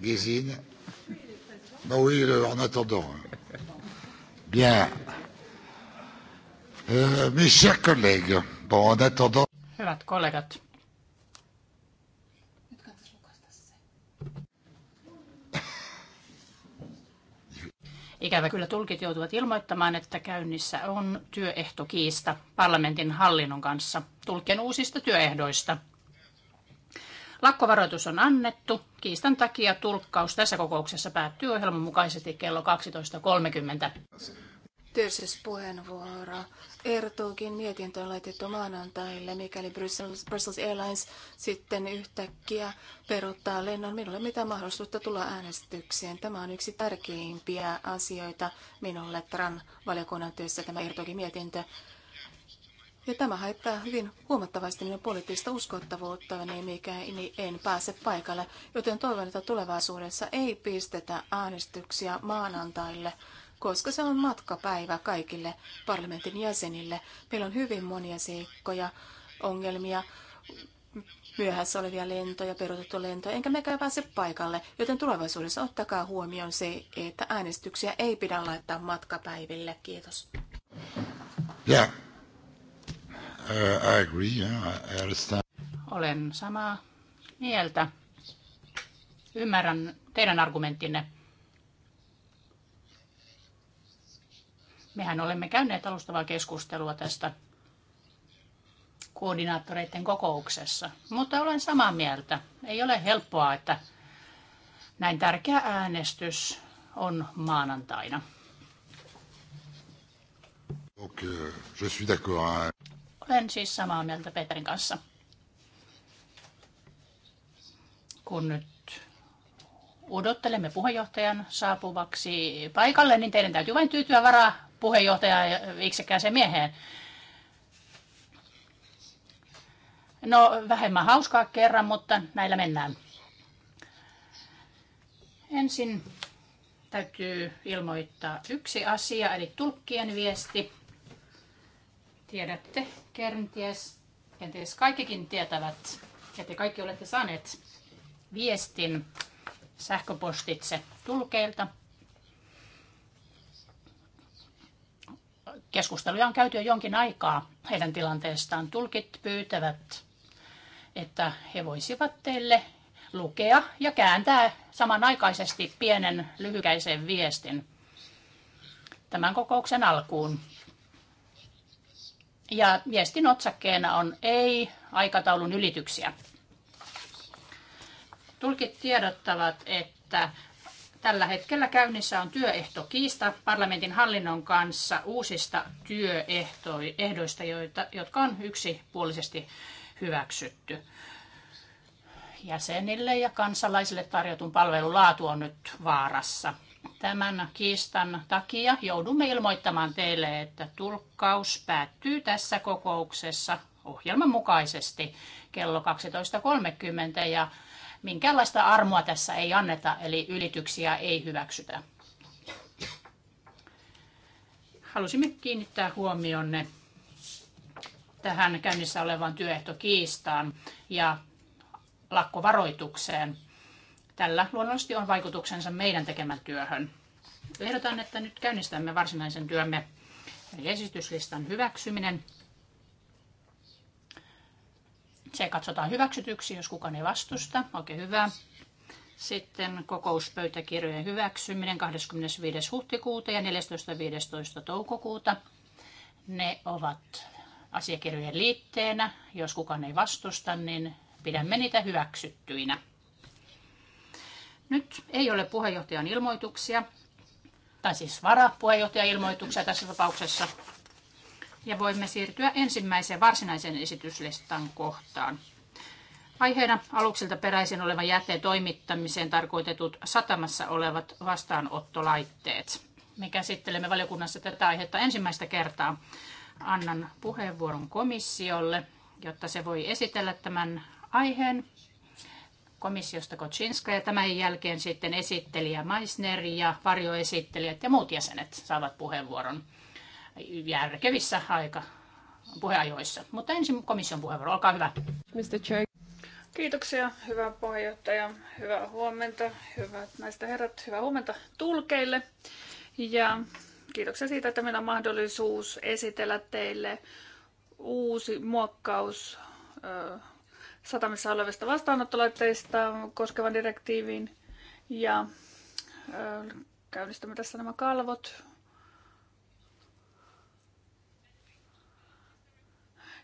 Guézine. Bah oui, le, en attendant. Bien. Euh, mes chers collègues, bon, en attendant. Hyvät kollegat. Ikävä kyllä tulkit joutuvat ilmoittamaan, että käynnissä on työehtokiista parlamentin hallinnon kanssa tulkien uusista työehdoista. Lakkovaroitus on annettu. Kiistan takia tulkkaus tässä kokouksessa päättyy ohjelman mukaisesti kello 12.30. puheenvuoro. Ertuukin mietintö on laitettu maanantaille, mikäli Brussels, Brussels Airlines sitten yhtäkkiä peruuttaa lennon. Minulle mitä mahdollisuutta tulla äänestykseen. Tämä on yksi tärkeimpiä asioita minulle TRAN-valiokunnan työssä, tämä Ertuukin mietintö. Ja tämä haittaa hyvin huomattavasti minun poliittista uskottavuutta, niin mikä niin en pääse paikalle. Joten toivon, että tulevaisuudessa ei pistetä äänestyksiä maanantaille, koska se on matkapäivä kaikille parlamentin jäsenille. Meillä on hyvin monia seikkoja, ongelmia, myöhässä olevia lentoja, perutettu lentoja, enkä mekään pääse paikalle, joten tulevaisuudessa ottakaa huomioon se, että äänestyksiä ei pidä laittaa matkapäiville. Kiitos. Yeah. Uh, I agree, yeah, I understand. Olen samaa mieltä. Ymmärrän teidän argumenttinne. Mehän olemme käyneet alustavaa keskustelua tästä koordinaattoreiden kokouksessa, mutta olen samaa mieltä. Ei ole helppoa, että näin tärkeä äänestys on maanantaina. Okay, euh, je suis d'accord. Olen siis samaa mieltä Peterin kanssa. Kun nyt odottelemme puheenjohtajan saapuvaksi paikalle, niin teidän täytyy vain tyytyä varaa puheenjohtajaan ja itsekään mieheen. No vähemmän hauskaa kerran, mutta näillä mennään. Ensin täytyy ilmoittaa yksi asia, eli tulkkien viesti. Tiedätte, Kenties, kenties kaikkikin tietävät, ja te kaikki olette saaneet viestin sähköpostitse tulkeilta. Keskusteluja on käyty jo jonkin aikaa heidän tilanteestaan. Tulkit pyytävät, että he voisivat teille lukea ja kääntää samanaikaisesti pienen lyhykäisen viestin tämän kokouksen alkuun. Ja viestin otsakkeena on ei aikataulun ylityksiä. Tulkit tiedottavat, että tällä hetkellä käynnissä on työehtokiista parlamentin hallinnon kanssa uusista työehdoista, joita, jotka on yksipuolisesti hyväksytty. Jäsenille ja kansalaisille tarjotun palvelun laatu on nyt vaarassa. Tämän kiistan takia joudumme ilmoittamaan teille, että tulkkaus päättyy tässä kokouksessa ohjelman mukaisesti kello 12.30 ja minkäänlaista armoa tässä ei anneta, eli ylityksiä ei hyväksytä. Halusimme kiinnittää huomionne tähän käynnissä olevaan työehtokiistaan ja lakkovaroitukseen. Tällä luonnollisesti on vaikutuksensa meidän tekemän työhön. Ehdotan, että nyt käynnistämme varsinaisen työmme, eli esityslistan hyväksyminen. Se katsotaan hyväksytyksi, jos kukaan ei vastusta. Oikein hyvä. Sitten kokouspöytäkirjojen hyväksyminen 25. huhtikuuta ja 14.15. toukokuuta. Ne ovat asiakirjojen liitteenä. Jos kukaan ei vastusta, niin pidämme niitä hyväksyttyinä. Nyt ei ole puheenjohtajan ilmoituksia, tai siis varapuheenjohtajan ilmoituksia tässä tapauksessa. Ja voimme siirtyä ensimmäiseen varsinaiseen esityslistan kohtaan. Aiheena aluksilta peräisin olevan jätteen toimittamiseen tarkoitetut satamassa olevat vastaanottolaitteet. Me käsittelemme valiokunnassa tätä aihetta ensimmäistä kertaa. Annan puheenvuoron komissiolle, jotta se voi esitellä tämän aiheen komissiosta Kocinska ja tämän jälkeen sitten esittelijä Meissner ja varjoesittelijät ja muut jäsenet saavat puheenvuoron järkevissä aika puheajoissa. Mutta ensin komission puheenvuoro, olkaa hyvä. Mr. Chair. Kiitoksia, hyvä puheenjohtaja, hyvää huomenta, hyvät näistä herrat, hyvää huomenta tulkeille. Ja kiitoksia siitä, että meillä on mahdollisuus esitellä teille uusi muokkaus satamissa olevista vastaanottolaitteista koskevan direktiivin ja käynnistämme tässä nämä kalvot.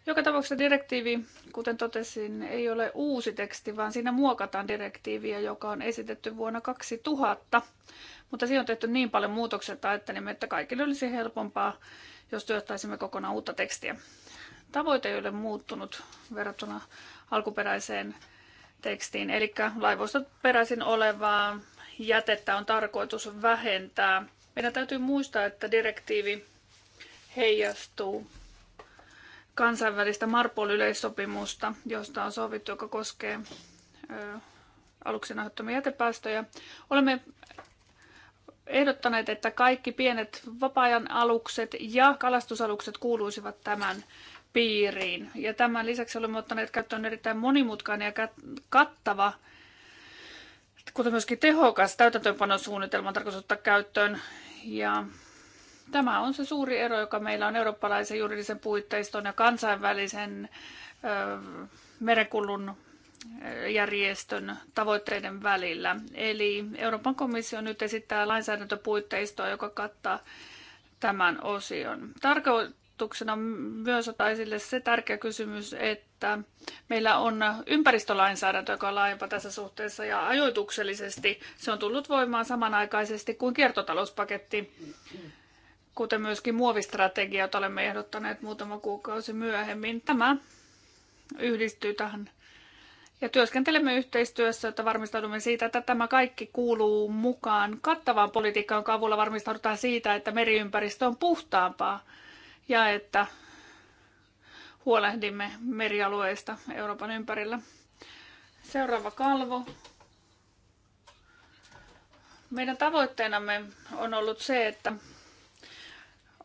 Joka tapauksessa direktiivi, kuten totesin, ei ole uusi teksti, vaan siinä muokataan direktiiviä, joka on esitetty vuonna 2000. Mutta siinä on tehty niin paljon muutoksia, että niin, että kaikille olisi helpompaa, jos työstäisimme kokonaan uutta tekstiä. Tavoite ei ole muuttunut verrattuna alkuperäiseen tekstiin. Eli laivoista peräisin olevaa jätettä on tarkoitus vähentää. Meidän täytyy muistaa, että direktiivi heijastuu kansainvälistä Marpol-yleissopimusta, josta on sovittu, joka koskee ö, aluksen aiheuttamia jätepäästöjä. Olemme ehdottaneet, että kaikki pienet vapaa-ajan alukset ja kalastusalukset kuuluisivat tämän piiriin. Ja tämän lisäksi olemme ottaneet käyttöön erittäin monimutkainen ja kattava, kuten myöskin tehokas täytäntöönpanosuunnitelma tarkoitus ottaa käyttöön. Ja tämä on se suuri ero, joka meillä on eurooppalaisen juridisen puitteiston ja kansainvälisen ö, merenkulun järjestön tavoitteiden välillä. Eli Euroopan komissio nyt esittää lainsäädäntöpuitteistoa, joka kattaa tämän osion. Tarko- ajatuksena myös ottaa esille se tärkeä kysymys, että meillä on ympäristölainsäädäntö, joka on laajempa tässä suhteessa ja ajoituksellisesti se on tullut voimaan samanaikaisesti kuin kiertotalouspaketti, kuten myöskin muovistrategia, jota olemme ehdottaneet muutama kuukausi myöhemmin. Tämä yhdistyy tähän ja työskentelemme yhteistyössä, että varmistaudumme siitä, että tämä kaikki kuuluu mukaan kattavaan politiikkaan, jonka avulla varmistaudutaan siitä, että meriympäristö on puhtaampaa ja että huolehdimme merialueista Euroopan ympärillä. Seuraava kalvo. Meidän tavoitteenamme on ollut se, että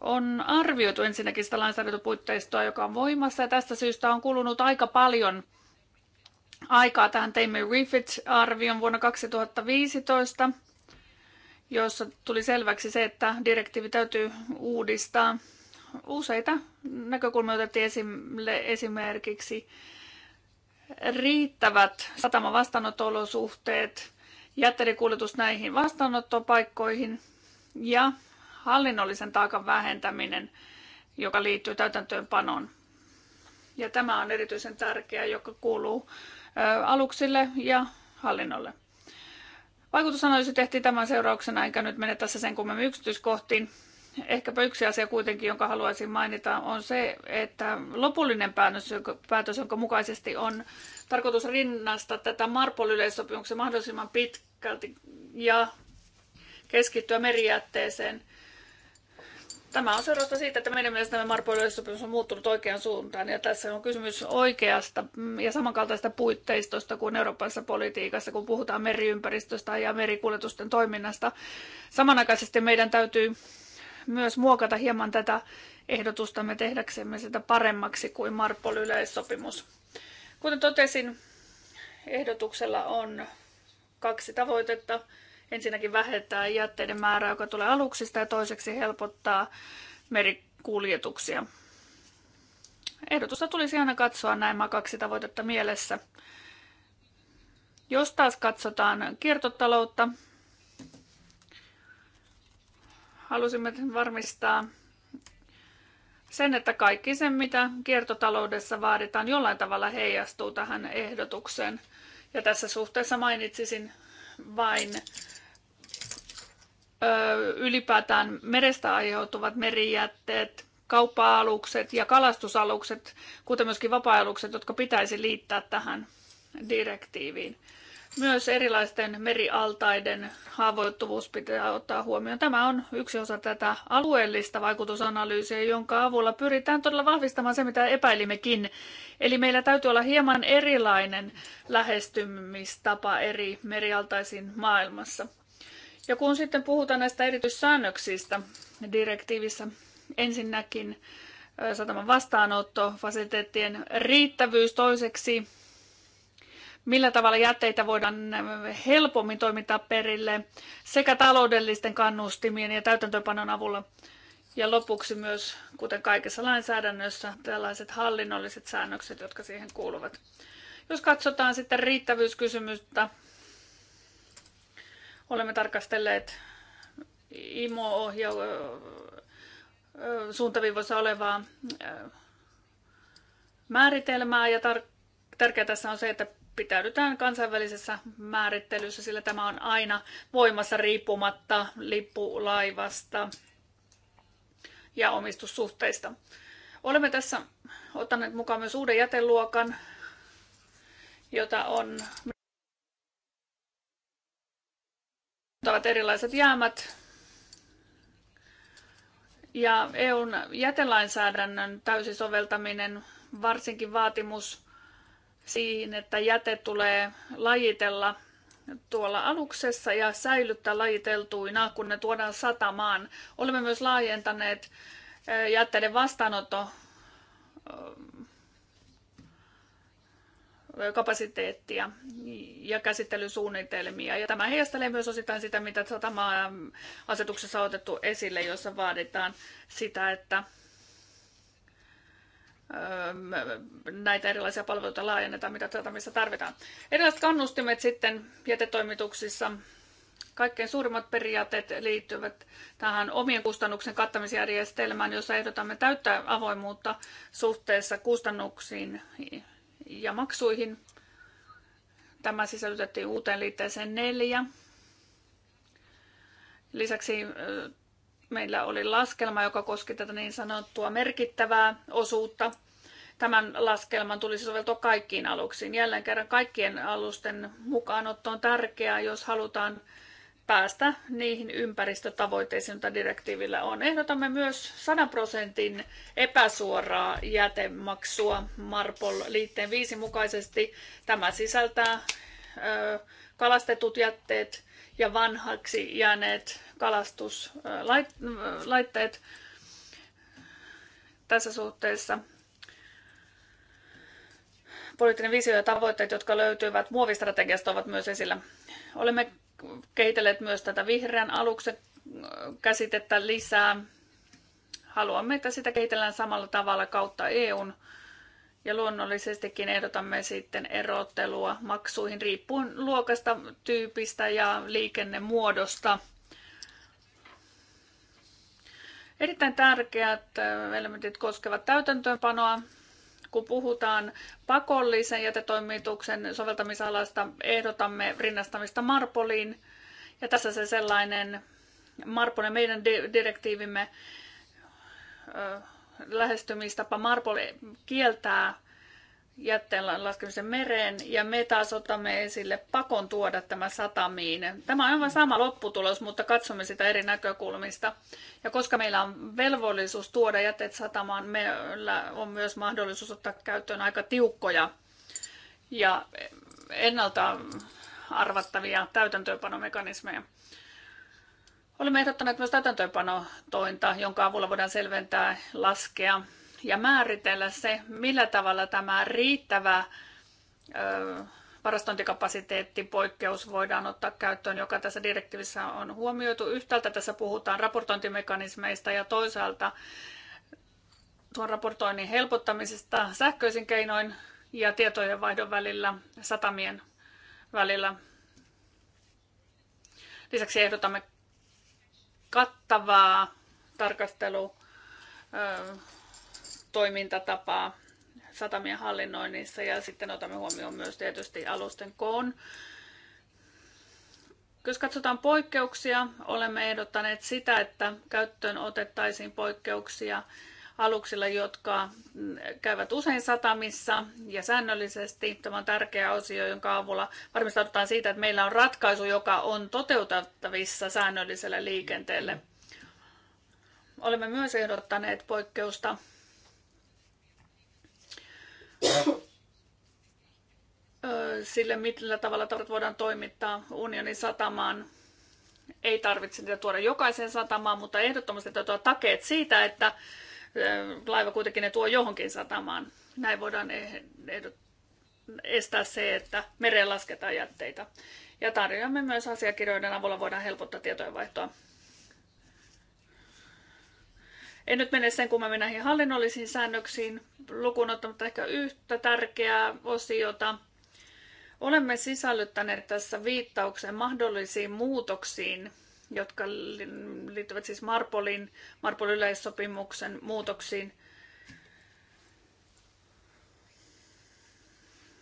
on arvioitu ensinnäkin sitä lainsäädäntöpuitteistoa, joka on voimassa. Ja tästä syystä on kulunut aika paljon aikaa. Tähän teimme Refit-arvion vuonna 2015, jossa tuli selväksi se, että direktiivi täytyy uudistaa useita näkökulmia otettiin esille esimerkiksi riittävät sataman olosuhteet jätteiden kuljetus näihin vastaanottopaikkoihin ja hallinnollisen taakan vähentäminen, joka liittyy täytäntöönpanoon. Ja tämä on erityisen tärkeää, joka kuuluu aluksille ja hallinnolle. Vaikutusanalyysi tehtiin tämän seurauksena, enkä nyt mene tässä sen kummemmin yksityiskohtiin. Ehkäpä yksi asia kuitenkin, jonka haluaisin mainita, on se, että lopullinen päätös, jonka, päätös, jonka mukaisesti on tarkoitus rinnasta tätä Marpol-yleissopimuksen mahdollisimman pitkälti ja keskittyä merijätteeseen. Tämä on seurausta siitä, että meidän mielestä tämä Marpol yleissopimus on muuttunut oikeaan suuntaan ja tässä on kysymys oikeasta ja samankaltaista puitteistosta kuin eurooppalaisessa politiikassa, kun puhutaan meriympäristöstä ja merikuljetusten toiminnasta. Samanaikaisesti meidän täytyy myös muokata hieman tätä ehdotustamme tehdäksemme sitä paremmaksi kuin Marpol yleissopimus. Kuten totesin, ehdotuksella on kaksi tavoitetta. Ensinnäkin vähentää jätteiden määrää, joka tulee aluksista, ja toiseksi helpottaa merikuljetuksia. Ehdotusta tulisi aina katsoa nämä kaksi tavoitetta mielessä. Jos taas katsotaan kiertotaloutta, halusimme varmistaa sen, että kaikki se, mitä kiertotaloudessa vaaditaan, jollain tavalla heijastuu tähän ehdotukseen. Ja tässä suhteessa mainitsisin vain ö, ylipäätään merestä aiheutuvat merijätteet, kauppa-alukset ja kalastusalukset, kuten myöskin vapaa-alukset, jotka pitäisi liittää tähän direktiiviin. Myös erilaisten merialtaiden haavoittuvuus pitää ottaa huomioon. Tämä on yksi osa tätä alueellista vaikutusanalyysiä, jonka avulla pyritään todella vahvistamaan se, mitä epäilimmekin. Eli meillä täytyy olla hieman erilainen lähestymistapa eri merialtaisiin maailmassa. Ja kun sitten puhutaan näistä erityissäännöksistä direktiivissä, ensinnäkin sataman vastaanotto, fasiliteettien riittävyys toiseksi, millä tavalla jätteitä voidaan eh, helpommin toimittaa perille sekä taloudellisten kannustimien ja täytäntöpanon avulla. Ja lopuksi myös, kuten kaikessa lainsäädännössä, tällaiset hallinnolliset säännökset, jotka siihen kuuluvat. Jos katsotaan sitten riittävyyskysymystä, olemme tarkastelleet IMO-suuntaviivoissa eh, olevaa eh, määritelmää ja tar- tärkeää tässä on se, että pitäydytään kansainvälisessä määrittelyssä, sillä tämä on aina voimassa riippumatta lippulaivasta ja omistussuhteista. Olemme tässä ottaneet mukaan myös uuden jäteluokan, jota on erilaiset jäämät. Ja EUn jätelainsäädännön täysi soveltaminen, varsinkin vaatimus siihen, että jäte tulee lajitella tuolla aluksessa ja säilyttää lajiteltuina, kun ne tuodaan satamaan. Olemme myös laajentaneet jätteiden vastaanotto kapasiteettia ja käsittelysuunnitelmia. Ja tämä heijastelee myös osittain sitä, mitä satama-asetuksessa on otettu esille, jossa vaaditaan sitä, että Öö, näitä erilaisia palveluita laajennetaan, mitä satamissa tuota, tarvitaan. Erilaiset kannustimet sitten jätetoimituksissa. Kaikkein suurimmat periaatteet liittyvät tähän omien kustannuksen kattamisjärjestelmään, jossa ehdotamme täyttää avoimuutta suhteessa kustannuksiin ja maksuihin. Tämä sisällytettiin uuteen liitteeseen neljä. Lisäksi meillä oli laskelma, joka koski tätä niin sanottua merkittävää osuutta. Tämän laskelman tulisi soveltua kaikkiin aluksiin. Jälleen kerran kaikkien alusten mukaanotto on tärkeää, jos halutaan päästä niihin ympäristötavoitteisiin, joita direktiivillä on. Ehdotamme myös 100 prosentin epäsuoraa jätemaksua Marpol liitteen 5 mukaisesti. Tämä sisältää ö, kalastetut jätteet, ja vanhaksi jääneet kalastuslaitteet tässä suhteessa. Poliittinen visio ja tavoitteet, jotka löytyvät muovistrategiasta, ovat myös esillä. Olemme kehitelleet myös tätä vihreän aluksen käsitettä lisää. Haluamme, että sitä kehitellään samalla tavalla kautta EUn ja luonnollisestikin ehdotamme sitten erottelua maksuihin riippuen luokasta, tyypistä ja liikennemuodosta. Erittäin tärkeät elementit koskevat täytäntöönpanoa. Kun puhutaan pakollisen jätetoimituksen soveltamisalasta, ehdotamme rinnastamista Marpoliin. Ja tässä se sellainen Marpolin meidän direktiivimme lähestymistapa. marpoli kieltää jätteen laskemisen mereen ja me taas otamme esille pakon tuoda tämä satamiin. Tämä on aivan sama lopputulos, mutta katsomme sitä eri näkökulmista. Ja koska meillä on velvollisuus tuoda jätteet satamaan, meillä on myös mahdollisuus ottaa käyttöön aika tiukkoja ja ennalta arvattavia täytäntöönpanomekanismeja. Olemme ehdottaneet myös täytäntöönpanotointa, jonka avulla voidaan selventää, laskea ja määritellä se, millä tavalla tämä riittävä ö, varastointikapasiteettipoikkeus voidaan ottaa käyttöön, joka tässä direktiivissä on huomioitu. Yhtäältä tässä puhutaan raportointimekanismeista ja toisaalta tuon raportoinnin helpottamisesta sähköisin keinoin ja tietojen vaihdon välillä, satamien välillä. Lisäksi ehdotamme kattavaa tarkastelutoimintatapaa satamien hallinnoinnissa ja sitten otamme huomioon myös tietysti alusten koon. Jos katsotaan poikkeuksia, olemme ehdottaneet sitä, että käyttöön otettaisiin poikkeuksia aluksilla, jotka käyvät usein satamissa ja säännöllisesti. Tämä on tärkeä osio, jonka avulla varmistaudutaan siitä, että meillä on ratkaisu, joka on toteutettavissa säännölliselle liikenteelle. Olemme myös ehdottaneet poikkeusta sille, millä tavalla tavarat voidaan toimittaa unionin satamaan. Ei tarvitse niitä tuoda jokaiseen satamaan, mutta ehdottomasti takeet siitä, että laiva kuitenkin ne tuo johonkin satamaan. Näin voidaan eh, estää se, että mereen lasketaan jätteitä. Ja tarjoamme myös asiakirjoiden avulla voidaan helpottaa tietojenvaihtoa. En nyt mene sen kummemmin näihin hallinnollisiin säännöksiin, lukuun ottamatta ehkä yhtä tärkeää osiota. Olemme sisällyttäneet tässä viittauksen mahdollisiin muutoksiin jotka liittyvät siis Marpolin, Marpolin yleissopimuksen muutoksiin.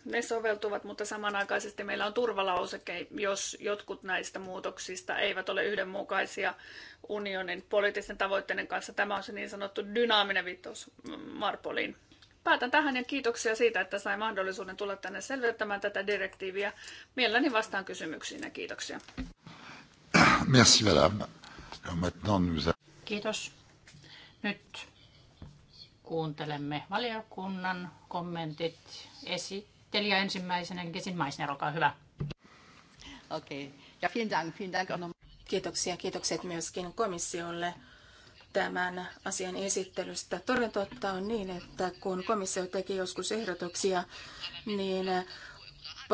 Ne soveltuvat, mutta samanaikaisesti meillä on turvalauseke, jos jotkut näistä muutoksista eivät ole yhdenmukaisia unionin poliittisten tavoitteiden kanssa. Tämä on se niin sanottu dynaaminen viittaus Marpoliin. Päätän tähän ja kiitoksia siitä, että sain mahdollisuuden tulla tänne selvittämään tätä direktiiviä. Mielelläni vastaan kysymyksiin ja kiitoksia. Merci, madame. Maintenant, nous... Kiitos. Nyt kuuntelemme valiokunnan kommentit. Esittelijä ensimmäisenä, Kesin Maisner, olkaa hyvä. Okei. Okay. Ja vielen Dank, vielen Dank Kiitoksia, kiitokset myöskin komissiolle tämän asian esittelystä. Toden totta on niin, että kun komissio teki joskus ehdotuksia, niin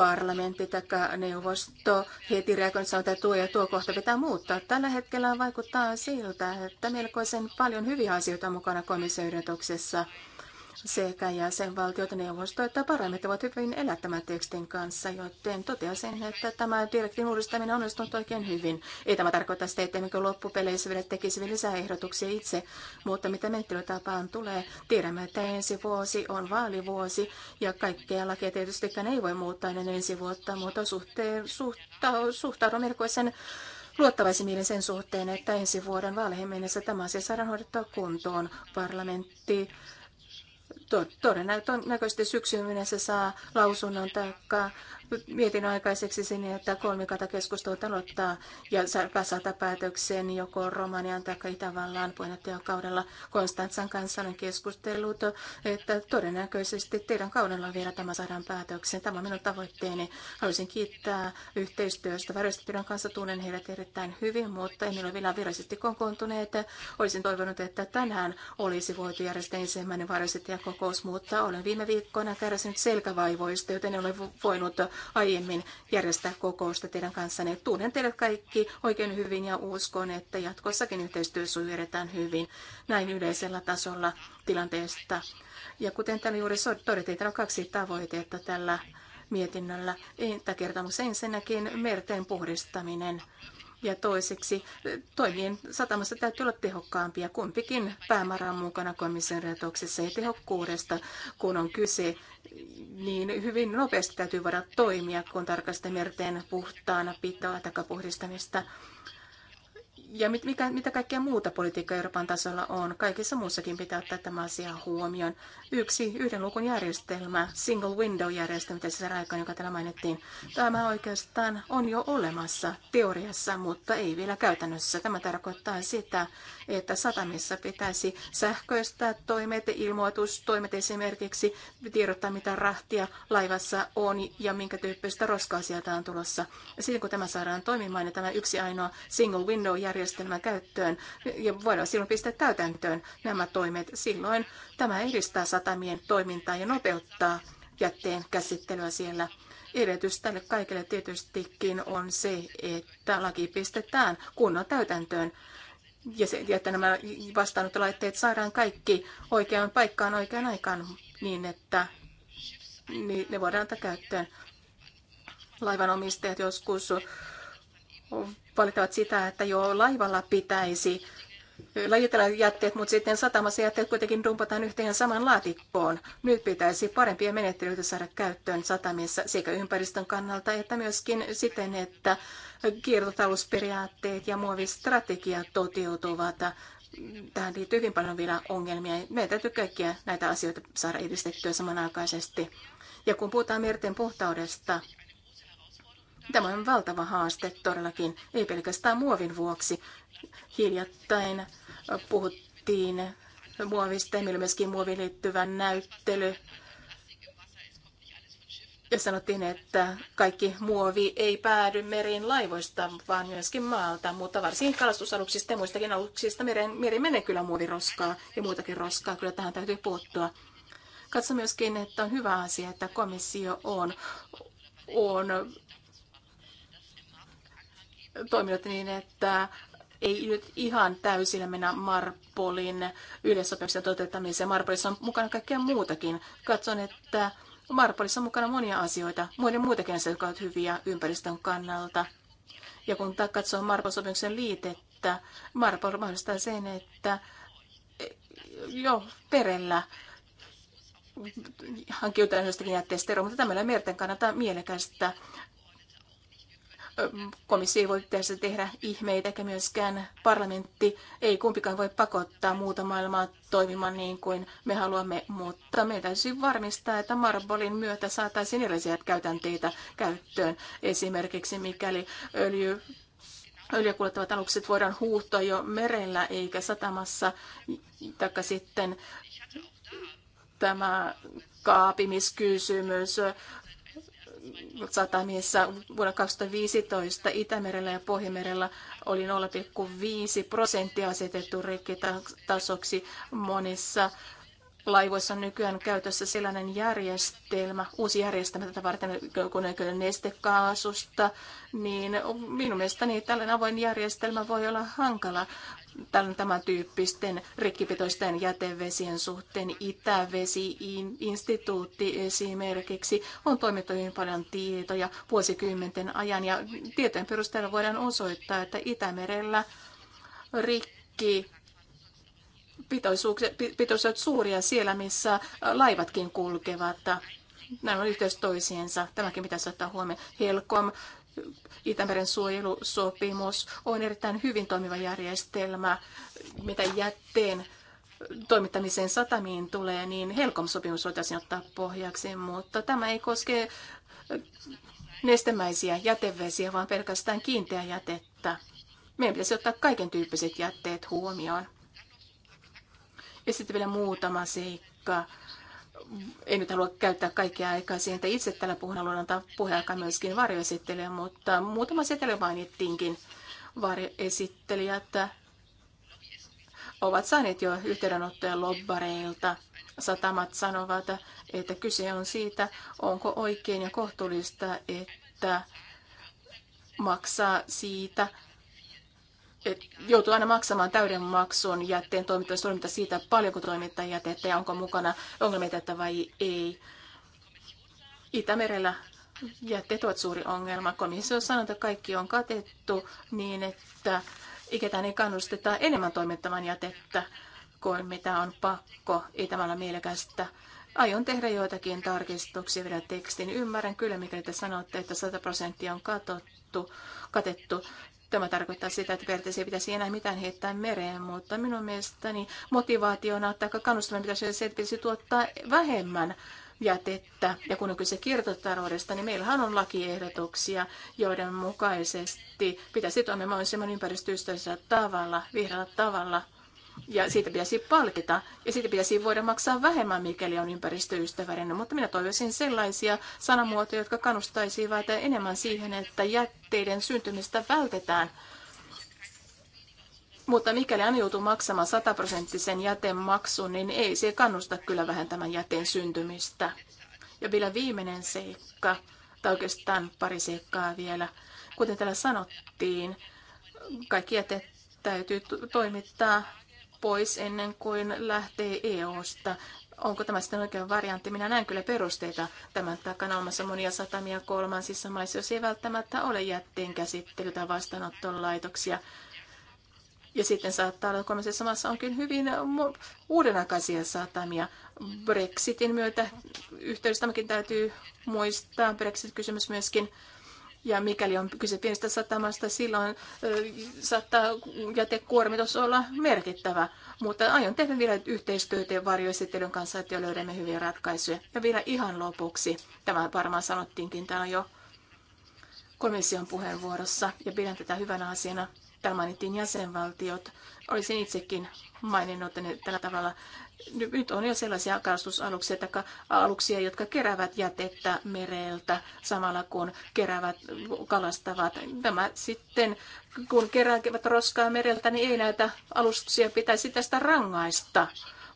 parlamentti tai neuvosto heti reagoinut sanoa, että tuo ja tuo kohta pitää muuttaa. Tällä hetkellä vaikuttaa siltä, että melkoisen paljon hyviä asioita on mukana komission sekä jäsenvaltiot, neuvosto että parlamentti ovat hyvin elättämään tämän tekstin kanssa, joten toteaisin, että tämä direktiivin uudistaminen on onnistunut oikein hyvin. Ei tämä tarkoita sitä, että mikä loppupeleissä vielä tekisi lisää ehdotuksia itse, mutta mitä menettelytapaan tulee, tiedämme, että ensi vuosi on vaalivuosi ja kaikkea lakia tietystikään ei voi muuttaa ennen ensi vuotta, mutta suhteen, suhta, suhtaudun melkoisen luottavaisin sen suhteen, että ensi vuoden vaaleihin mennessä tämä asia saadaan hoidettua kuntoon. Parlamentti todennäköisesti syksyyn mennessä saa lausunnon taikka mietin aikaiseksi sen, että kolmikatakeskustelut aloittaa ja saa päätökseen joko Romanian tai Itävallan kaudella Konstantsan kanssa on keskustellut, että todennäköisesti teidän kaudella vielä tämä saadaan päätökseen. Tämä on minun tavoitteeni. Haluaisin kiittää yhteistyöstä. Värjestettyjen kanssa tunnen heidät erittäin hyvin, mutta en ole vielä virallisesti kokoontuneet. Olisin toivonut, että tänään olisi voitu järjestää ensimmäinen kokous, mutta olen viime viikkoina kärsinyt selkävaivoista, joten en ole voinut aiemmin järjestää kokousta teidän kanssanne. Tunnen teidät kaikki oikein hyvin ja uskon, että jatkossakin yhteistyö sujuu hyvin näin yleisellä tasolla tilanteesta. Ja kuten täällä juuri todettiin, täällä on kaksi tavoitetta tällä mietinnöllä. Kertomus ensinnäkin merten puhdistaminen ja toiseksi toimien satamassa täytyy olla tehokkaampia. Kumpikin päämäärä on mukana komission retoksessa ja tehokkuudesta, kun on kyse niin hyvin nopeasti täytyy voida toimia, kun tarkastamme merten puhtaana pitoa tai puhdistamista ja mit, mikä, mitä kaikkea muuta politiikka Euroopan tasolla on. kaikissa muussakin pitää ottaa tämä asia huomioon. Yksi yhden lukun järjestelmä, single window-järjestelmä, mitä se aikaan, joka täällä mainittiin. Tämä oikeastaan on jo olemassa teoriassa, mutta ei vielä käytännössä. Tämä tarkoittaa sitä, että satamissa pitäisi sähköistää toimet, ilmoitustoimet esimerkiksi, tiedottaa mitä rahtia laivassa on ja minkä tyyppistä roskaa sieltä on tulossa. Ja sitten kun tämä saadaan toimimaan, niin tämä yksi ainoa single window-järjestelmä järjestelmä käyttöön ja voidaan silloin pistää täytäntöön nämä toimet. Silloin tämä edistää satamien toimintaa ja nopeuttaa jätteen käsittelyä siellä. Edellytys tälle kaikille tietystikin on se, että laki pistetään kunnon täytäntöön ja, se, ja että nämä vastaanottolaitteet saadaan kaikki oikeaan paikkaan oikeaan aikaan niin, että niin ne voidaan antaa käyttöön. Laivanomistajat joskus valittavat sitä, että jo laivalla pitäisi lajitella jätteet, mutta sitten satamassa jätteet kuitenkin dumpataan yhteen saman laatikkoon. Nyt pitäisi parempia menettelyitä saada käyttöön satamissa sekä ympäristön kannalta että myöskin siten, että kiertotalousperiaatteet ja muovistrategia toteutuvat. Tähän liittyy hyvin paljon vielä ongelmia. Meidän täytyy kaikkia näitä asioita saada edistettyä samanaikaisesti. Ja kun puhutaan merten puhtaudesta, Tämä on valtava haaste todellakin, ei pelkästään muovin vuoksi. Hiljattain puhuttiin muovista ja myöskin muoviin liittyvä näyttely. Ja sanottiin, että kaikki muovi ei päädy meriin laivoista, vaan myöskin maalta, mutta varsinkin kalastusaluksista ja muistakin aluksista meren, meri menee kyllä muoviroskaa ja muutakin roskaa. Kyllä tähän täytyy puuttua. Katso myöskin, että on hyvä asia, että komissio on, on toiminut niin, että ei nyt ihan täysillä mennä Marpolin yleissopimuksen toteuttamiseen. Marpolissa on mukana kaikkea muutakin. Katson, että Marpolissa on mukana monia asioita, muiden muitakin asioita, jotka ovat hyviä ympäristön kannalta. Ja kun katsoo Marpol-sopimuksen liitettä, Marpol mahdollistaa sen, että eh, jo perellä hankkiutaan jostakin jätteestä eroon, mutta ole merten kannalta mielekästä komissio ei voi tässä tehdä ihmeitä, eikä myöskään parlamentti, ei kumpikaan voi pakottaa muuta maailmaa toimimaan niin kuin me haluamme, mutta meidän täytyy varmistaa, että Marbolin myötä saataisiin erilaisia käytänteitä käyttöön. Esimerkiksi mikäli öljy öljykuljettavat alukset voidaan huuhtoa jo merellä eikä satamassa, taikka sitten tämä kaapimiskysymys, satamissa vuonna 2015 Itämerellä ja Pohjanmerellä oli 0,5 prosenttia asetettu rikkitasoksi monissa laivoissa on nykyään käytössä sellainen järjestelmä, uusi järjestelmä tätä varten, kun on nestekaasusta, niin minun mielestäni tällainen avoin järjestelmä voi olla hankala, tämän tyyppisten rikkipitoisten jätevesien suhteen. Itävesi-instituutti esimerkiksi on toimittu hyvin paljon tietoja vuosikymmenten ajan ja tietojen perusteella voidaan osoittaa, että Itämerellä rikki pitoisuudet suuria siellä, missä laivatkin kulkevat. Nämä on yhteys toisiinsa. Tämäkin pitäisi ottaa huomioon. Helcom Itämeren suojelusopimus on erittäin hyvin toimiva järjestelmä, mitä jätteen toimittamiseen satamiin tulee, niin Helcom-sopimus voitaisiin ottaa pohjaksi, mutta tämä ei koske nestemäisiä jätevesiä, vaan pelkästään kiinteää jätettä. Meidän pitäisi ottaa kaiken tyyppiset jätteet huomioon. Ja sitten vielä muutama seikka en nyt halua käyttää kaikkia aikaa siihen, että itse tällä puhun haluan antaa puheenjohtaja myöskin varjoesittelijä, mutta muutama setelö mainittiinkin varjoesittelijät ovat saaneet jo yhteydenottoja lobbareilta. Satamat sanovat, että kyse on siitä, onko oikein ja kohtuullista, että maksaa siitä, joutuu aina maksamaan täyden maksun jätteen toimittajasta toiminta siitä, paljonko toimittaa jätettä ja onko mukana tätä vai ei. Itämerellä jätteet ovat suuri ongelma. Komissio sanoo, että kaikki on katettu niin, että iketään ei kannusteta enemmän toimittamaan jätettä kuin mitä on pakko. Ei tämä ole mielekästä. Aion tehdä joitakin tarkistuksia vielä tekstin. Ymmärrän kyllä, mikä te sanotte, että 100 prosenttia on katottu, katettu. Tämä tarkoittaa sitä, että periaatteessa ei pitäisi enää mitään heittää mereen, mutta minun mielestäni motivaationa tai kannustaminen pitäisi se, että pitäisi tuottaa vähemmän jätettä. Ja kun on kyse kiertotaloudesta, niin meillähän on lakiehdotuksia, joiden mukaisesti pitäisi toimia mahdollisimman ympäristöystävällisellä tavalla, vihreällä tavalla – ja siitä pitäisi palkita ja siitä pitäisi voida maksaa vähemmän, mikäli on ympäristöystävällinen. Mutta minä toivoisin sellaisia sanamuotoja, jotka kannustaisivat enemmän siihen, että jätteiden syntymistä vältetään. Mutta mikäli aina joutuu maksamaan sataprosenttisen jätemaksun, niin ei se kannusta kyllä vähentämään jäteen syntymistä. Ja vielä viimeinen seikka, tai oikeastaan pari seikkaa vielä. Kuten täällä sanottiin, kaikki jätet täytyy toimittaa pois ennen kuin lähtee EUsta. Onko tämä sitten oikein variantti? Minä näen kyllä perusteita tämän takana omassa monia satamia kolmansissa maissa, jos ei välttämättä ole jätteen käsittely- tai laitoksia. Ja sitten saattaa olla, että kolmansissa maissa onkin hyvin uudenaikaisia satamia. Brexitin myötä yhteydestämäkin täytyy muistaa, Brexit-kysymys myöskin ja mikäli on kyse pienestä satamasta, silloin saattaa jätekuormitus olla merkittävä. Mutta aion tehdä vielä yhteistyötä ja varjoesittelyn kanssa, että löydämme hyviä ratkaisuja. Ja vielä ihan lopuksi, tämä varmaan sanottiinkin täällä jo komission puheenvuorossa, ja pidän tätä hyvänä asiana, täällä mainittiin jäsenvaltiot. Olisin itsekin maininnut ne tällä tavalla nyt on jo sellaisia kalastusaluksia, aluksia, jotka keräävät jätettä mereltä samalla kun keräävät, kalastavat. Tämä sitten, kun keräävät roskaa mereltä, niin ei näitä aluksia pitäisi tästä rangaista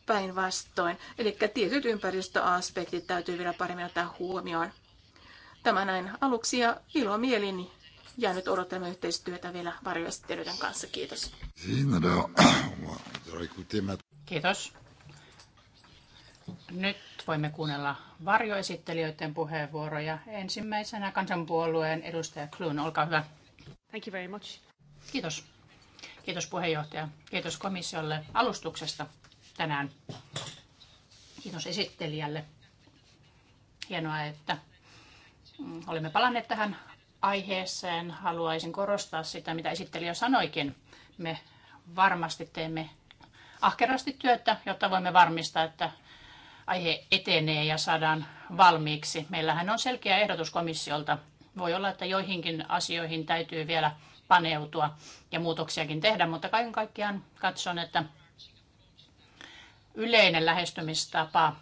päinvastoin. Eli tietyt ympäristöaspektit täytyy vielä paremmin ottaa huomioon. Tämä näin aluksi ja mielin ja nyt odotamme yhteistyötä vielä varjoesittelyiden kanssa. Kiitos. Kiitos. Nyt voimme kuunnella varjoesittelijöiden puheenvuoroja. Ensimmäisenä kansanpuolueen edustaja Kluun, olkaa hyvä. Thank you very much. Kiitos. Kiitos puheenjohtaja. Kiitos komissiolle alustuksesta tänään. Kiitos esittelijälle. Hienoa, että mm, olemme palanneet tähän aiheeseen. Haluaisin korostaa sitä, mitä esittelijä sanoikin. Me varmasti teemme ahkerasti työtä, jotta voimme varmistaa, että aihe etenee ja saadaan valmiiksi. Meillähän on selkeä ehdotus komissiolta. Voi olla, että joihinkin asioihin täytyy vielä paneutua ja muutoksiakin tehdä, mutta kaiken kaikkiaan katson, että yleinen lähestymistapa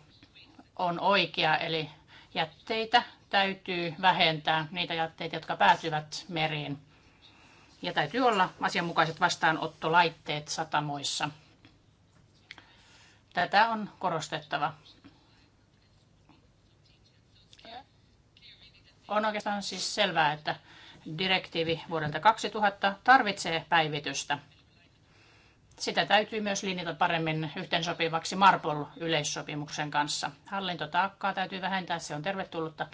on oikea, eli jätteitä täytyy vähentää, niitä jätteitä, jotka päätyvät meriin. Ja täytyy olla asianmukaiset vastaanottolaitteet satamoissa. Tätä on korostettava. On oikeastaan siis selvää, että direktiivi vuodelta 2000 tarvitsee päivitystä. Sitä täytyy myös linjata paremmin yhteensopivaksi Marpol-yleissopimuksen kanssa. Hallintotaakkaa täytyy vähentää, se on tervetullutta.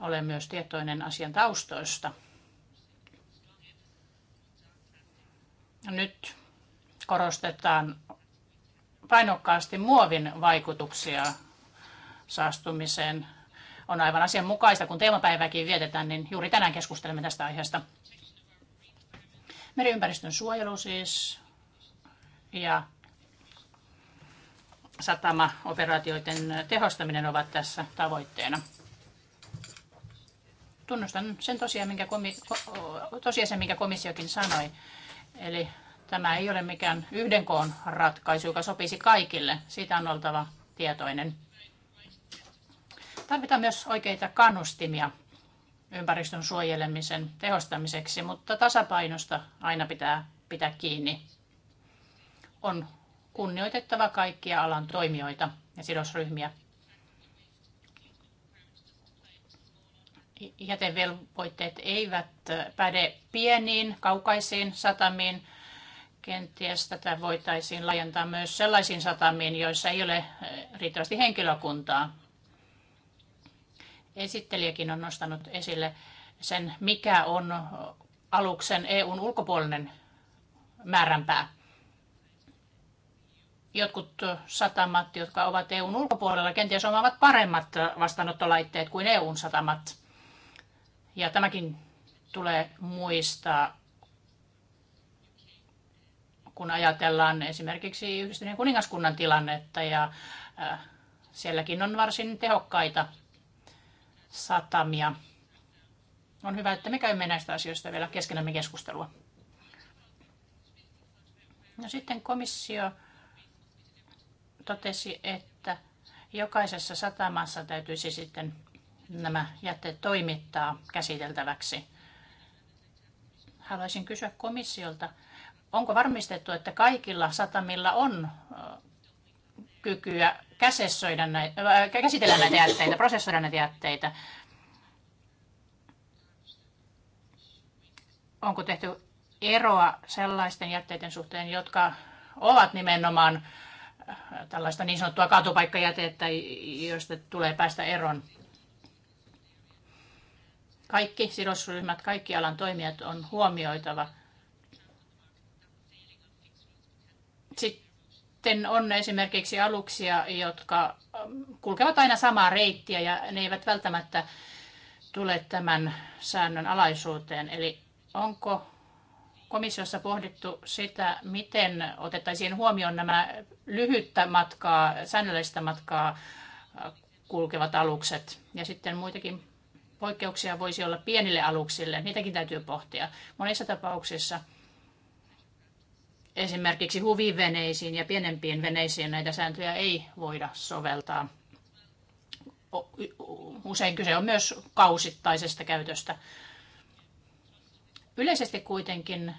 Olen myös tietoinen asian taustoista. Nyt korostetaan painokkaasti muovin vaikutuksia saastumiseen. On aivan asianmukaista, kun teemapäivääkin vietetään, niin juuri tänään keskustelemme tästä aiheesta. Meriympäristön suojelu siis ja satamaoperaatioiden tehostaminen ovat tässä tavoitteena. Tunnustan sen tosiaan, minkä komi- tosiasia, minkä komissiokin sanoi. Eli Tämä ei ole mikään yhden koon ratkaisu, joka sopisi kaikille. Siitä on oltava tietoinen. Tarvitaan myös oikeita kannustimia ympäristön suojelemisen tehostamiseksi, mutta tasapainosta aina pitää pitää kiinni. On kunnioitettava kaikkia alan toimijoita ja sidosryhmiä. Jätevelvoitteet eivät päde pieniin, kaukaisiin satamiin, Kenties tätä voitaisiin laajentaa myös sellaisiin satamiin, joissa ei ole eh, riittävästi henkilökuntaa. Esittelijäkin on nostanut esille sen, mikä on aluksen EUn ulkopuolinen määränpää. Jotkut satamat, jotka ovat EUn ulkopuolella, kenties omaavat paremmat vastaanottolaitteet kuin EUn satamat. Ja tämäkin tulee muistaa kun ajatellaan esimerkiksi yhdistyneen kuningaskunnan tilannetta ja äh, sielläkin on varsin tehokkaita satamia. On hyvä, että me käymme näistä asioista vielä keskenämme keskustelua. No sitten komissio totesi, että jokaisessa satamassa täytyisi sitten nämä jätteet toimittaa käsiteltäväksi. Haluaisin kysyä komissiolta, Onko varmistettu, että kaikilla satamilla on kykyä näitä, käsitellä näitä jätteitä, prosessoida näitä jätteitä? Onko tehty eroa sellaisten jätteiden suhteen, jotka ovat nimenomaan tällaista niin sanottua katupaikkajätettä, josta tulee päästä eroon. Kaikki sidosryhmät, kaikki alan toimijat on huomioitava. Sitten on esimerkiksi aluksia, jotka ähm, kulkevat aina samaa reittiä ja ne eivät välttämättä tule tämän säännön alaisuuteen. Eli onko komissiossa pohdittu sitä, miten otettaisiin huomioon nämä lyhyttä matkaa, säännöllistä matkaa äh, kulkevat alukset. Ja sitten muitakin poikkeuksia voisi olla pienille aluksille, niitäkin täytyy pohtia. Monissa tapauksissa esimerkiksi huviveneisiin ja pienempiin veneisiin näitä sääntöjä ei voida soveltaa. Usein kyse on myös kausittaisesta käytöstä. Yleisesti kuitenkin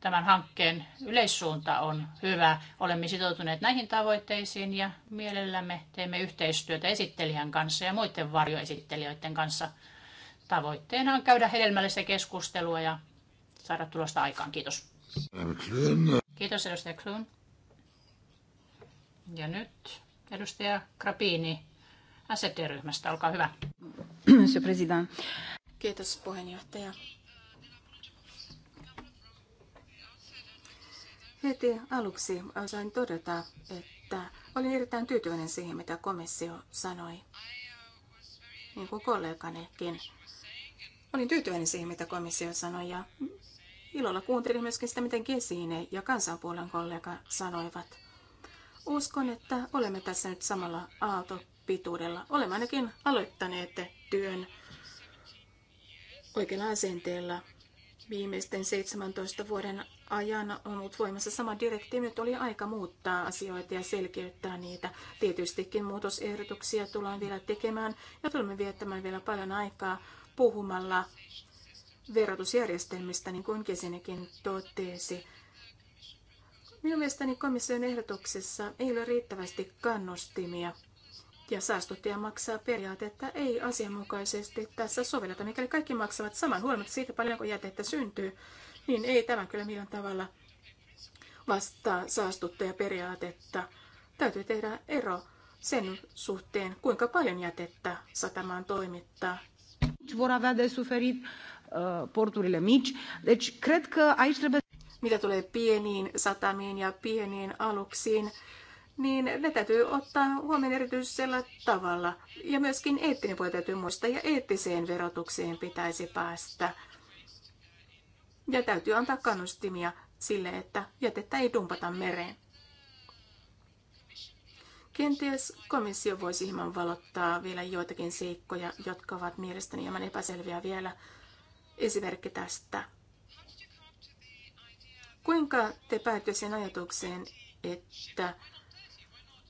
tämän hankkeen yleissuunta on hyvä. Olemme sitoutuneet näihin tavoitteisiin ja mielellämme teemme yhteistyötä esittelijän kanssa ja muiden varjoesittelijöiden kanssa. Tavoitteena on käydä hedelmällistä keskustelua ja saada tulosta aikaan. Kiitos. Kiitos edustaja Kloon. Ja nyt edustaja Krapini SED-ryhmästä, olkaa hyvä. Kiitos puheenjohtaja. Heti aluksi sain todeta, että olin erittäin tyytyväinen siihen, mitä komissio sanoi, niin kuin kolleganikin. Olin tyytyväinen siihen, mitä komissio sanoi ja Ilolla kuuntelin myöskin sitä, miten Gesine ja kansanpuolen kollega sanoivat. Uskon, että olemme tässä nyt samalla aaltopituudella. Olemme ainakin aloittaneet työn oikealla asenteella. Viimeisten 17 vuoden ajan on ollut voimassa sama direktiivi. Nyt oli aika muuttaa asioita ja selkeyttää niitä. Tietystikin muutosehdotuksia tullaan vielä tekemään ja tulemme viettämään vielä paljon aikaa puhumalla verotusjärjestelmistä, niin kuin kesinekin totesi. Minun mielestäni komission ehdotuksessa ei ole riittävästi kannustimia ja saastuttaja maksaa periaatetta ei asianmukaisesti tässä sovelleta. Mikäli kaikki maksavat saman huolimatta siitä paljonko jätettä syntyy, niin ei tämä kyllä millään tavalla vastaa saastuttajaperiaatetta. Täytyy tehdä ero sen suhteen, kuinka paljon jätettä satamaan toimittaa. suferit Uh, porturile mici. Deci, cred că aici trebuie... Mitä tulee pieniin satamiin ja pieniin aluksiin, niin ne täytyy ottaa huomioon erityisellä tavalla. Ja myöskin eettinen puoli täytyy muistaa, ja eettiseen verotukseen pitäisi päästä. Ja täytyy antaa kannustimia sille, että jätettä ei dumpata mereen. Kenties komissio voisi hieman valottaa vielä joitakin seikkoja, jotka ovat mielestäni hieman epäselviä vielä esimerkki tästä. Kuinka te päätyitte sen ajatukseen, että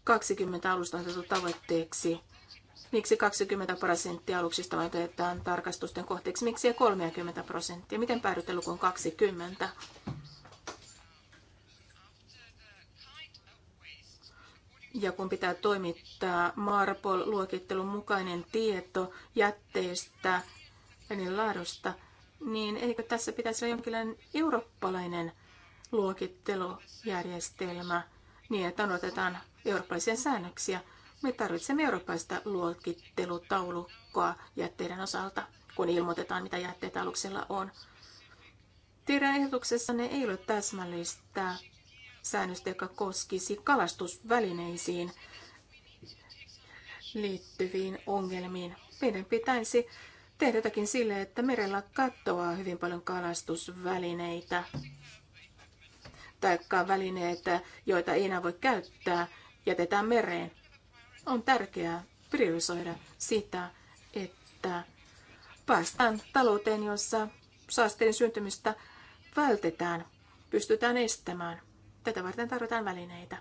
20 alusta on otettu tavoitteeksi? Miksi 20 prosenttia aluksista otetaan tarkastusten kohteeksi? Miksi ei 30 prosenttia? Miten päädytte lukuun 20? ja kun pitää toimittaa Marpol-luokittelun mukainen tieto jätteistä ja niin laadusta, niin eikö tässä pitäisi olla jonkinlainen eurooppalainen luokittelujärjestelmä niin, että noudatetaan eurooppalaisia säännöksiä. Me tarvitsemme eurooppaista luokittelutaulukkoa jätteiden osalta, kun ilmoitetaan, mitä jätteitä aluksella on. Teidän ehdotuksessanne ei ole täsmällistä säännöstä, joka koskisi kalastusvälineisiin liittyviin ongelmiin. Meidän pitäisi tehdä jotakin sille, että merellä katoaa hyvin paljon kalastusvälineitä tai välineitä, joita ei enää voi käyttää, jätetään mereen. On tärkeää priorisoida sitä, että päästään talouteen, jossa saasteen syntymistä vältetään, pystytään estämään. Tätä varten tarvitaan välineitä.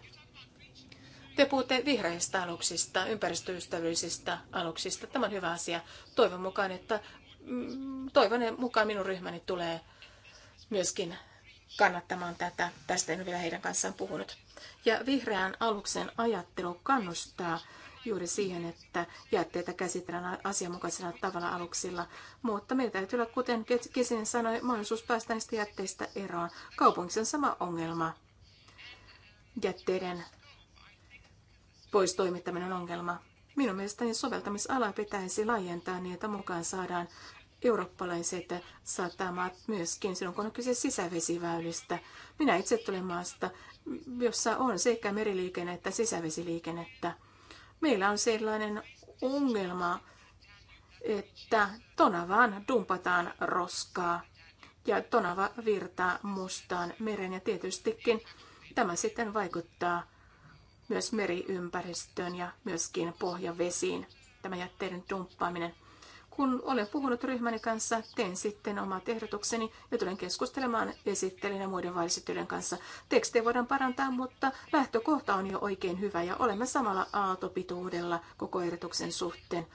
Te puhutte vihreistä aluksista, ympäristöystävällisistä aluksista. Tämä on hyvä asia. Toivon mukaan, että mm, toivon mukaan minun ryhmäni tulee myöskin kannattamaan tätä. Tästä en ole vielä heidän kanssaan puhunut. Ja vihreän aluksen ajattelu kannustaa juuri siihen, että jätteitä käsitellään asianmukaisella tavalla aluksilla. Mutta meillä täytyy olla, kuten Kesinen sanoi, mahdollisuus päästä niistä jätteistä eroon. Kaupungissa on sama ongelma. Jätteiden pois toimittaminen ongelma. Minun mielestäni soveltamisala pitäisi laajentaa niin, että mukaan saadaan eurooppalaiset satamat myöskin silloin, kun on kyse sisävesiväylistä. Minä itse tulen maasta, jossa on sekä meriliikenne että sisävesiliikennettä. Meillä on sellainen ongelma, että Tonavaan dumpataan roskaa ja Tonava virtaa mustaan meren ja tietystikin tämä sitten vaikuttaa myös meriympäristöön ja myöskin pohjavesiin, tämä jätteiden dumppaaminen. Kun olen puhunut ryhmäni kanssa, teen sitten omat ehdotukseni ja tulen keskustelemaan esittelijän ja muiden vaisityöiden kanssa. Tekstejä voidaan parantaa, mutta lähtökohta on jo oikein hyvä ja olemme samalla aaltopituudella koko ehdotuksen suhteen.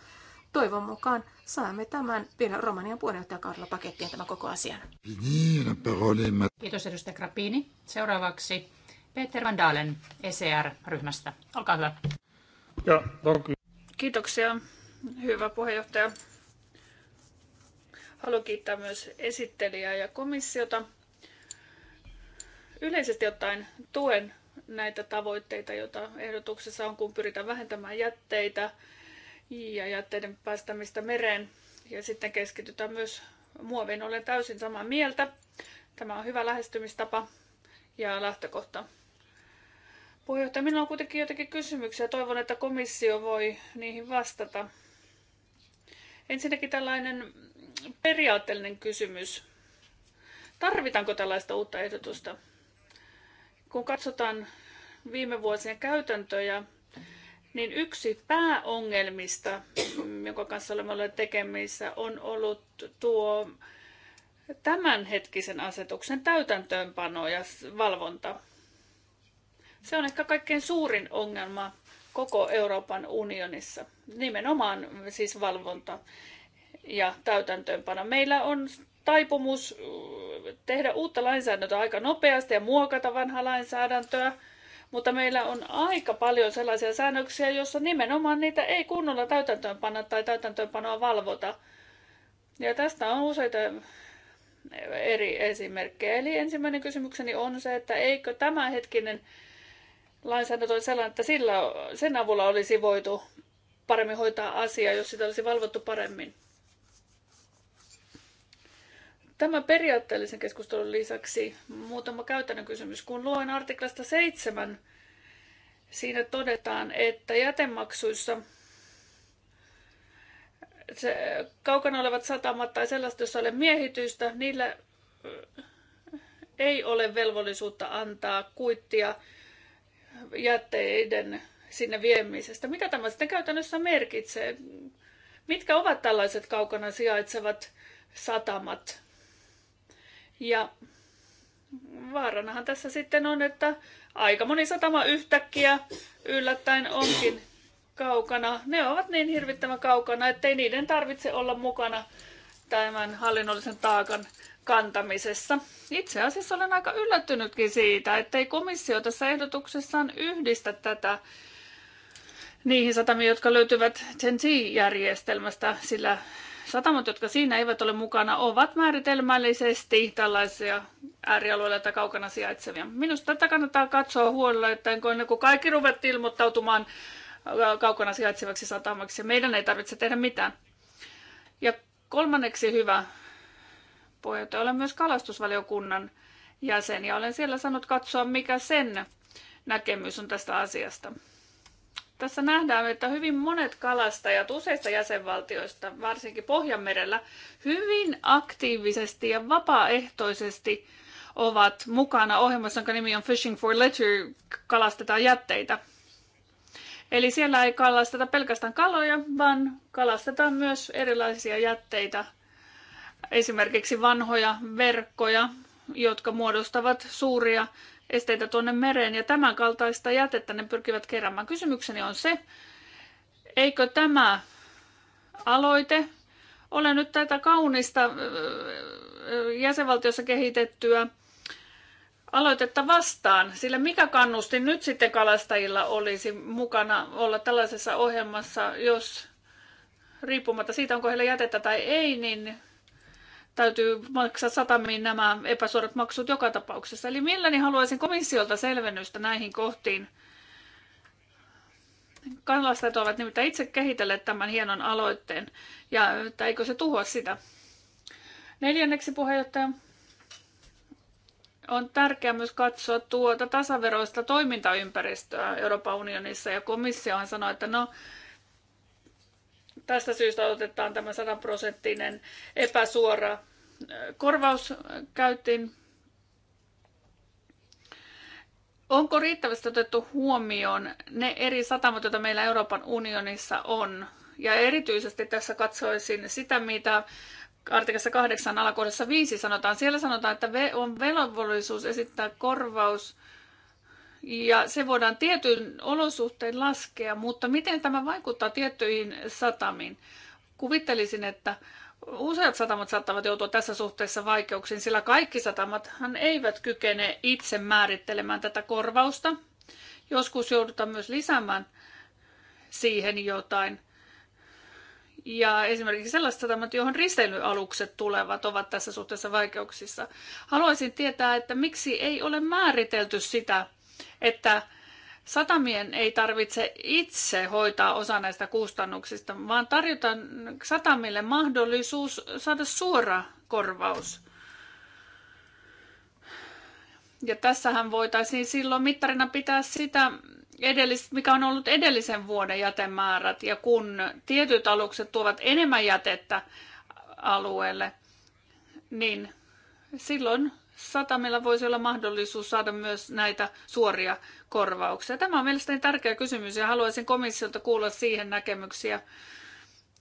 Toivon mukaan saamme tämän vielä Romanian puheenjohtajakaudella pakettiin tämä koko asian. Niin, Kiitos edustaja Krapiini. Seuraavaksi Peter Van Dalen ECR-ryhmästä. Olkaa hyvä. Ja, Kiitoksia, hyvä puheenjohtaja. Haluan kiittää myös esittelijää ja komissiota. Yleisesti ottaen tuen näitä tavoitteita, joita ehdotuksessa on, kun pyritään vähentämään jätteitä ja jätteiden päästämistä mereen. Ja sitten keskitytään myös muoviin. Olen täysin samaa mieltä. Tämä on hyvä lähestymistapa ja lähtökohta. Puheenjohtaja, minulla on kuitenkin jotakin kysymyksiä. Toivon, että komissio voi niihin vastata. Ensinnäkin tällainen periaatteellinen kysymys. Tarvitaanko tällaista uutta ehdotusta? Kun katsotaan viime vuosien käytäntöjä, niin yksi pääongelmista, jonka kanssa olemme olleet tekemissä, on ollut tuo tämänhetkisen asetuksen täytäntöönpano ja valvonta. Se on ehkä kaikkein suurin ongelma koko Euroopan unionissa, nimenomaan siis valvonta ja täytäntöönpano. Meillä on taipumus äh, tehdä uutta lainsäädäntöä aika nopeasti ja muokata vanhaa lainsäädäntöä, mutta meillä on aika paljon sellaisia säännöksiä, joissa nimenomaan niitä ei kunnolla täytäntöönpanna tai täytäntöönpanoa valvota. Ja tästä on useita eri esimerkkejä. Eli ensimmäinen kysymykseni on se, että eikö tämänhetkinen hetkinen lainsäädäntö oli sellainen, että sillä, sen avulla olisi voitu paremmin hoitaa asiaa, jos sitä olisi valvottu paremmin. Tämän periaatteellisen keskustelun lisäksi muutama käytännön kysymys. Kun luen artiklasta 7, siinä todetaan, että jätemaksuissa se, kaukana olevat satamat tai sellaiset, joissa ole miehitystä, niillä ei ole velvollisuutta antaa kuittia jätteiden sinne viemisestä. Mitä tämä sitten käytännössä merkitsee? Mitkä ovat tällaiset kaukana sijaitsevat satamat? Ja vaaranahan tässä sitten on, että aika moni satama yhtäkkiä yllättäen onkin kaukana. Ne ovat niin hirvittävän kaukana, ettei niiden tarvitse olla mukana tämän hallinnollisen taakan kantamisessa. Itse asiassa olen aika yllättynytkin siitä, ettei komissio tässä ehdotuksessaan yhdistä tätä niihin satamiin, jotka löytyvät Gen-Z-järjestelmästä, sillä satamat, jotka siinä eivät ole mukana, ovat määritelmällisesti tällaisia äärialueilla tai kaukana sijaitsevia. Minusta tätä kannattaa katsoa huolella, että ennen kuin kaikki ruvat ilmoittautumaan äh, kaukana sijaitsevaksi satamaksi, meidän ei tarvitse tehdä mitään. Ja kolmanneksi hyvä puheenjohtaja. Olen myös kalastusvaliokunnan jäsen ja olen siellä saanut katsoa, mikä sen näkemys on tästä asiasta. Tässä nähdään, että hyvin monet kalastajat useista jäsenvaltioista, varsinkin Pohjanmerellä, hyvin aktiivisesti ja vapaaehtoisesti ovat mukana ohjelmassa, jonka nimi on Fishing for Leisure, kalastetaan jätteitä. Eli siellä ei kalasteta pelkästään kaloja, vaan kalastetaan myös erilaisia jätteitä esimerkiksi vanhoja verkkoja, jotka muodostavat suuria esteitä tuonne mereen ja tämän kaltaista jätettä ne pyrkivät keräämään. Kysymykseni on se, eikö tämä aloite ole nyt tätä kaunista jäsenvaltiossa kehitettyä aloitetta vastaan, sillä mikä kannusti nyt sitten kalastajilla olisi mukana olla tällaisessa ohjelmassa, jos riippumatta siitä, onko heillä jätettä tai ei, niin täytyy maksaa satamiin nämä epäsuorat maksut joka tapauksessa. Eli milläni haluaisin komissiolta selvennystä näihin kohtiin. Kansalaiset ovat nimittäin itse kehitelleet tämän hienon aloitteen, ja että eikö se tuhoa sitä. Neljänneksi puheenjohtaja on tärkeää myös katsoa tuota tasaveroista toimintaympäristöä Euroopan unionissa, ja komissiohan sanoi, että no, tästä syystä otetaan tämä 100 prosenttinen epäsuora korvaus käytiin. Onko riittävästi otettu huomioon ne eri satamat, joita meillä Euroopan unionissa on? Ja erityisesti tässä katsoisin sitä, mitä artikassa 8 alakohdassa 5 sanotaan. Siellä sanotaan, että on velvollisuus esittää korvaus ja se voidaan tietyn olosuhteen laskea, mutta miten tämä vaikuttaa tiettyihin satamiin? Kuvittelisin, että Useat satamat saattavat joutua tässä suhteessa vaikeuksiin, sillä kaikki satamathan eivät kykene itse määrittelemään tätä korvausta. Joskus joudutaan myös lisäämään siihen jotain. Ja esimerkiksi sellaiset satamat, johon risteilyalukset tulevat, ovat tässä suhteessa vaikeuksissa. Haluaisin tietää, että miksi ei ole määritelty sitä, että Satamien ei tarvitse itse hoitaa osa näistä kustannuksista, vaan tarjotaan satamille mahdollisuus saada suora korvaus. Ja tässähän voitaisiin silloin mittarina pitää sitä, edellis, mikä on ollut edellisen vuoden jätemäärät. Ja kun tietyt alukset tuovat enemmän jätettä alueelle, niin silloin satamilla voisi olla mahdollisuus saada myös näitä suoria korvauksia? Tämä on mielestäni tärkeä kysymys ja haluaisin komissiolta kuulla siihen näkemyksiä.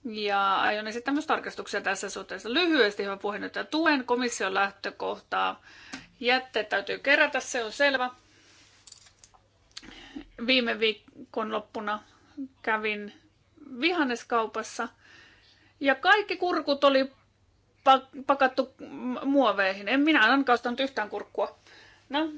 Ja aion esittää myös tarkastuksia tässä suhteessa. Lyhyesti, hyvä puheenjohtaja, tuen komission lähtökohtaa. Jätteet täytyy kerätä, se on selvä. Viime viikon loppuna kävin vihanneskaupassa ja kaikki kurkut oli pakattu muoveihin. En minä ainakaan ostanut yhtään kurkkua. No.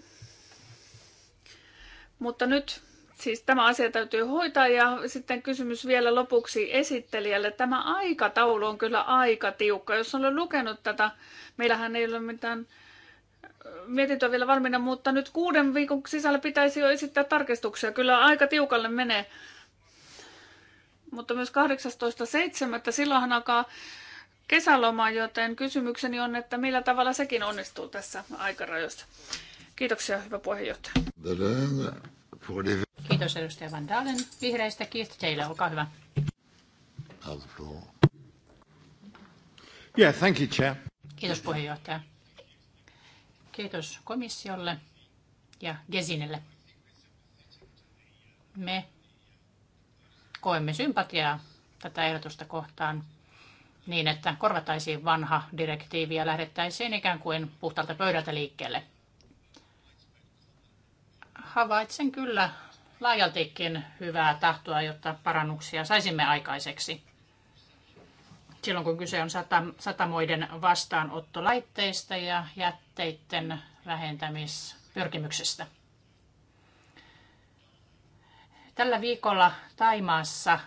Mutta nyt siis tämä asia täytyy hoitaa ja sitten kysymys vielä lopuksi esittelijälle. Tämä aikataulu on kyllä aika tiukka. Jos olen lukenut tätä, meillähän ei ole mitään mietintöä vielä valmiina, mutta nyt kuuden viikon sisällä pitäisi jo esittää tarkistuksia. Kyllä aika tiukalle menee. Mutta myös 18.7. silloinhan alkaa kesäloma, joten kysymykseni on, että millä tavalla sekin onnistuu tässä aikarajoissa. Kiitoksia, hyvä puheenjohtaja. Kiitos edustaja Van Dalen vihreistä. Kiitos teille, olkaa hyvä. Yeah, thank you, Chair. Kiitos puheenjohtaja. Kiitos komissiolle ja Gesinelle. Me koemme sympatiaa tätä ehdotusta kohtaan niin, että korvataisiin vanha direktiivi ja lähdettäisiin ikään kuin puhtaalta pöydältä liikkeelle. Havaitsen kyllä laajaltikin hyvää tahtoa, jotta parannuksia saisimme aikaiseksi. Silloin kun kyse on satamoiden vastaanottolaitteista ja jätteiden vähentämispyrkimyksestä. Tällä viikolla Taimaassa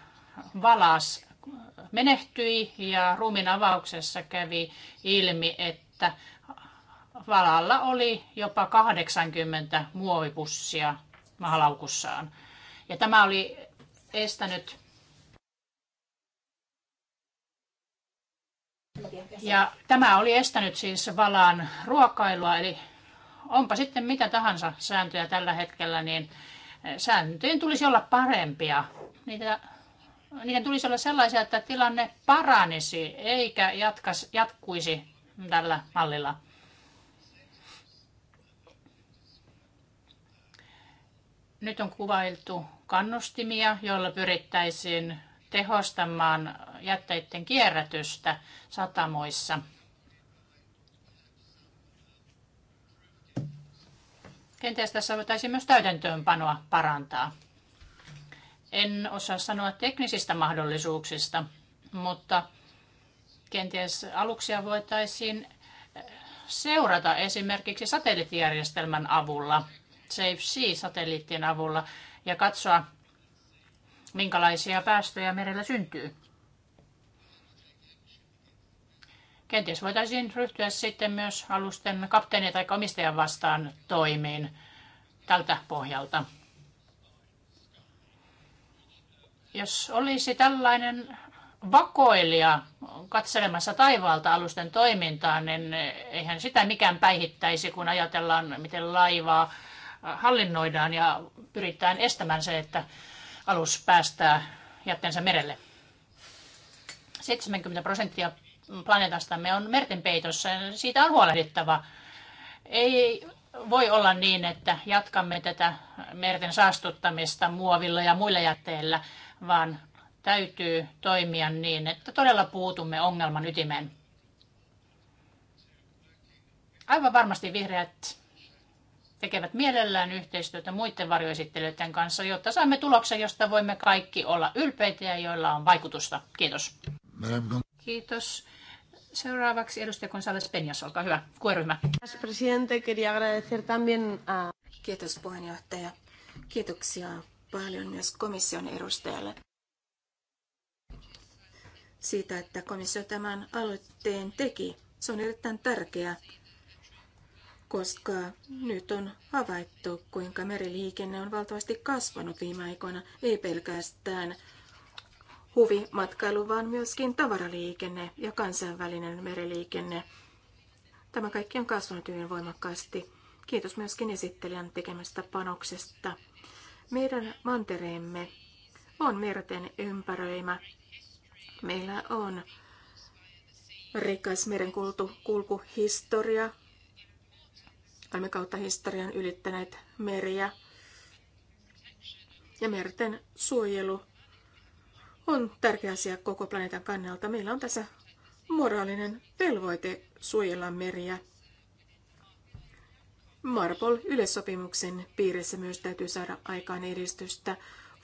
Valas menehtyi ja ruumin avauksessa kävi ilmi, että valalla oli jopa 80 muovipussia mahalaukussaan. Ja tämä oli estänyt Ja tämä oli estänyt siis valaan ruokailua, eli onpa sitten mitä tahansa sääntöjä tällä hetkellä, niin sääntöjen tulisi olla parempia. Niitä niiden tulisi olla sellaisia, että tilanne paranisi eikä jatkas, jatkuisi tällä mallilla. Nyt on kuvailtu kannustimia, joilla pyrittäisiin tehostamaan jätteiden kierrätystä satamoissa. Kenties tässä voitaisiin myös täytäntöönpanoa parantaa. En osaa sanoa teknisistä mahdollisuuksista, mutta kenties aluksia voitaisiin eh, seurata esimerkiksi satelliittijärjestelmän avulla, Safe Sea-satelliittien avulla, ja katsoa, minkälaisia päästöjä merellä syntyy. Kenties voitaisiin ryhtyä sitten myös alusten kapteeni tai omistajan vastaan toimiin tältä pohjalta. Jos olisi tällainen vakoilija katselemassa taivaalta alusten toimintaa, niin eihän sitä mikään päihittäisi, kun ajatellaan, miten laivaa hallinnoidaan ja pyritään estämään se, että alus päästää jätteensä merelle. 70 prosenttia planeetastamme on merten peitossa ja siitä on huolehdittava. Ei voi olla niin, että jatkamme tätä merten saastuttamista muovilla ja muilla jätteillä vaan täytyy toimia niin, että todella puutumme ongelman ytimeen. Aivan varmasti vihreät tekevät mielellään yhteistyötä muiden varjoesittelijöiden kanssa, jotta saamme tuloksen, josta voimme kaikki olla ylpeitä ja joilla on vaikutusta. Kiitos. Kiitos. Seuraavaksi edustaja González Peñas, olkaa hyvä. Kueryhmä. Kiitos puheenjohtaja. Kiitoksia paljon myös komission edustajalle siitä, että komissio tämän aloitteen teki. Se on erittäin tärkeää, koska nyt on havaittu, kuinka meriliikenne on valtavasti kasvanut viime aikoina, ei pelkästään huvimatkailu, vaan myöskin tavaraliikenne ja kansainvälinen meriliikenne. Tämä kaikki on kasvanut hyvin voimakkaasti. Kiitos myöskin esittelijän tekemästä panoksesta. Meidän mantereemme on merten ympäröimä. Meillä on rikas merenkulkuhistoria. Olemme kautta historian ylittäneet meriä. Ja merten suojelu on tärkeä asia koko planeetan kannalta. Meillä on tässä moraalinen velvoite suojella meriä Marpol-yleissopimuksen piirissä myös täytyy saada aikaan edistystä.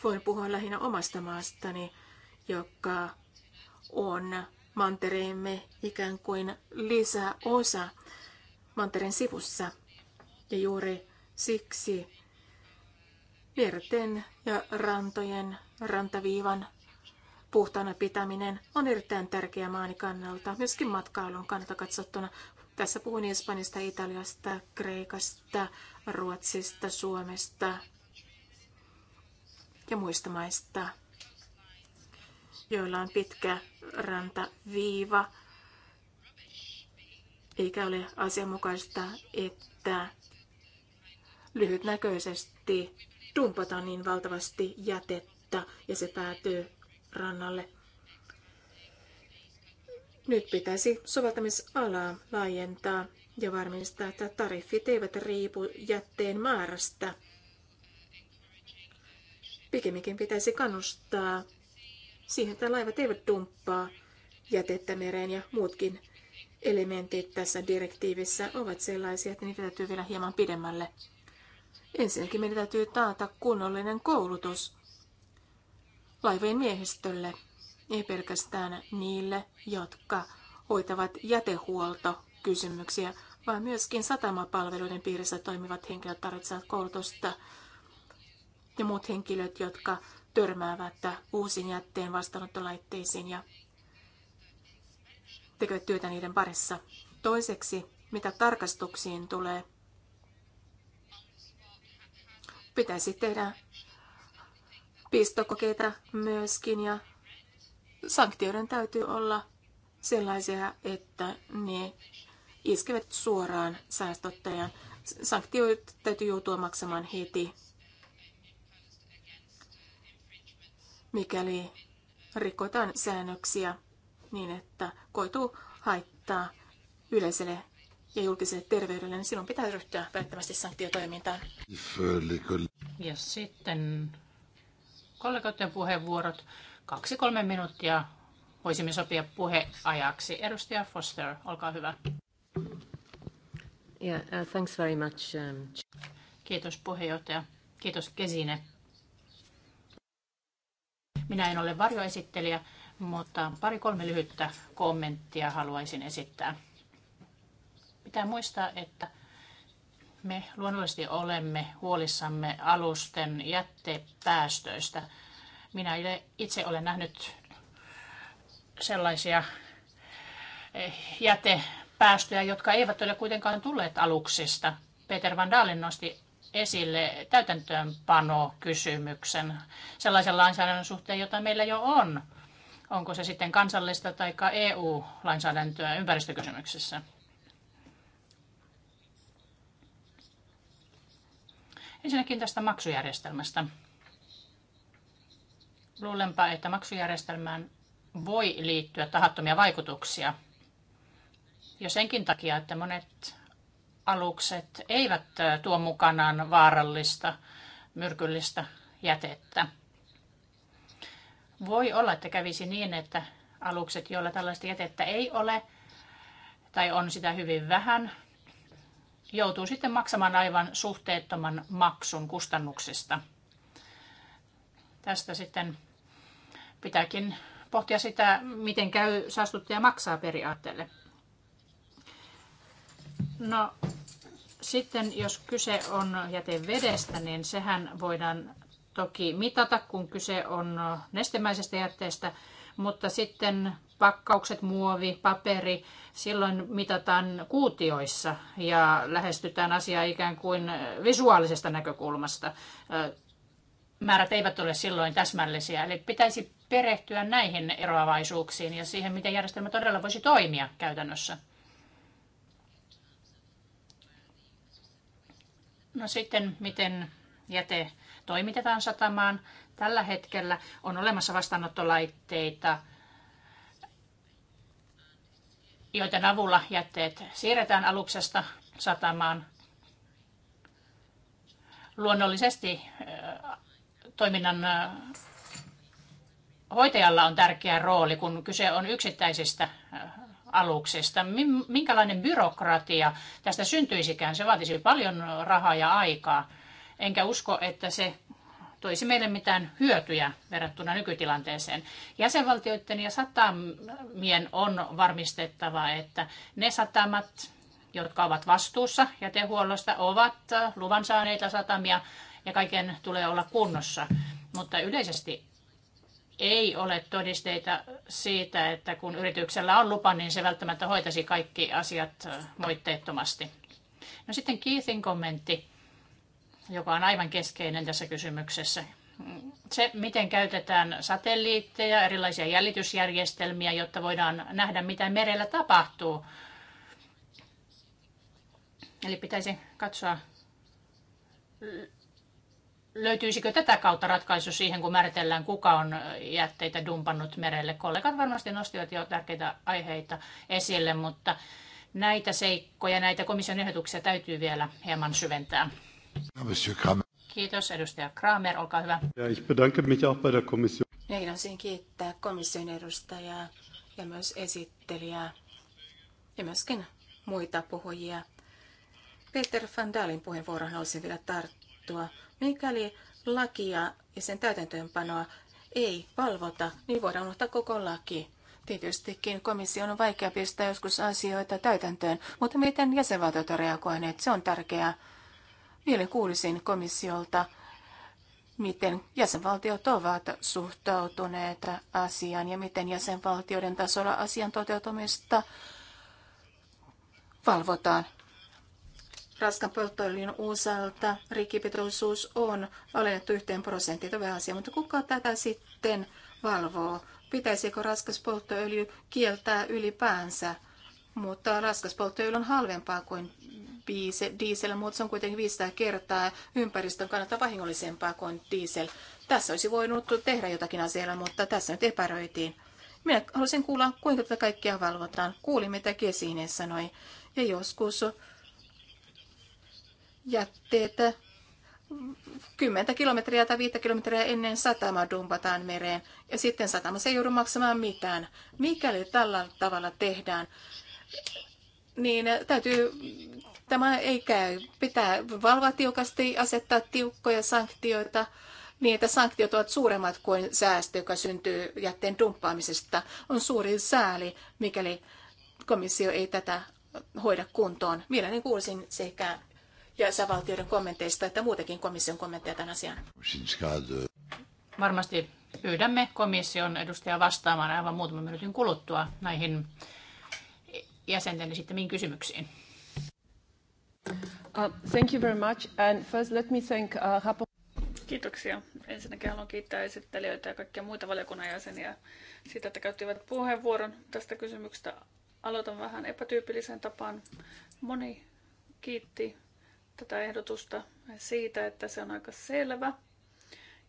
Voin puhua lähinnä omasta maastani, joka on mantereemme ikään kuin lisäosa mantereen sivussa. Ja juuri siksi merten- ja rantojen, rantaviivan puhtaana pitäminen on erittäin tärkeä maani kannalta, myöskin matkailun kannalta katsottuna. Tässä puhun Espanjasta, Italiasta, Kreikasta, Ruotsista, Suomesta ja muista maista, joilla on pitkä rantaviiva. Eikä ole asianmukaista, että lyhytnäköisesti dumpataan niin valtavasti jätettä ja se päätyy rannalle. Nyt pitäisi soveltamisalaa laajentaa ja varmistaa, että tariffit eivät riipu jätteen määrästä. Pikemminkin pitäisi kannustaa siihen, että laivat eivät dumppaa jätettä mereen ja muutkin elementit tässä direktiivissä ovat sellaisia, että niitä täytyy vielä hieman pidemmälle. Ensinnäkin meidän täytyy taata kunnollinen koulutus laivojen miehistölle – ei pelkästään niille, jotka hoitavat jätehuoltokysymyksiä, vaan myöskin satamapalveluiden piirissä toimivat henkilöt tarvitsevat koulutusta ja muut henkilöt, jotka törmäävät uusin jätteen vastaanottolaitteisiin ja tekevät työtä niiden parissa. Toiseksi, mitä tarkastuksiin tulee, pitäisi tehdä pistokokeita myöskin ja sanktioiden täytyy olla sellaisia, että ne iskevät suoraan säästöttäjään. Sanktioit täytyy joutua maksamaan heti, mikäli rikotaan säännöksiä niin, että koituu haittaa yleiselle ja julkiselle terveydelle, niin silloin pitää ryhtyä välttämättä sanktiotoimintaan. Uh, ja sitten kollegoiden puheenvuorot. Kaksi-kolme minuuttia voisimme sopia puheajaksi. Edustaja Foster, olkaa hyvä. Yeah, uh, thanks very much. Um... Kiitos puheenjohtaja. Kiitos Kesine. Minä en ole varjoesittelijä, mutta pari-kolme lyhyttä kommenttia haluaisin esittää. Pitää muistaa, että me luonnollisesti olemme huolissamme alusten jättepäästöistä – minä itse olen nähnyt sellaisia eh, jätepäästöjä, jotka eivät ole kuitenkaan tulleet aluksista. Peter Van Dalen nosti esille täytäntöönpano-kysymyksen sellaisen lainsäädännön suhteen, jota meillä jo on. Onko se sitten kansallista tai EU-lainsäädäntöä ympäristökysymyksessä? Ensinnäkin tästä maksujärjestelmästä. Luulenpa, että maksujärjestelmään voi liittyä tahattomia vaikutuksia. Jo senkin takia, että monet alukset eivät tuo mukanaan vaarallista, myrkyllistä jätettä. Voi olla, että kävisi niin, että alukset, joilla tällaista jätettä ei ole tai on sitä hyvin vähän, joutuu sitten maksamaan aivan suhteettoman maksun kustannuksista. Tästä sitten Pitääkin pohtia sitä, miten käy saastuttaja maksaa periaatteelle. No, sitten jos kyse on jätevedestä, niin sehän voidaan toki mitata, kun kyse on nestemäisestä jätteestä, mutta sitten pakkaukset, muovi, paperi, silloin mitataan kuutioissa ja lähestytään asiaa ikään kuin visuaalisesta näkökulmasta. Määrät eivät ole silloin täsmällisiä, eli pitäisi perehtyä näihin eroavaisuuksiin ja siihen, miten järjestelmä todella voisi toimia käytännössä. No sitten, miten jäte toimitetaan satamaan. Tällä hetkellä on olemassa vastaanottolaitteita, joiden avulla jätteet siirretään aluksesta satamaan. Luonnollisesti toiminnan hoitajalla on tärkeä rooli, kun kyse on yksittäisistä äh, aluksista. Minkälainen byrokratia tästä syntyisikään? Se vaatisi paljon rahaa ja aikaa. Enkä usko, että se toisi meille mitään hyötyjä verrattuna nykytilanteeseen. Jäsenvaltioiden ja satamien on varmistettava, että ne satamat, jotka ovat vastuussa jätehuollosta, ovat äh, luvan saaneita satamia ja kaiken tulee olla kunnossa. Mutta yleisesti ei ole todisteita siitä, että kun yrityksellä on lupa, niin se välttämättä hoitaisi kaikki asiat moitteettomasti. No sitten Keithin kommentti, joka on aivan keskeinen tässä kysymyksessä. Se, miten käytetään satelliitteja, erilaisia jäljitysjärjestelmiä, jotta voidaan nähdä, mitä merellä tapahtuu. Eli pitäisi katsoa löytyisikö tätä kautta ratkaisu siihen, kun määritellään, kuka on jätteitä dumpannut merelle? Kollegat varmasti nostivat jo tärkeitä aiheita esille, mutta näitä seikkoja, näitä komission ehdotuksia täytyy vielä hieman syventää. Kiitos, edustaja Kramer, olkaa hyvä. Ja, ich bedanke mich auch bei der Kommission. Minä haluaisin kiittää komission edustajaa ja myös esittelijää ja myöskin muita puhujia. Peter van Dalin puheenvuoroon haluaisin vielä tarttua. Mikäli lakia ja sen täytäntöönpanoa ei valvota, niin voidaan unohtaa koko laki. Tietystikin komission on vaikea pistää joskus asioita täytäntöön, mutta miten jäsenvaltiot ovat reagoineet, se on tärkeää. Vielä kuulisin komissiolta, miten jäsenvaltiot ovat suhtautuneet asiaan ja miten jäsenvaltioiden tasolla asian toteutumista valvotaan. Raskan polttoöljyn osalta rikkipitoisuus on alennettu yhteen prosenttiin, tämä asia, mutta kuka tätä sitten valvoo? Pitäisikö raskas polttoöljy kieltää ylipäänsä? Mutta raskas polttoöljy on halvempaa kuin diesel, mutta se on kuitenkin 500 kertaa ympäristön kannalta vahingollisempaa kuin diesel. Tässä olisi voinut tehdä jotakin asialla, mutta tässä nyt epäröitiin. Minä halusin kuulla, kuinka tätä kaikkea valvotaan. Kuulin, mitä Gesine sanoi. Ja joskus jätteet 10 kilometriä tai 5 kilometriä ennen satamaa dumpataan mereen ja sitten satamassa ei joudu maksamaan mitään. Mikäli tällä tavalla tehdään, niin täytyy, tämä ei käy. Pitää valvoa tiukasti, asettaa tiukkoja sanktioita niin, että sanktiot ovat suuremmat kuin säästö, joka syntyy jätteen dumppaamisesta. On suuri sääli, mikäli komissio ei tätä hoida kuntoon. Mielelläni kuulisin sekä jäsenvaltioiden kommenteista että muutenkin komission kommentteja tämän asian. Varmasti pyydämme komission edustajaa vastaamaan aivan muutaman minuutin kuluttua näihin jäsenten esittämiin kysymyksiin. Uh, thank you very much. And first let me thank uh, Kiitoksia. Ensinnäkin haluan kiittää esittelijöitä ja kaikkia muita valiokunnan jäseniä siitä, että käyttivät puheenvuoron tästä kysymyksestä. Aloitan vähän epätyypilliseen tapaan. Moni kiitti tätä ehdotusta siitä, että se on aika selvä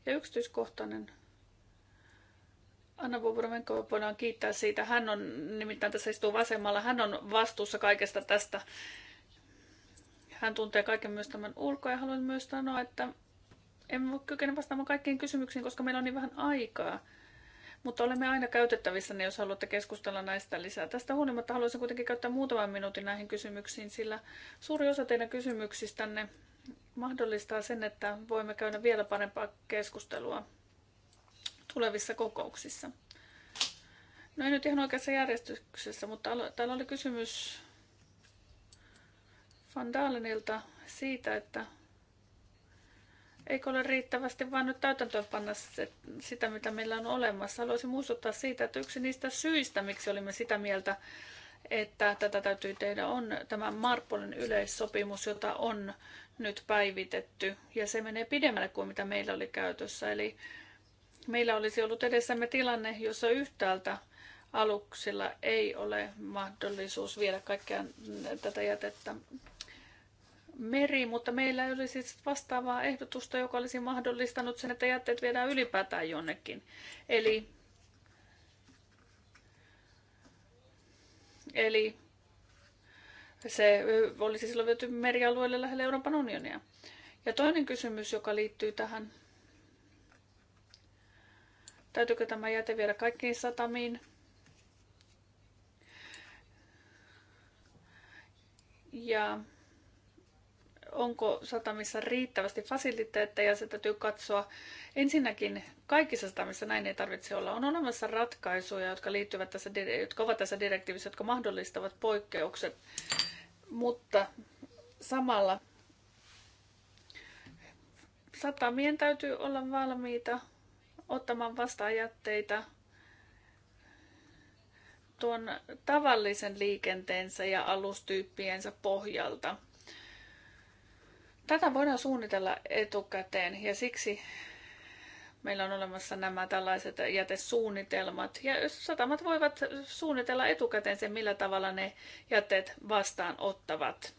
ja yksityiskohtainen. Anna Bobrovenko voidaan kiittää siitä. Hän on, nimittäin tässä istuu vasemmalla, hän on vastuussa kaikesta tästä. Hän tuntee kaiken myös tämän ulkoa ja haluan myös sanoa, että en voi kykene vastaamaan kaikkiin kysymyksiin, koska meillä on niin vähän aikaa. Mutta olemme aina käytettävissä, niin jos haluatte keskustella näistä lisää. Tästä huolimatta haluaisin kuitenkin käyttää muutaman minuutin näihin kysymyksiin, sillä suuri osa teidän kysymyksistänne mahdollistaa sen, että voimme käydä vielä parempaa keskustelua tulevissa kokouksissa. No ei nyt ihan oikeassa järjestyksessä, mutta täällä oli kysymys Van Dalenilta siitä, että Eikö ole riittävästi vaan nyt täytäntöönpanna sitä, mitä meillä on olemassa. Haluaisin muistuttaa siitä, että yksi niistä syistä, miksi olimme sitä mieltä, että tätä täytyy tehdä, on tämä Marpolin yleissopimus, jota on nyt päivitetty. Ja se menee pidemmälle kuin mitä meillä oli käytössä. Eli meillä olisi ollut edessämme tilanne, jossa yhtäältä aluksilla ei ole mahdollisuus viedä kaikkea tätä jätettä meri, mutta meillä ei olisi siis vastaavaa ehdotusta, joka olisi mahdollistanut sen, että jätteet viedään ylipäätään jonnekin. Eli, eli se olisi silloin viety merialueelle lähelle Euroopan unionia. Ja toinen kysymys, joka liittyy tähän, täytyykö tämä jäte viedä kaikkiin satamiin? Ja onko satamissa riittävästi fasiliteetteja, se täytyy katsoa. Ensinnäkin kaikissa satamissa näin ei tarvitse olla. On olemassa ratkaisuja, jotka, liittyvät tässä, jotka ovat tässä direktiivissä, jotka mahdollistavat poikkeukset, mutta samalla satamien täytyy olla valmiita ottamaan vastaajatteita tuon tavallisen liikenteensä ja alustyyppiensä pohjalta – Tätä voidaan suunnitella etukäteen ja siksi meillä on olemassa nämä tällaiset jätesuunnitelmat. Ja satamat voivat suunnitella etukäteen sen, millä tavalla ne jätteet vastaanottavat.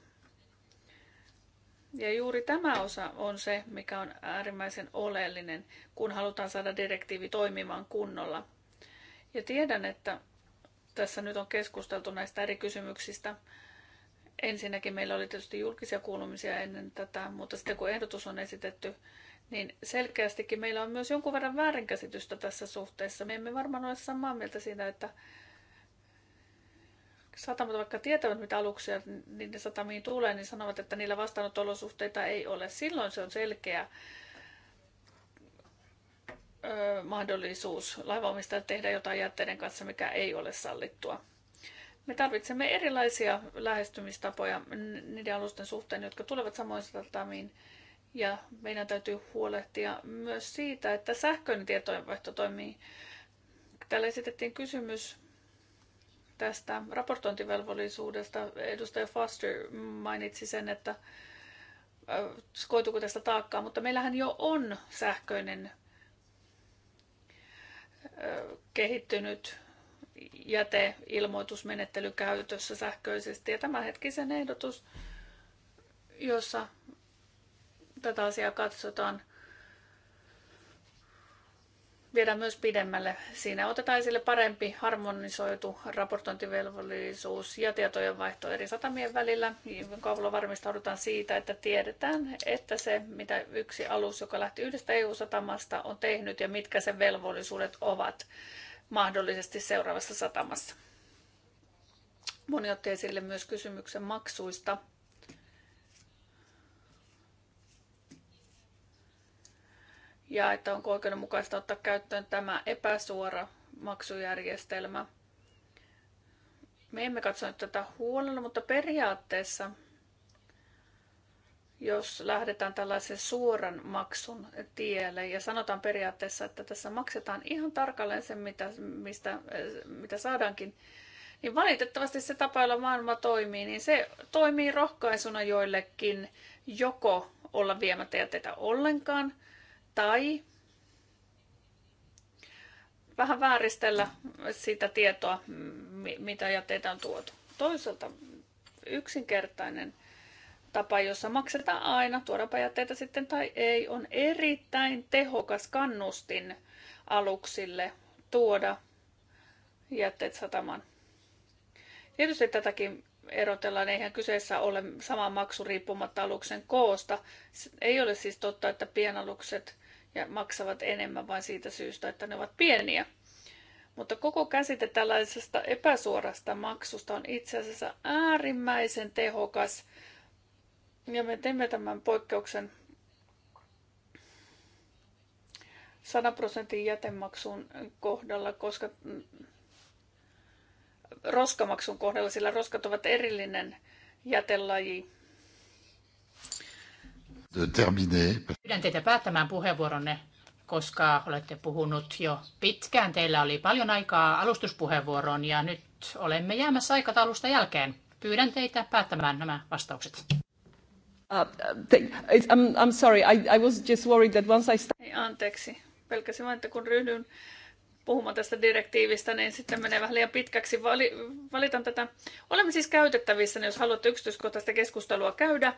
Ja juuri tämä osa on se, mikä on äärimmäisen oleellinen, kun halutaan saada direktiivi toimimaan kunnolla. Ja tiedän, että tässä nyt on keskusteltu näistä eri kysymyksistä, Ensinnäkin meillä oli tietysti julkisia kuulumisia ennen tätä, mutta sitten kun ehdotus on esitetty, niin selkeästikin meillä on myös jonkun verran väärinkäsitystä tässä suhteessa. Me emme varmaan ole samaa mieltä siinä, että satamat vaikka tietävät, mitä aluksia niiden satamiin tulee, niin sanovat, että niillä vastaanotolosuhteita ei ole. Silloin se on selkeä mahdollisuus laivaomistajalle tehdä jotain jätteiden kanssa, mikä ei ole sallittua. Me tarvitsemme erilaisia lähestymistapoja niiden alusten suhteen, jotka tulevat samoin satamiin. Ja meidän täytyy huolehtia myös siitä, että sähköinen tietojenvaihto toimii. Täällä esitettiin kysymys tästä raportointivelvollisuudesta. Edustaja Foster mainitsi sen, että koituuko tästä taakkaa, mutta meillähän jo on sähköinen kehittynyt jäteilmoitusmenettely käytössä sähköisesti. Ja tämänhetkisen ehdotus, jossa tätä asiaa katsotaan, viedään myös pidemmälle. Siinä otetaan esille parempi harmonisoitu raportointivelvollisuus ja tietojen vaihto eri satamien välillä, jonka avulla varmistaudutaan siitä, että tiedetään, että se, mitä yksi alus, joka lähti yhdestä EU-satamasta, on tehnyt ja mitkä sen velvollisuudet ovat mahdollisesti seuraavassa satamassa. Moni otti esille myös kysymyksen maksuista. Ja että onko oikeudenmukaista ottaa käyttöön tämä epäsuora maksujärjestelmä. Me emme katsoneet tätä huolella, mutta periaatteessa jos lähdetään tällaisen suoran maksun tielle ja sanotaan periaatteessa, että tässä maksetaan ihan tarkalleen se, mitä, mistä, mitä saadaankin, niin valitettavasti se tapa, jolla maailma toimii, niin se toimii rohkaisuna joillekin joko olla viemättä jätetä ollenkaan tai vähän vääristellä sitä tietoa, mitä jätteitä on tuotu. Toisaalta yksinkertainen tapa, jossa maksetaan aina, tuodaanpa jätteitä sitten tai ei, on erittäin tehokas kannustin aluksille tuoda jätteet satamaan. Tietysti tätäkin erotellaan, eihän kyseessä ole sama maksu riippumatta aluksen koosta. Ei ole siis totta, että pienalukset maksavat enemmän vain siitä syystä, että ne ovat pieniä. Mutta koko käsite tällaisesta epäsuorasta maksusta on itse asiassa äärimmäisen tehokas ja me teemme tämän poikkeuksen 100 prosentin jätemaksun kohdalla, koska roskamaksun kohdalla, sillä roskat ovat erillinen jätelaji. Pyydän teitä päättämään puheenvuoronne, koska olette puhunut jo pitkään. Teillä oli paljon aikaa alustuspuheenvuoroon ja nyt olemme jäämässä aikataulusta jälkeen. Pyydän teitä päättämään nämä vastaukset. Uh, I'm, I'm sorry, I, I was just worried that once I start... Ei, anteeksi. Pelkäsin vain, että kun ryhdyn puhumaan tästä direktiivistä, niin sitten menee vähän liian pitkäksi. Vali, valitan tätä. Olemme siis käytettävissä, niin jos haluatte yksityiskohtaista keskustelua käydä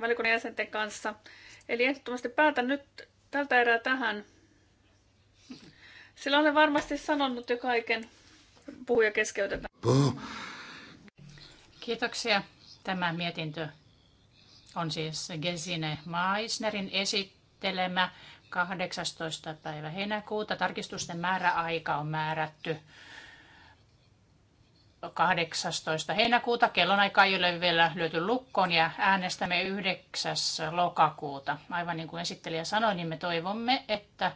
valikunnan jäsenten kanssa. Eli ehdottomasti päätän nyt tältä erää tähän. Sillä olen varmasti sanonut jo kaiken. Puhuja keskeytetään. Kiitoksia. Tämä mietintö on siis Gesine Maisnerin esittelemä 18. päivä heinäkuuta. Tarkistusten määräaika on määrätty 18. heinäkuuta. Kellonaika ei ole vielä löyty lukkoon ja äänestämme 9. lokakuuta. Aivan niin kuin esittelijä sanoi, niin me toivomme, että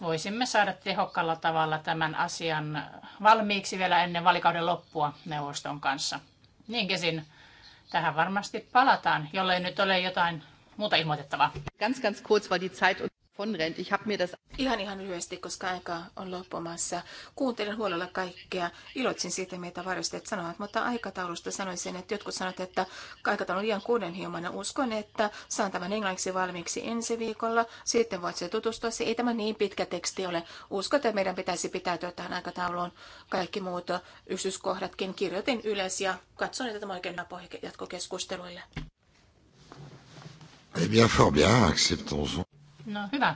voisimme saada tehokkaalla tavalla tämän asian valmiiksi vielä ennen valikauden loppua neuvoston kanssa. Niin kesin Tähän varmasti palataan, jollei nyt ole jotain muuta ilmoitettavaa. Ganz, ganz kurz, weil die Zeit von Rent. Ich habe mir das... Ihan ihan lyhyesti, koska aika on loppumassa. Kuuntelen huolella kaikkea. Iloitsin siitä, mitä varjostajat sanovat, mutta aikataulusta sanoisin, että jotkut sanovat, että aikataulu on liian hieman. Uskon, että saan tämän englanniksi valmiiksi ensi viikolla. Sitten voit se tutustua. Se ei tämä niin pitkä teksti ole. Uskon, että meidän pitäisi pitäytyä tähän aikatauluun. Kaikki muut yksityiskohdatkin kirjoitin ylös ja katson, että tämä oikein jatkokeskusteluille. Eh bien, fort bien, acceptons-en. No hyvä.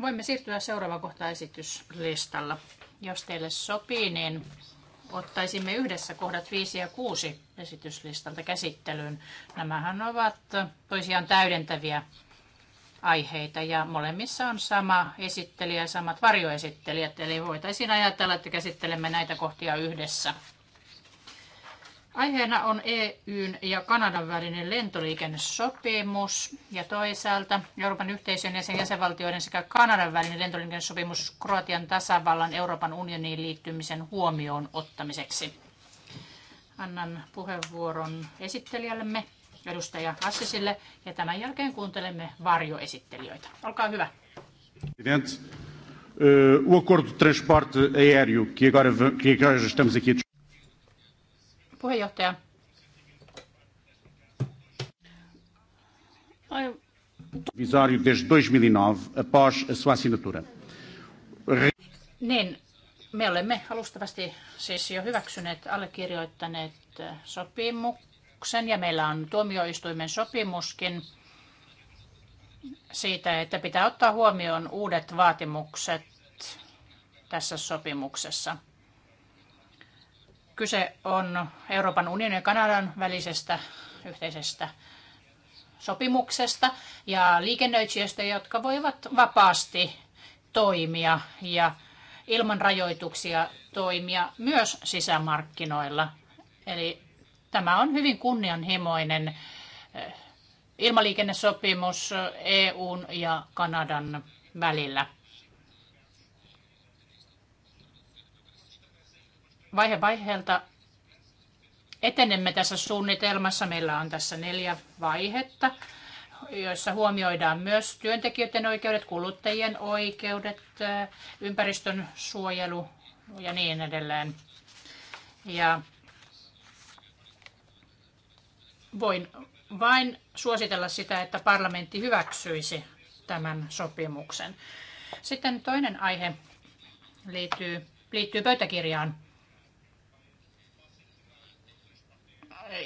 Voimme siirtyä seuraava kohta esityslistalla. Jos teille sopii, niin ottaisimme yhdessä kohdat 5 ja 6 esityslistalta käsittelyyn. Nämähän ovat toisiaan täydentäviä aiheita ja molemmissa on sama esittelijä ja samat varjoesittelijät, eli voitaisiin ajatella, että käsittelemme näitä kohtia yhdessä. Aiheena on EUn ja Kanadan välinen lentoliikennesopimus ja toisaalta Euroopan yhteisön ja sen jäsenvaltioiden sekä Kanadan välinen lentoliikennesopimus Kroatian tasavallan Euroopan unioniin liittymisen huomioon ottamiseksi. Annan puheenvuoron esittelijällemme, edustaja Assisille, ja tämän jälkeen kuuntelemme varjoesittelijöitä. Olkaa hyvä. Presidente, eh, o acordo de transporte aéreo que agora, que agora estamos aqui a Puheenjohtaja. Visario desde 2009, e após a sua Niin, me olemme alustavasti siis jo hyväksyneet, allekirjoittaneet eh, sopimuksen ja meillä on tuomioistuimen sopimuskin siitä, että pitää ottaa huomioon uudet vaatimukset tässä sopimuksessa. Kyse on Euroopan unionin ja Kanadan välisestä yhteisestä sopimuksesta ja liikennöitsijöistä, jotka voivat vapaasti toimia ja ilman rajoituksia toimia myös sisämarkkinoilla. Eli tämä on hyvin kunnianhimoinen eh, ilmaliikennesopimus eh, EUn ja Kanadan välillä. vaihe vaiheelta etenemme tässä suunnitelmassa. Meillä on tässä neljä vaihetta, joissa huomioidaan myös työntekijöiden oikeudet, kuluttajien oikeudet, eh, ympäristön suojelu ja niin edelleen. Ja voin vain suositella sitä, että parlamentti hyväksyisi tämän sopimuksen. Sitten toinen aihe liittyy, liittyy pöytäkirjaan.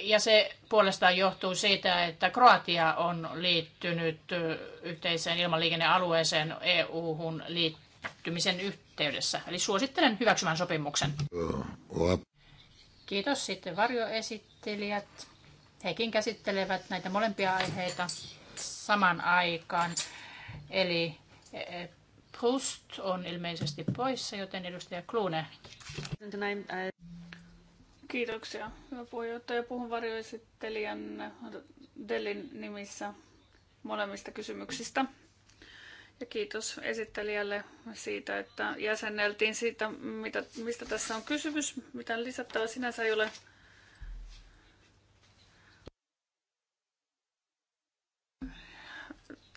ja se puolestaan johtuu siitä, että Kroatia on liittynyt yhteiseen ilmaliikennealueeseen EU-hun liittymisen yhteydessä. Eli suosittelen hyväksymään sopimuksen. Kiitos sitten varjoesittelijät. Hekin käsittelevät näitä molempia aiheita saman aikaan. Eli e, e, Proust on ilmeisesti poissa, joten edustaja Kluune. Kiitoksia, hyvä puheenjohtaja. Puhun varjoesittelijän Delin nimissä molemmista kysymyksistä. Ja kiitos esittelijälle siitä, että jäsenneltiin siitä, mitä, mistä tässä on kysymys. Mitä lisättävää sinänsä ei ole.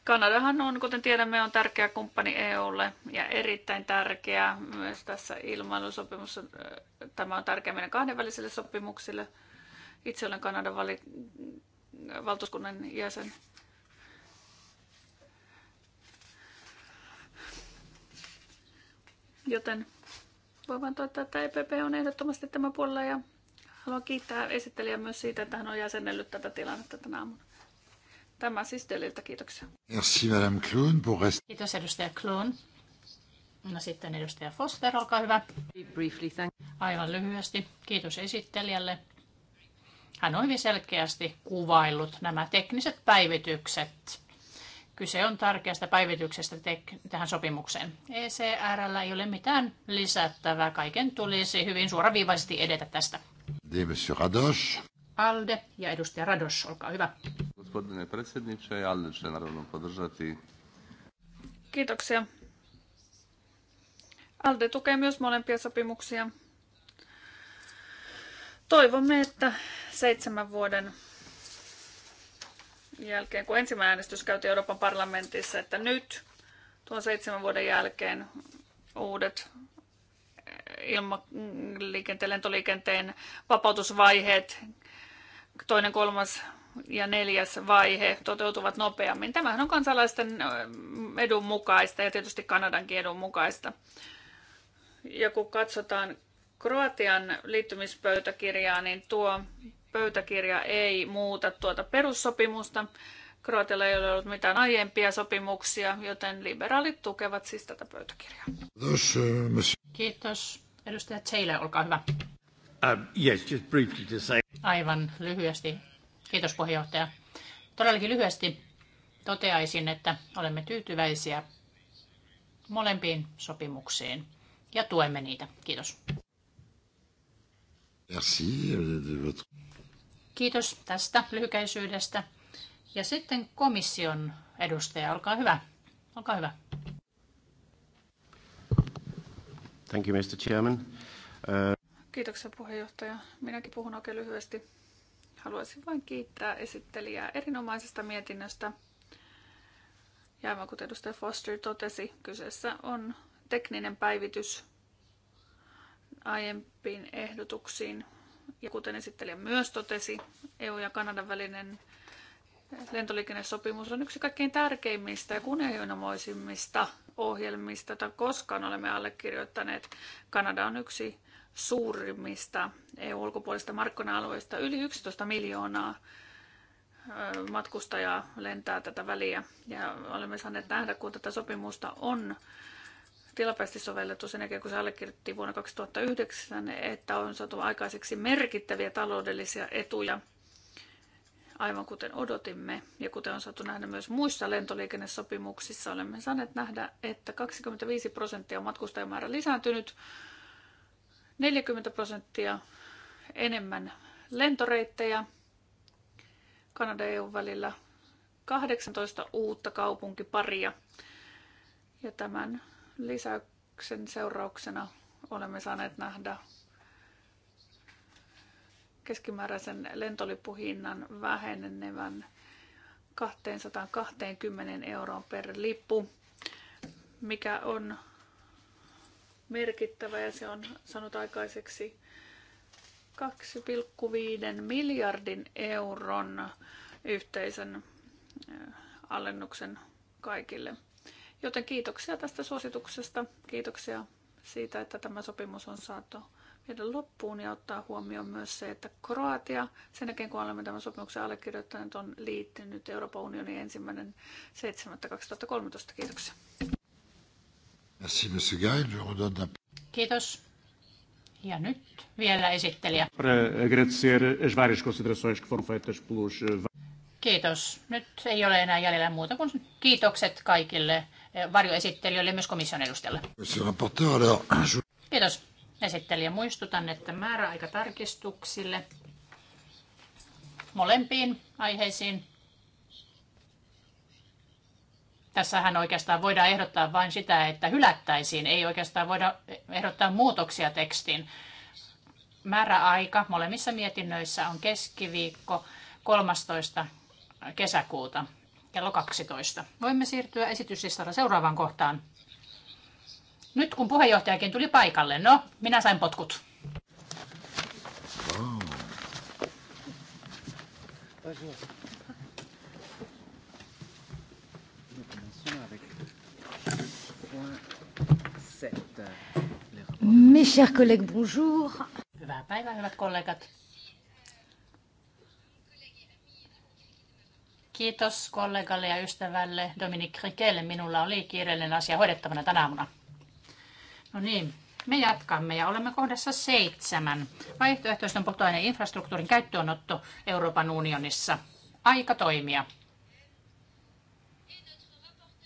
Kanadahan on, kuten tiedämme, on tärkeä kumppani EUlle ja erittäin tärkeä myös tässä ilmailusopimus. Tämä on tärkeä meidän kahdenvälisille sopimuksille. Itse olen Kanadan vali- valtuuskunnan jäsen. Joten voin vain toivottaa, että EPP on ehdottomasti tämä puolella ja haluan kiittää esittelijää myös siitä, että hän on jäsennellyt tätä tilannetta tänä aamuna. Tämä siis Deliltä, kiitoksia. Merci, Madame Kloon, pour rest... Kiitos edustaja Kloon. No sitten edustaja Foster, olkaa hyvä. Briefly, thank... Aivan lyhyesti. Kiitos esittelijälle. Hän on hyvin selkeästi kuvaillut nämä tekniset päivitykset. Kyse on tärkeästä päivityksestä tähän sopimukseen. ECRL ei ole mitään lisättävää. Kaiken tulisi hyvin suoraviivaisesti edetä tästä. De Monsieur Rados. Alde ja edustaja Rados, olkaa hyvä gospodine predsjedniče. Ja će naravno podržati. Kiitoksia. ALDE tukee myös molempia sopimuksia. Toivomme, että seitsemän vuoden jälkeen, kun ensimmäinen äänestys käytiin Euroopan parlamentissa, että nyt tuon seitsemän vuoden jälkeen uudet eh, ilmaliikenteen, lentoliikenteen vapautusvaiheet, toinen, kolmas ja neljäs vaihe toteutuvat nopeammin. Tämähän on kansalaisten edun mukaista ja tietysti Kanadankin edun mukaista. Ja kun katsotaan Kroatian liittymispöytäkirjaa, niin tuo pöytäkirja ei muuta tuota perussopimusta. Kroatialla ei ole ollut mitään aiempia sopimuksia, joten liberaalit tukevat siis tätä pöytäkirjaa. Kiitos. Edustaja Taylor, olkaa hyvä. Um, yes, just briefly to say. Aivan lyhyesti Kiitos puheenjohtaja. Todellakin lyhyesti toteaisin, että olemme tyytyväisiä molempiin sopimuksiin ja tuemme niitä. Kiitos. Euh, Kiitos tästä lyhykäisyydestä. Ja sitten komission edustaja, olkaa hyvä. Olkaa hyvä. Thank you, Mr. Chairman. Uh... Kiitoksia puheenjohtaja. Minäkin puhun oikein lyhyesti. Haluaisin vain kiittää esittelijää erinomaisesta mietinnöstä. Ja aivan kuten edustaja Foster totesi, kyseessä on tekninen päivitys aiempiin ehdotuksiin. Ja kuten esittelijä myös totesi, EU ja Kanadan välinen lentoliikennesopimus on yksi kaikkein tärkeimmistä ja kunnianhimoisimmista ohjelmista, koska koskaan olemme allekirjoittaneet. Kanada on yksi suurimmista EU-ulkopuolista markkina-alueista. Yli 11 miljoonaa matkustajaa lentää tätä väliä ja olemme saaneet nähdä, kun tätä sopimusta on tilapäisesti sovellettu sen jälkeen, kun se allekirjoitettiin vuonna 2009, että on saatu aikaiseksi merkittäviä taloudellisia etuja, aivan kuten odotimme. Ja kuten on saatu nähdä myös muissa lentoliikennesopimuksissa, olemme saaneet nähdä, että 25 prosenttia on matkustajamäärä lisääntynyt 40 prosenttia enemmän lentoreittejä Kanada ja EUn välillä, 18 uutta kaupunkiparia. Ja tämän lisäyksen seurauksena olemme saaneet nähdä keskimääräisen lentolipuhinnan vähenevän 220 euroon per lippu, mikä on merkittävä ja se on saanut aikaiseksi 2,5 miljardin euron yhteisen alennuksen kaikille. Joten kiitoksia tästä suosituksesta. Kiitoksia siitä, että tämä sopimus on saatu viedä loppuun ja ottaa huomioon myös se, että Kroatia, sen jälkeen kun olemme tämän sopimuksen allekirjoittaneet, on liittynyt Euroopan unionin ensimmäinen 7.2013. Kiitoksia. Merci, monsieur Gail. Je redonne la... Kiitos. Ja nyt vielä esittelijä. Eh, Kiitos. Nyt ei ole enää jäljellä muuta kuin kiitokset kaikille eh, varjoesittelijöille ja myös komission edustajalle. Kiitos esittelijä. Muistutan, että määräaikatarkistuksille tarkistuksille molempiin aiheisiin Tässähän oikeastaan voidaan ehdottaa vain sitä, että hylättäisiin. Ei oikeastaan voida ehdottaa muutoksia tekstiin. Määräaika molemmissa mietinnöissä on keskiviikko 13. kesäkuuta kello 12. Voimme siirtyä esityslistalla seuraavaan kohtaan. Nyt kun puheenjohtajakin tuli paikalle, no, minä sain potkut. Wow. Mes chers collègues, bonjour. Hyvää päivää, hyvät kollegat. Kiitos kollegalle ja ystävälle Dominik Rikelle. Minulla oli kiireellinen asia hoidettavana tänä aamuna. No niin, me jatkamme ja olemme kohdassa seitsemän. Vaihtoehtoisten polttoaineen infrastruktuurin käyttöönotto Euroopan unionissa. Aika toimia.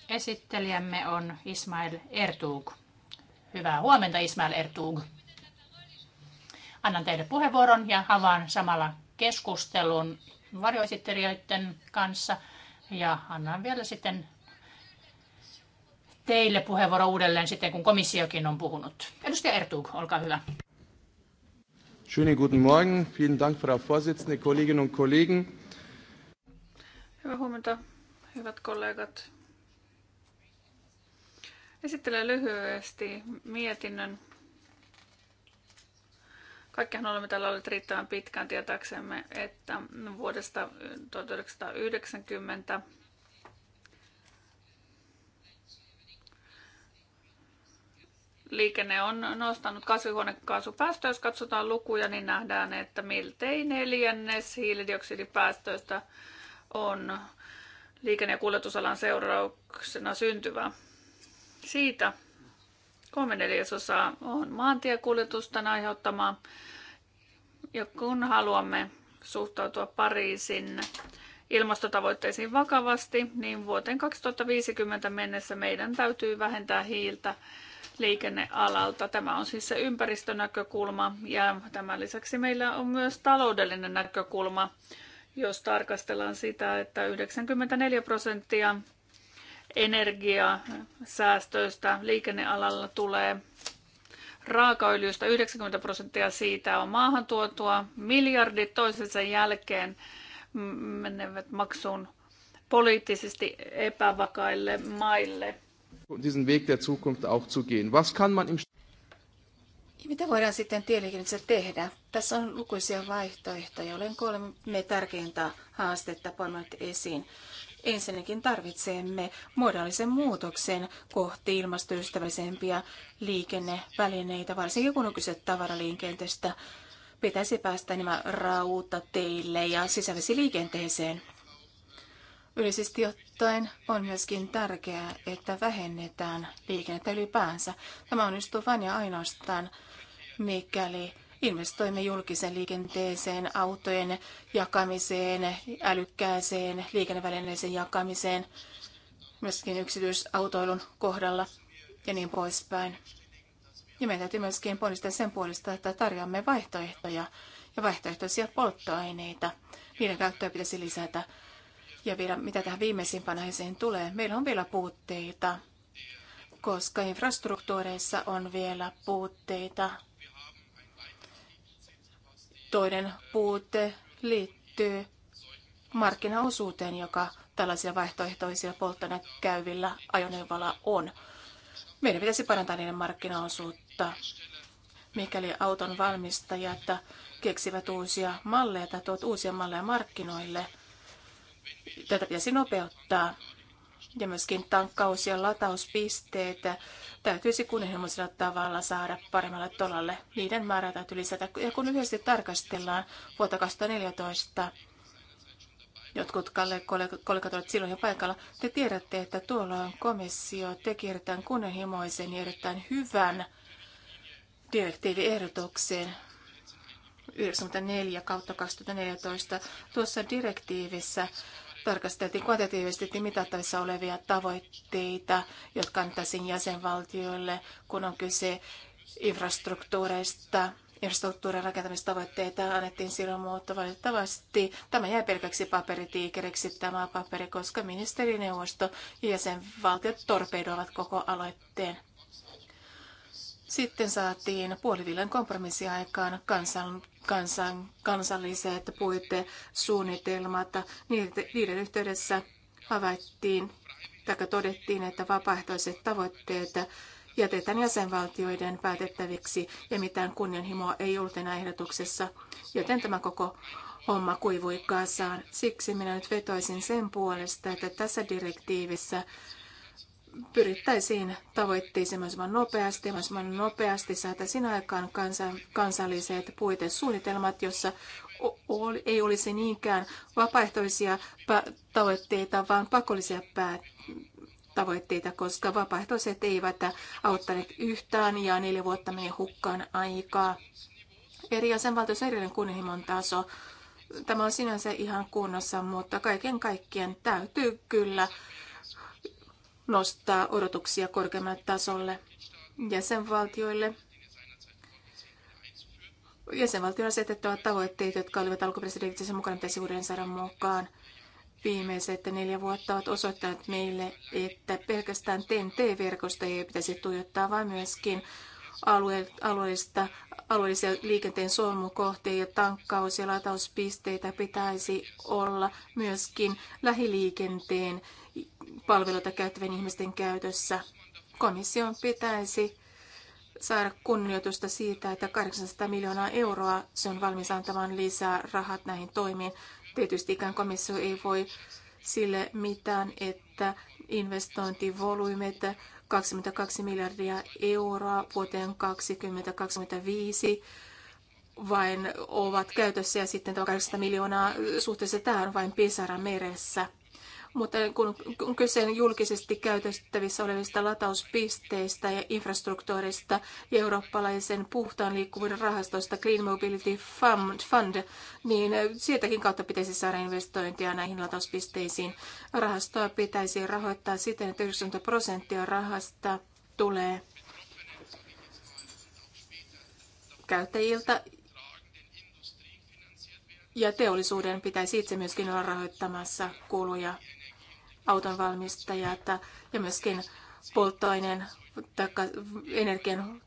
Esittelijämme on Ismail Ertug. Hyvää huomenta Ismail Ertug. Annan teille puheenvuoron ja avaan samalla keskustelun varjoesittelijöiden kanssa. Ja annan vielä sitten teille puheenvuoro uudelleen sitten, kun komissiokin on puhunut. Edustaja Ertug, olkaa hyvä. Schönen guten Morgen. Vielen Dank, Frau Vorsitzende, Kolleginnen und Kollegen. Hyvää huomenta, hyvät kollegat. Esittelen lyhyesti mietinnön. Kaikkihan olemme täällä olleet riittävän pitkään tietääksemme, että vuodesta 1990 liikenne on nostanut kasvihuonekaasupäästöjä. Jos katsotaan lukuja, niin nähdään, että miltei neljännes hiilidioksidipäästöistä on liikenne- ja kuljetusalan seurauksena syntyvää. Siitä kolme neljäsosaa on maantiekuljetusten aiheuttamaa. Ja kun haluamme suhtautua Pariisin ilmastotavoitteisiin vakavasti, niin vuoteen 2050 mennessä meidän täytyy vähentää hiiltä liikennealalta. Tämä on siis se ympäristönäkökulma ja tämän lisäksi meillä on myös taloudellinen näkökulma, jos tarkastellaan sitä, että 94 prosenttia energiasäästöistä liikennealalla tulee. Raakaöljystä 90 prosenttia siitä on maahantuotua. Miljardit toisensa jälkeen menevät maksuun poliittisesti epävakaille maille. Diesen Weg der Zukunft auch zu gehen. Was kann man im mitä voidaan sitten tieliikennettä tehdä? Tässä on lukuisia vaihtoehtoja. Olen kolme tärkeintä haastetta pannut esiin. Ensinnäkin tarvitsemme modaalisen muutoksen kohti ilmastoystävällisempiä liikennevälineitä, varsinkin kun on kyse tavaraliikenteestä. Pitäisi päästä nämä teille ja sisävesiliikenteeseen. Yleisesti ottaen on myöskin tärkeää, että vähennetään liikennettä ylipäänsä. Tämä onnistuu vain ja ainoastaan, mikäli Investoimme julkisen liikenteeseen, autojen jakamiseen, älykkääseen liikennevälineeseen jakamiseen, myöskin yksityisautoilun kohdalla ja niin poispäin. Ja meidän täytyy myöskin ponnistaa sen puolesta, että tarjoamme vaihtoehtoja ja vaihtoehtoisia polttoaineita. Niiden käyttöä pitäisi lisätä. Ja vielä mitä tähän viimeisimpään aiheeseen tulee, meillä on vielä puutteita, koska infrastruktuureissa on vielä puutteita Toinen puute liittyy markkinaosuuteen, joka tällaisia vaihtoehtoisia polttona käyvillä ajoneuvoilla on. Meidän pitäisi parantaa niiden markkinaosuutta, mikäli auton valmistajat keksivät uusia malleja tai tuot uusia malleja markkinoille. Tätä pitäisi nopeuttaa ja myöskin tankkaus- ja latauspisteitä täytyisi kunnianhimoisella tavalla saada paremmalle tolalle. Niiden määrää täytyy lisätä. Ja kun yhdessä tarkastellaan vuotta 2014, jotkut kollegat olivat silloin jo paikalla, te tiedätte, että tuolloin komissio teki erittäin kunnianhimoisen ja erittäin hyvän direktiiviehdotuksen 94 kautta 2014. Tuossa direktiivissä tarkasteltiin kvantitatiivisesti mitattavissa olevia tavoitteita, jotka antaisin jäsenvaltioille, kun on kyse infrastruktuureista, infrastruktuurin rakentamistavoitteita annettiin silloin, mutta valitettavasti tämä jäi pelkäksi paperitiikereksi tämä paperi, koska ministerineuvosto ja jäsenvaltiot torpedoivat koko aloitteen. Sitten saatiin puolivillän kompromissiaikaan kansan, kansan, kansalliset puitesuunnitelmat. Niiden yhteydessä havaittiin tai todettiin, että vapaaehtoiset tavoitteet jätetään jäsenvaltioiden päätettäviksi ja mitään kunnianhimoa ei ollut enää ehdotuksessa, joten tämä koko homma kuivui kasaan. Siksi minä nyt vetoisin sen puolesta, että tässä direktiivissä pyrittäisiin tavoitteisiin mahdollisimman nopeasti. Mahdollisimman nopeasti saataisiin aikaan kansalliset puitesuunnitelmat, jossa ei olisi niinkään vapaaehtoisia tavoitteita, vaan pakollisia tavoitteita, koska vapaaehtoiset eivät auttaneet yhtään ja neljä vuotta meni hukkaan aikaa. Eri jäsenvaltioissa erillinen kunnianhimon taso. Tämä on sinänsä ihan kunnossa, mutta kaiken kaikkien täytyy kyllä nostaa odotuksia korkeammalle tasolle jäsenvaltioille. Jäsenvaltioille asetettavat tavoitteet, jotka olivat alkuperäisessä mukana, tässä uuden saran mukaan. Viimeiset neljä vuotta ovat osoittaneet meille, että pelkästään tnt verkosto ei pitäisi tuijottaa, vaan myöskin alue, alueellista, alueellisia liikenteen solmukohteita ja tankkaus- ja latauspisteitä pitäisi olla myöskin lähiliikenteen palveluita käyttävien ihmisten käytössä. Komission pitäisi saada kunnioitusta siitä, että 800 miljoonaa euroa se on valmis antamaan lisää rahat näihin toimiin. ikään komissio ei voi sille mitään, että investointivolyymit 22 miljardia euroa vuoteen 2025 vain ovat käytössä ja sitten tämä 800 miljoonaa suhteessa tähän vain pisara meressä. Mutta kun on kyse julkisesti käytettävissä olevista latauspisteistä ja infrastruktuurista ja eurooppalaisen puhtaan liikkuvuuden rahastosta Green Mobility Fund, niin sieltäkin kautta pitäisi saada investointia näihin latauspisteisiin. Rahastoa pitäisi rahoittaa siten, että 90 prosenttia rahasta tulee käyttäjiltä ja teollisuuden pitäisi itse myöskin olla rahoittamassa kuluja auton että, ja myöskin polttoaineen tai energian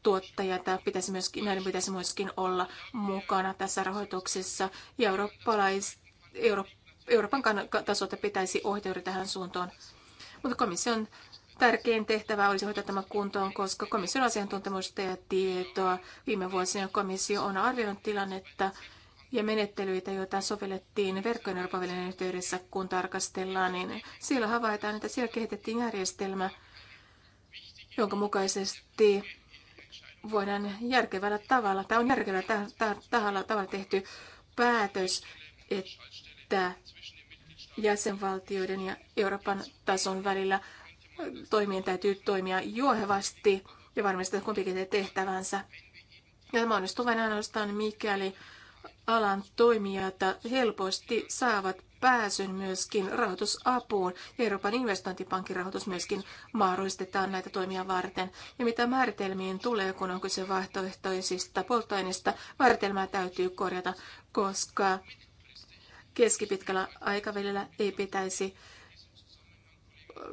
että pitäisi myöskin, näiden pitäisi myöskin olla mukana tässä rahoituksessa. Ja eurooppalais, Euro, Euroopan tasolta pitäisi ohjata tähän suuntaan. Mutta komission tärkein tehtävä olisi hoitaa tämä kuntoon, koska komission asiantuntemusta ja tietoa viime vuosina komissio on arvioinut tilannetta ja menettelyitä, joita sovellettiin verkkojen Euroopan yhteydessä, kun tarkastellaan, niin siellä havaitaan, että siellä kehitettiin järjestelmä, jonka mukaisesti voidaan järkevällä tavalla, tai on järkevällä tahalla tavalla tehty päätös, että jäsenvaltioiden ja Euroopan tason välillä toimien täytyy toimia juohevasti ja varmistaa kumpikin tehtävänsä. Ja tämä onnistuu vain ainoastaan mikäli alan toimijat helposti saavat pääsyn myöskin rahoitusapuun. Euroopan investointipankin rahoitus myöskin mahdollistetaan näitä toimia varten. Ja mitä määritelmiin tulee, kun on kyse vaihtoehtoisista polttoaineista, määritelmää täytyy korjata, koska keskipitkällä aikavälillä ei pitäisi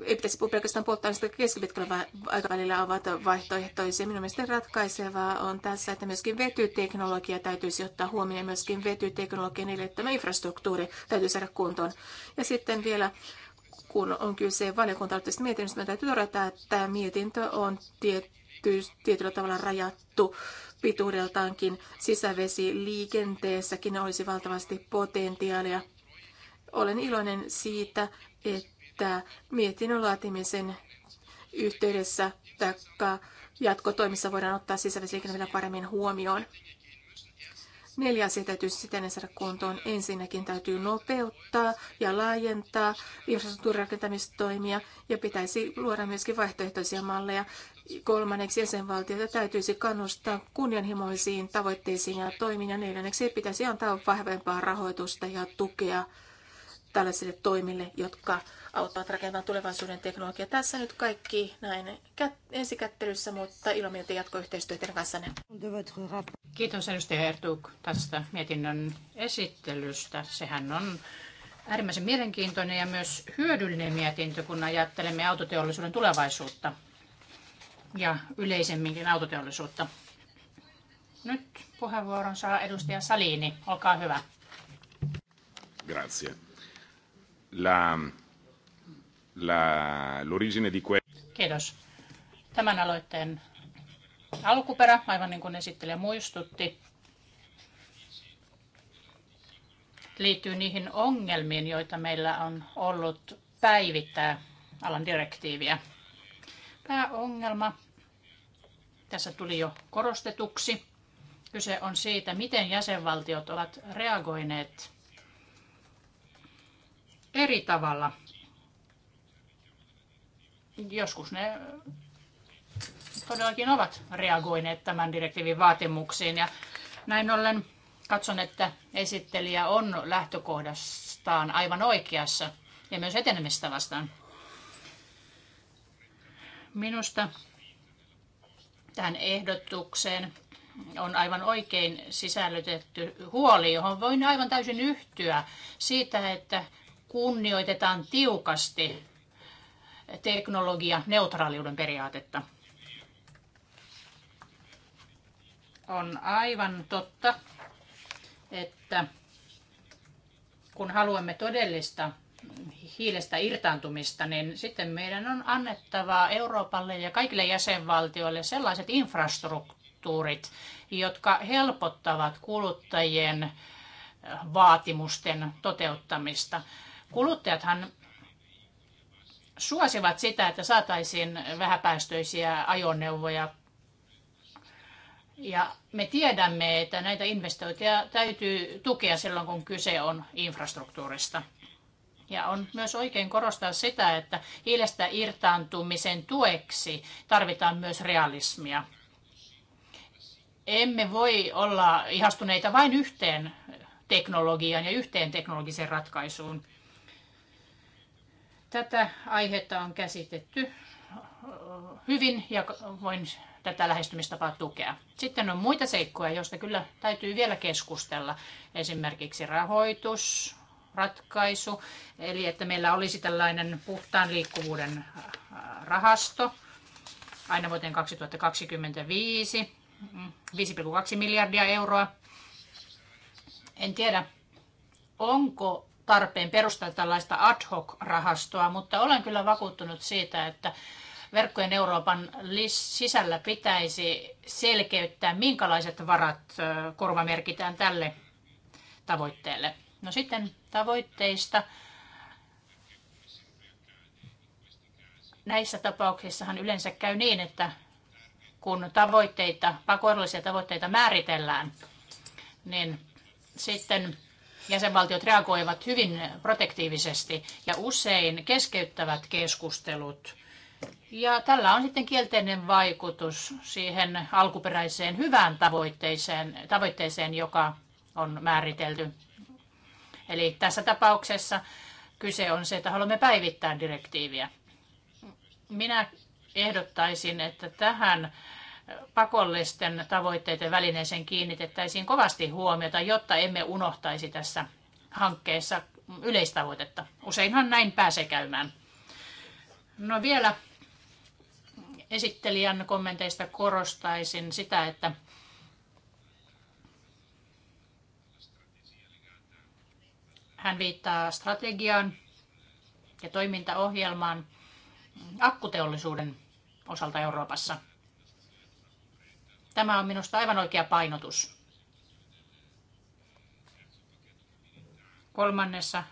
ei pitäisi puhua pelkästään polttoaineista keskipitkällä aikavälillä ovat vaihtoehtoisia. Minun mielestäni ratkaisevaa on tässä, että myöskin vetyteknologia täytyisi ottaa huomioon ja myöskin vetyteknologian edellyttämä infrastruktuuri täytyy saada kuntoon. Ja sitten vielä kun on kyse valiokunta mietinnöstä, me täytyy todeta, että tämä mietintö on tietty, tietyllä tavalla rajattu pituudeltaankin sisävesiliikenteessäkin olisi valtavasti potentiaalia. Olen iloinen siitä, että että mietinnön laatimisen yhteydessä tai jatkotoimissa voidaan ottaa sisävesiliikenne vielä paremmin huomioon. Neljä asiaa täytyy siten saada kuntoon. Ensinnäkin täytyy nopeuttaa ja laajentaa infrastruktuurirakentamistoimia ja pitäisi luoda myöskin vaihtoehtoisia malleja. Kolmanneksi jäsenvaltioita täytyisi kannustaa kunnianhimoisiin tavoitteisiin ja toimiin ja neljänneksi pitäisi antaa vahvempaa rahoitusta ja tukea tällaisille toimille, jotka auttavat rakentamaan tulevaisuuden teknologiaa. Tässä nyt kaikki näin ensikättelyssä, mutta ilomieltä jatkoyhteistyö teidän kanssanne. Kiitos edustaja Ertuk tästä mietinnön esittelystä. Sehän on äärimmäisen mielenkiintoinen ja myös hyödyllinen mietintö, kun ajattelemme autoteollisuuden tulevaisuutta ja yleisemminkin autoteollisuutta. Nyt puheenvuoron saa edustaja Salini. Olkaa hyvä. Grazie la, la, l'origine di Kiitos. Tämän aloitteen alkuperä, aivan niin kuin esittelijä muistutti, liittyy niihin ongelmiin, joita meillä on ollut päivittää alan direktiiviä. Pääongelma tässä tuli jo korostetuksi. Kyse on siitä, miten jäsenvaltiot ovat reagoineet eri tavalla. Joskus ne todellakin ovat reagoineet tämän direktiivin vaatimuksiin ja näin ollen katson, että esittelijä on lähtökohdastaan aivan oikeassa ja myös etenemistä vastaan. Minusta tähän ehdotukseen on aivan oikein sisällytetty huoli, johon voin aivan täysin yhtyä siitä, että kunnioitetaan tiukasti teknologia neutraaliuden periaatetta. On aivan totta, että kun haluamme todellista hiilestä irtaantumista, niin sitten meidän on annettava Euroopalle ja kaikille jäsenvaltioille sellaiset infrastruktuurit, jotka helpottavat kuluttajien vaatimusten toteuttamista. Kuluttajathan suosivat sitä, että saataisiin vähäpäästöisiä ajoneuvoja. Ja me tiedämme, että näitä investointeja täytyy tukea silloin, kun kyse on infrastruktuurista. Ja on myös oikein korostaa sitä, että hiilestä irtaantumisen tueksi tarvitaan myös realismia. Emme voi olla ihastuneita vain yhteen teknologiaan ja yhteen teknologiseen ratkaisuun. Tätä aihetta on käsitetty hyvin ja voin tätä lähestymistapaa tukea. Sitten on muita seikkoja, joista kyllä täytyy vielä keskustella. Esimerkiksi rahoitus, ratkaisu, eli että meillä olisi tällainen puhtaan liikkuvuuden rahasto aina vuoteen 2025, 5,2 miljardia euroa. En tiedä, onko tarpeen perustaa tällaista ad hoc-rahastoa, mutta olen kyllä vakuuttunut siitä, että verkkojen Euroopan sisällä pitäisi selkeyttää, minkälaiset varat korvamerkitään tälle tavoitteelle. No sitten tavoitteista. Näissä tapauksissahan yleensä käy niin, että kun tavoitteita, pakollisia tavoitteita määritellään, niin sitten jäsenvaltiot reagoivat hyvin protektiivisesti ja usein keskeyttävät keskustelut. Ja tällä on sitten kielteinen vaikutus siihen alkuperäiseen hyvään tavoitteeseen, tavoitteeseen joka on määritelty. Eli tässä tapauksessa kyse on se, että haluamme päivittää direktiiviä. Minä ehdottaisin, että tähän pakollisten tavoitteiden välineeseen kiinnitettäisiin kovasti huomiota, jotta emme unohtaisi tässä hankkeessa yleistavoitetta. Useinhan näin pääsee käymään. No vielä esittelijän kommenteista korostaisin sitä, että hän viittaa strategiaan ja toimintaohjelmaan akkuteollisuuden osalta Euroopassa – Tämä on minusta aivan oikea painotus. Kolmannessa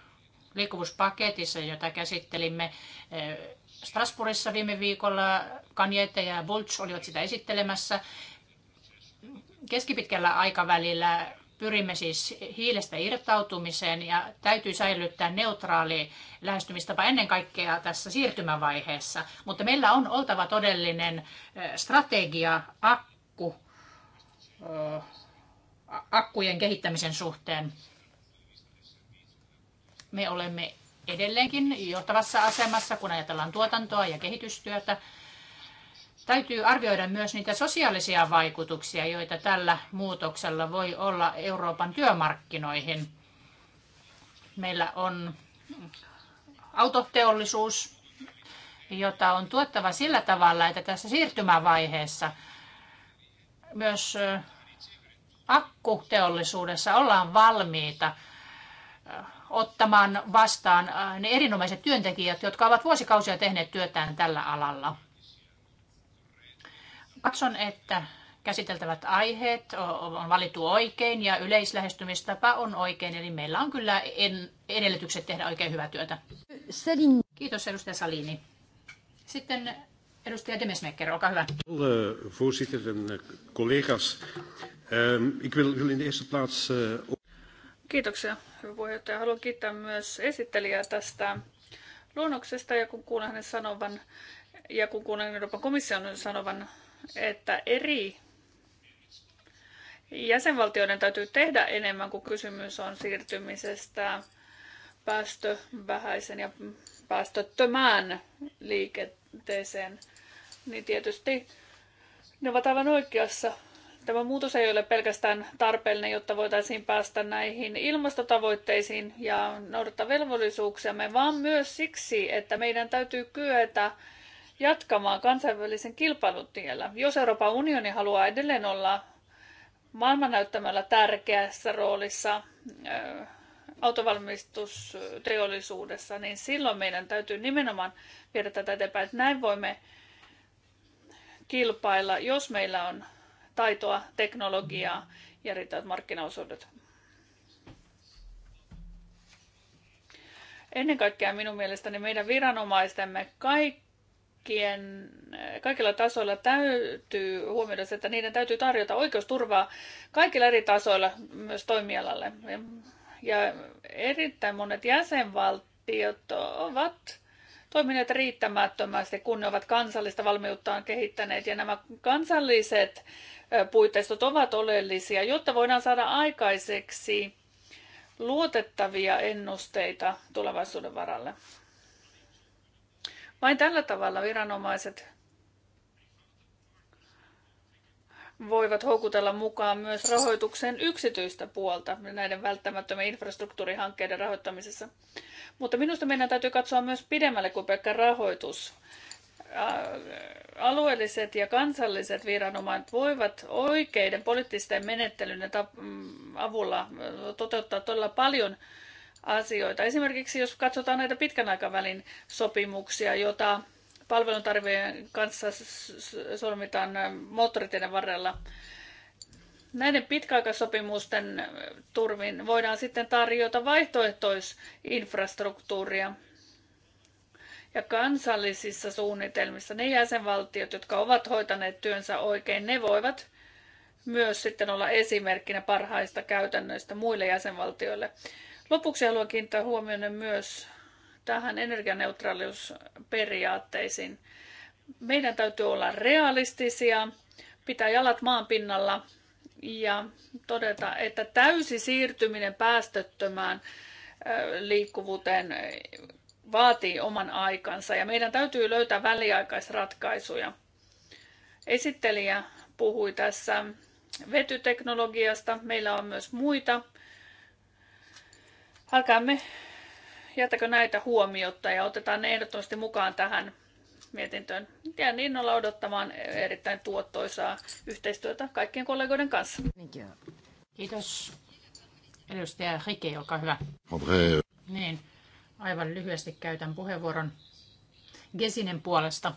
liikkuvuuspaketissa, jota käsittelimme eh, Strasbourgissa viime viikolla, Kanjete ja Bulch olivat sitä esittelemässä. Keskipitkällä aikavälillä pyrimme siis hiilestä irtautumiseen ja täytyy säilyttää neutraali lähestymistapa ennen kaikkea tässä siirtymävaiheessa. Mutta meillä on oltava todellinen eh, strategia akku, akkujen kehittämisen suhteen. Me olemme edelleenkin johtavassa asemassa, kun ajatellaan tuotantoa ja kehitystyötä. Täytyy arvioida myös niitä sosiaalisia vaikutuksia, joita tällä muutoksella voi olla Euroopan työmarkkinoihin. Meillä on autoteollisuus, jota on tuottava sillä tavalla, että tässä siirtymävaiheessa – myös akkuteollisuudessa ollaan valmiita ottamaan vastaan ne erinomaiset työntekijät, jotka ovat vuosikausia tehneet työtään tällä alalla. Katson, että käsiteltävät aiheet on valittu oikein ja yleislähestymistapa on oikein, eli meillä on kyllä edellytykset tehdä oikein hyvää työtä. Kiitos edustaja Salini. Sitten Edustaja Demesmecker, olkaa hyvä. Eh, voorzitter en eh, collega's. Ehm, ik wil in de eerste plaats... Eh, Kiitoksia, hyvä puheenjohtaja. Haluan kiittää myös esittelijää tästä luonnoksesta ja kun kuulen hänen sanovan, ja kun kuulen Euroopan komission sanovan, että eri jäsenvaltioiden täytyy tehdä enemmän, kun kysymys on siirtymisestä päästövähäisen ja päästöttömään liikenteeseen – niin tietysti ne ovat aivan oikeassa. Tämä muutos ei ole pelkästään tarpeellinen, jotta voitaisiin päästä näihin ilmastotavoitteisiin ja noudattaa velvollisuuksiamme, vaan myös siksi, että meidän täytyy kyetä jatkamaan kansainvälisen kilpailun tiellä. Jos Euroopan unioni haluaa edelleen olla maailmannäyttämällä tärkeässä roolissa autovalmistusteollisuudessa, niin silloin meidän täytyy nimenomaan viedä tätä eteenpäin. Että näin voimme kilpailla, jos meillä on taitoa, teknologiaa ja riittävät markkinaosuudet. Ennen kaikkea minun mielestäni meidän viranomaistemme kaikkien, kaikilla tasoilla täytyy huomioida se, että niiden täytyy tarjota oikeusturvaa kaikilla eri tasoilla myös toimialalle. Ja erittäin monet jäsenvaltiot ovat toimineet riittämättömästi, kun ne ovat kansallista valmiuttaan kehittäneet. Ja nämä kansalliset puitteistot ovat oleellisia, jotta voidaan saada aikaiseksi luotettavia ennusteita tulevaisuuden varalle. Vain tällä tavalla viranomaiset voivat houkutella mukaan myös rahoituksen yksityistä puolta näiden välttämättömien infrastruktuurihankkeiden rahoittamisessa. Mutta minusta meidän täytyy katsoa myös pidemmälle kuin pelkkä rahoitus. Alueelliset ja kansalliset viranomaiset voivat oikeiden poliittisten menettelyiden mm, avulla toteuttaa todella paljon asioita. Esimerkiksi jos katsotaan näitä pitkän aikavälin sopimuksia, joita palveluntarvien kanssa solmitaan moottoriteiden varrella, Näiden pitkäaikaissopimusten turvin voidaan sitten tarjota vaihtoehtoisinfrastruktuuria ja kansallisissa suunnitelmissa ne jäsenvaltiot, jotka ovat hoitaneet työnsä oikein, ne voivat myös sitten olla esimerkkinä parhaista käytännöistä muille jäsenvaltioille. Lopuksi haluan kiinnittää huomioon myös tähän energianeutraaliusperiaatteisiin. Meidän täytyy olla realistisia, pitää jalat maan pinnalla ja todeta, että täysi siirtyminen päästöttömään liikkuvuuteen vaatii oman aikansa ja meidän täytyy löytää väliaikaisratkaisuja. Esittelijä puhui tässä vetyteknologiasta, meillä on myös muita. Älkäämme jätäkö näitä huomiota ja otetaan ne ehdottomasti mukaan tähän mietintöön. Jään innolla odottamaan erittäin tuottoisaa yhteistyötä kaikkien kollegoiden kanssa. Kiitos. Edustaja Rike, olkaa hyvä. Niin, aivan lyhyesti käytän puheenvuoron Gesinen puolesta.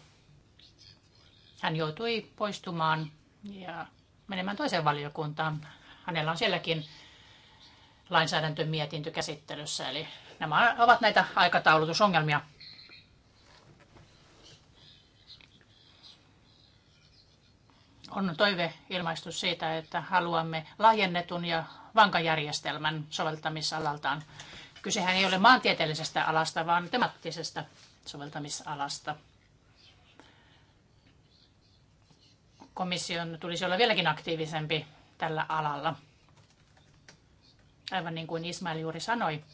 Hän joutui poistumaan ja menemään toiseen valiokuntaan. Hänellä on sielläkin lainsäädäntömietintö käsittelyssä, eli nämä ovat näitä aikataulutusongelmia. on toive ilmaistu siitä, että haluamme laajennetun ja vankan järjestelmän soveltamisalaltaan. Kysehän ei ole maantieteellisestä alasta, vaan temaattisesta soveltamisalasta. Komission tulisi olla vieläkin aktiivisempi tällä alalla. Aivan niin kuin Ismail juuri sanoi,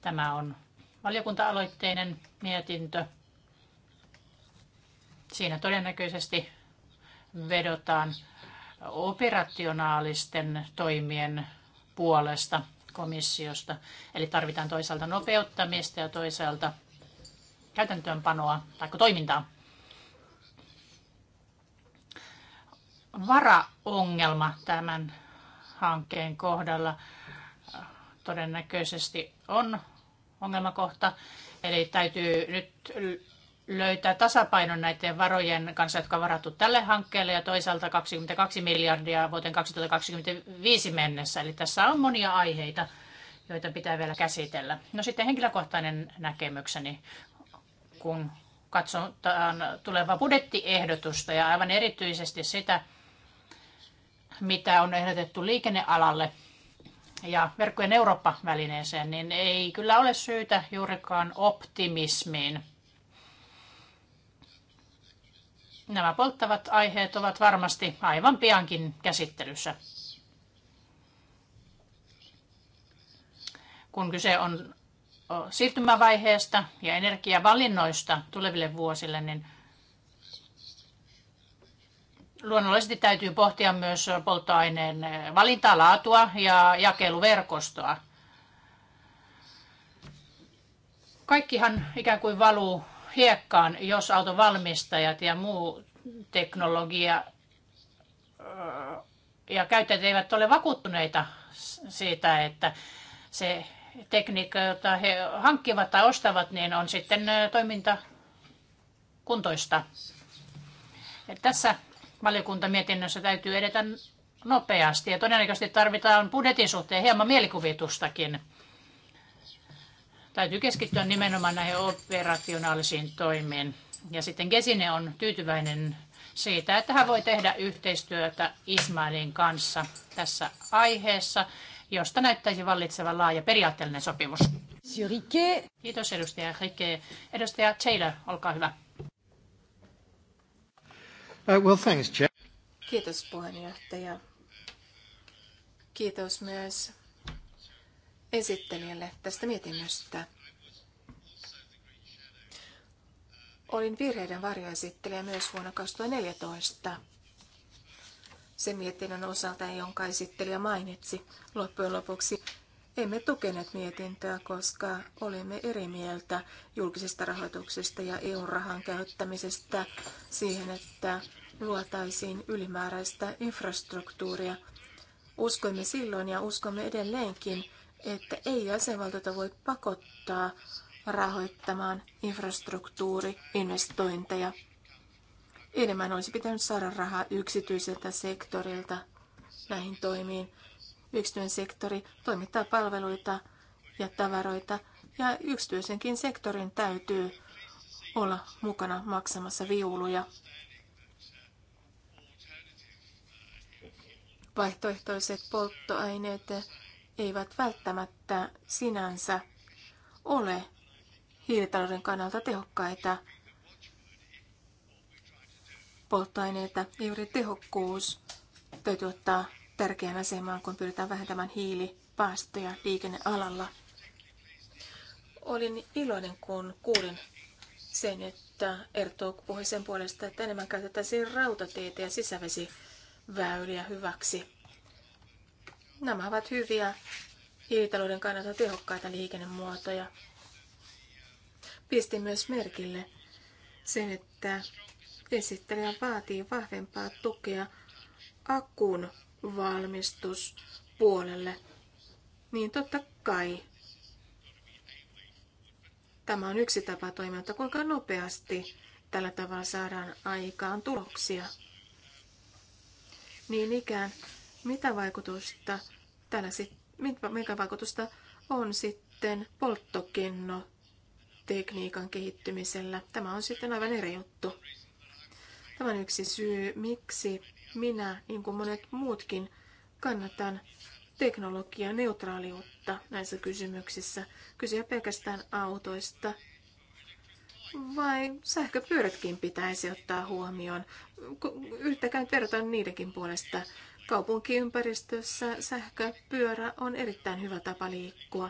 tämä on valiokunta-aloitteinen mietintö. Siinä todennäköisesti vedotaan operationaalisten toimien puolesta komissiosta. Eli tarvitaan toisaalta nopeuttamista ja toisaalta käytäntöönpanoa tai toimintaa. Varaongelma tämän hankkeen kohdalla todennäköisesti on ongelmakohta. Eli täytyy nyt löytää tasapainon näiden varojen kanssa, jotka on varattu tälle hankkeelle ja toisaalta 22 miljardia vuoteen 2025 mennessä. Eli tässä on monia aiheita, joita pitää vielä käsitellä. No sitten henkilökohtainen näkemykseni, kun katsotaan tulevaa budjettiehdotusta ja aivan erityisesti sitä, mitä on ehdotettu liikennealalle ja verkkojen Eurooppa-välineeseen, niin ei kyllä ole syytä juurikaan optimismiin – Nämä polttavat aiheet ovat varmasti aivan piankin käsittelyssä. Kun kyse on siirtymävaiheesta ja energiavalinnoista tuleville vuosille, niin luonnollisesti täytyy pohtia myös polttoaineen valintaa, laatua ja jakeluverkostoa. Kaikkihan ikään kuin valuu hiekkaan, jos autovalmistajat ja muu teknologia ja käyttäjät eivät ole vakuuttuneita siitä, että se tekniikka, jota he hankkivat tai ostavat, niin on sitten toiminta kuntoista. Ja tässä valiokuntamietinnössä täytyy edetä nopeasti ja todennäköisesti tarvitaan budjetin suhteen hieman mielikuvitustakin Täytyy keskittyä nimenomaan näihin operationaalisiin toimiin. Ja sitten Gesine on tyytyväinen siitä, että hän voi tehdä yhteistyötä Ismailin kanssa tässä aiheessa, josta näyttäisi vallitsevan laaja periaatteellinen sopimus. Kiitos edustaja Rike. Edustaja Taylor, olkaa hyvä. Uh, well, thanks, Jeff. Kiitos puheenjohtaja. Kiitos myös esittelijälle tästä mietinnöstä. Olin virheiden varjoesittelijä myös vuonna 2014. Sen mietinnön osalta, jonka esittelijä mainitsi, loppujen lopuksi emme tukeneet mietintöä, koska olimme eri mieltä julkisesta rahoituksesta ja EU-rahan käyttämisestä siihen, että luotaisiin ylimääräistä infrastruktuuria. Uskoimme silloin ja uskomme edelleenkin, että ei jäsenvaltiota voi pakottaa rahoittamaan infrastruktuuriinvestointeja. Enemmän olisi pitänyt saada rahaa yksityiseltä sektorilta näihin toimiin. Yksityinen sektori toimittaa palveluita ja tavaroita, ja yksityisenkin sektorin täytyy olla mukana maksamassa viuluja. Vaihtoehtoiset polttoaineet eivät välttämättä sinänsä ole hiilitalouden kannalta tehokkaita polttoaineita. juuri tehokkuus täytyy ottaa tärkeän asemaan, kun pyritään vähentämään hiilipäästöjä liikennealalla. Olin iloinen, kun kuulin sen, että Erto puhui sen puolesta, että enemmän käytettäisiin rautateitä ja sisävesiväyliä hyväksi Nämä ovat hyviä hiilitalouden kannalta tehokkaita liikennemuotoja. Pistin myös merkille sen, että esittelijä vaatii vahvempaa tukea akun valmistuspuolelle. Niin totta kai. Tämä on yksi tapa toimia, mutta kuinka nopeasti tällä tavalla saadaan aikaan tuloksia. Niin ikään mitä vaikutusta, tällä sit, mikä vaikutusta on sitten polttokenno tekniikan kehittymisellä? Tämä on sitten aivan eri juttu. Tämä on yksi syy, miksi minä, niin kuin monet muutkin, kannatan teknologian neutraaliutta näissä kysymyksissä. Kysyä pelkästään autoista. Vai sähköpyörätkin pitäisi ottaa huomioon? Yhtäkään verrataan niidenkin puolesta. Kaupunkiympäristössä sähköpyörä on erittäin hyvä tapa liikkua.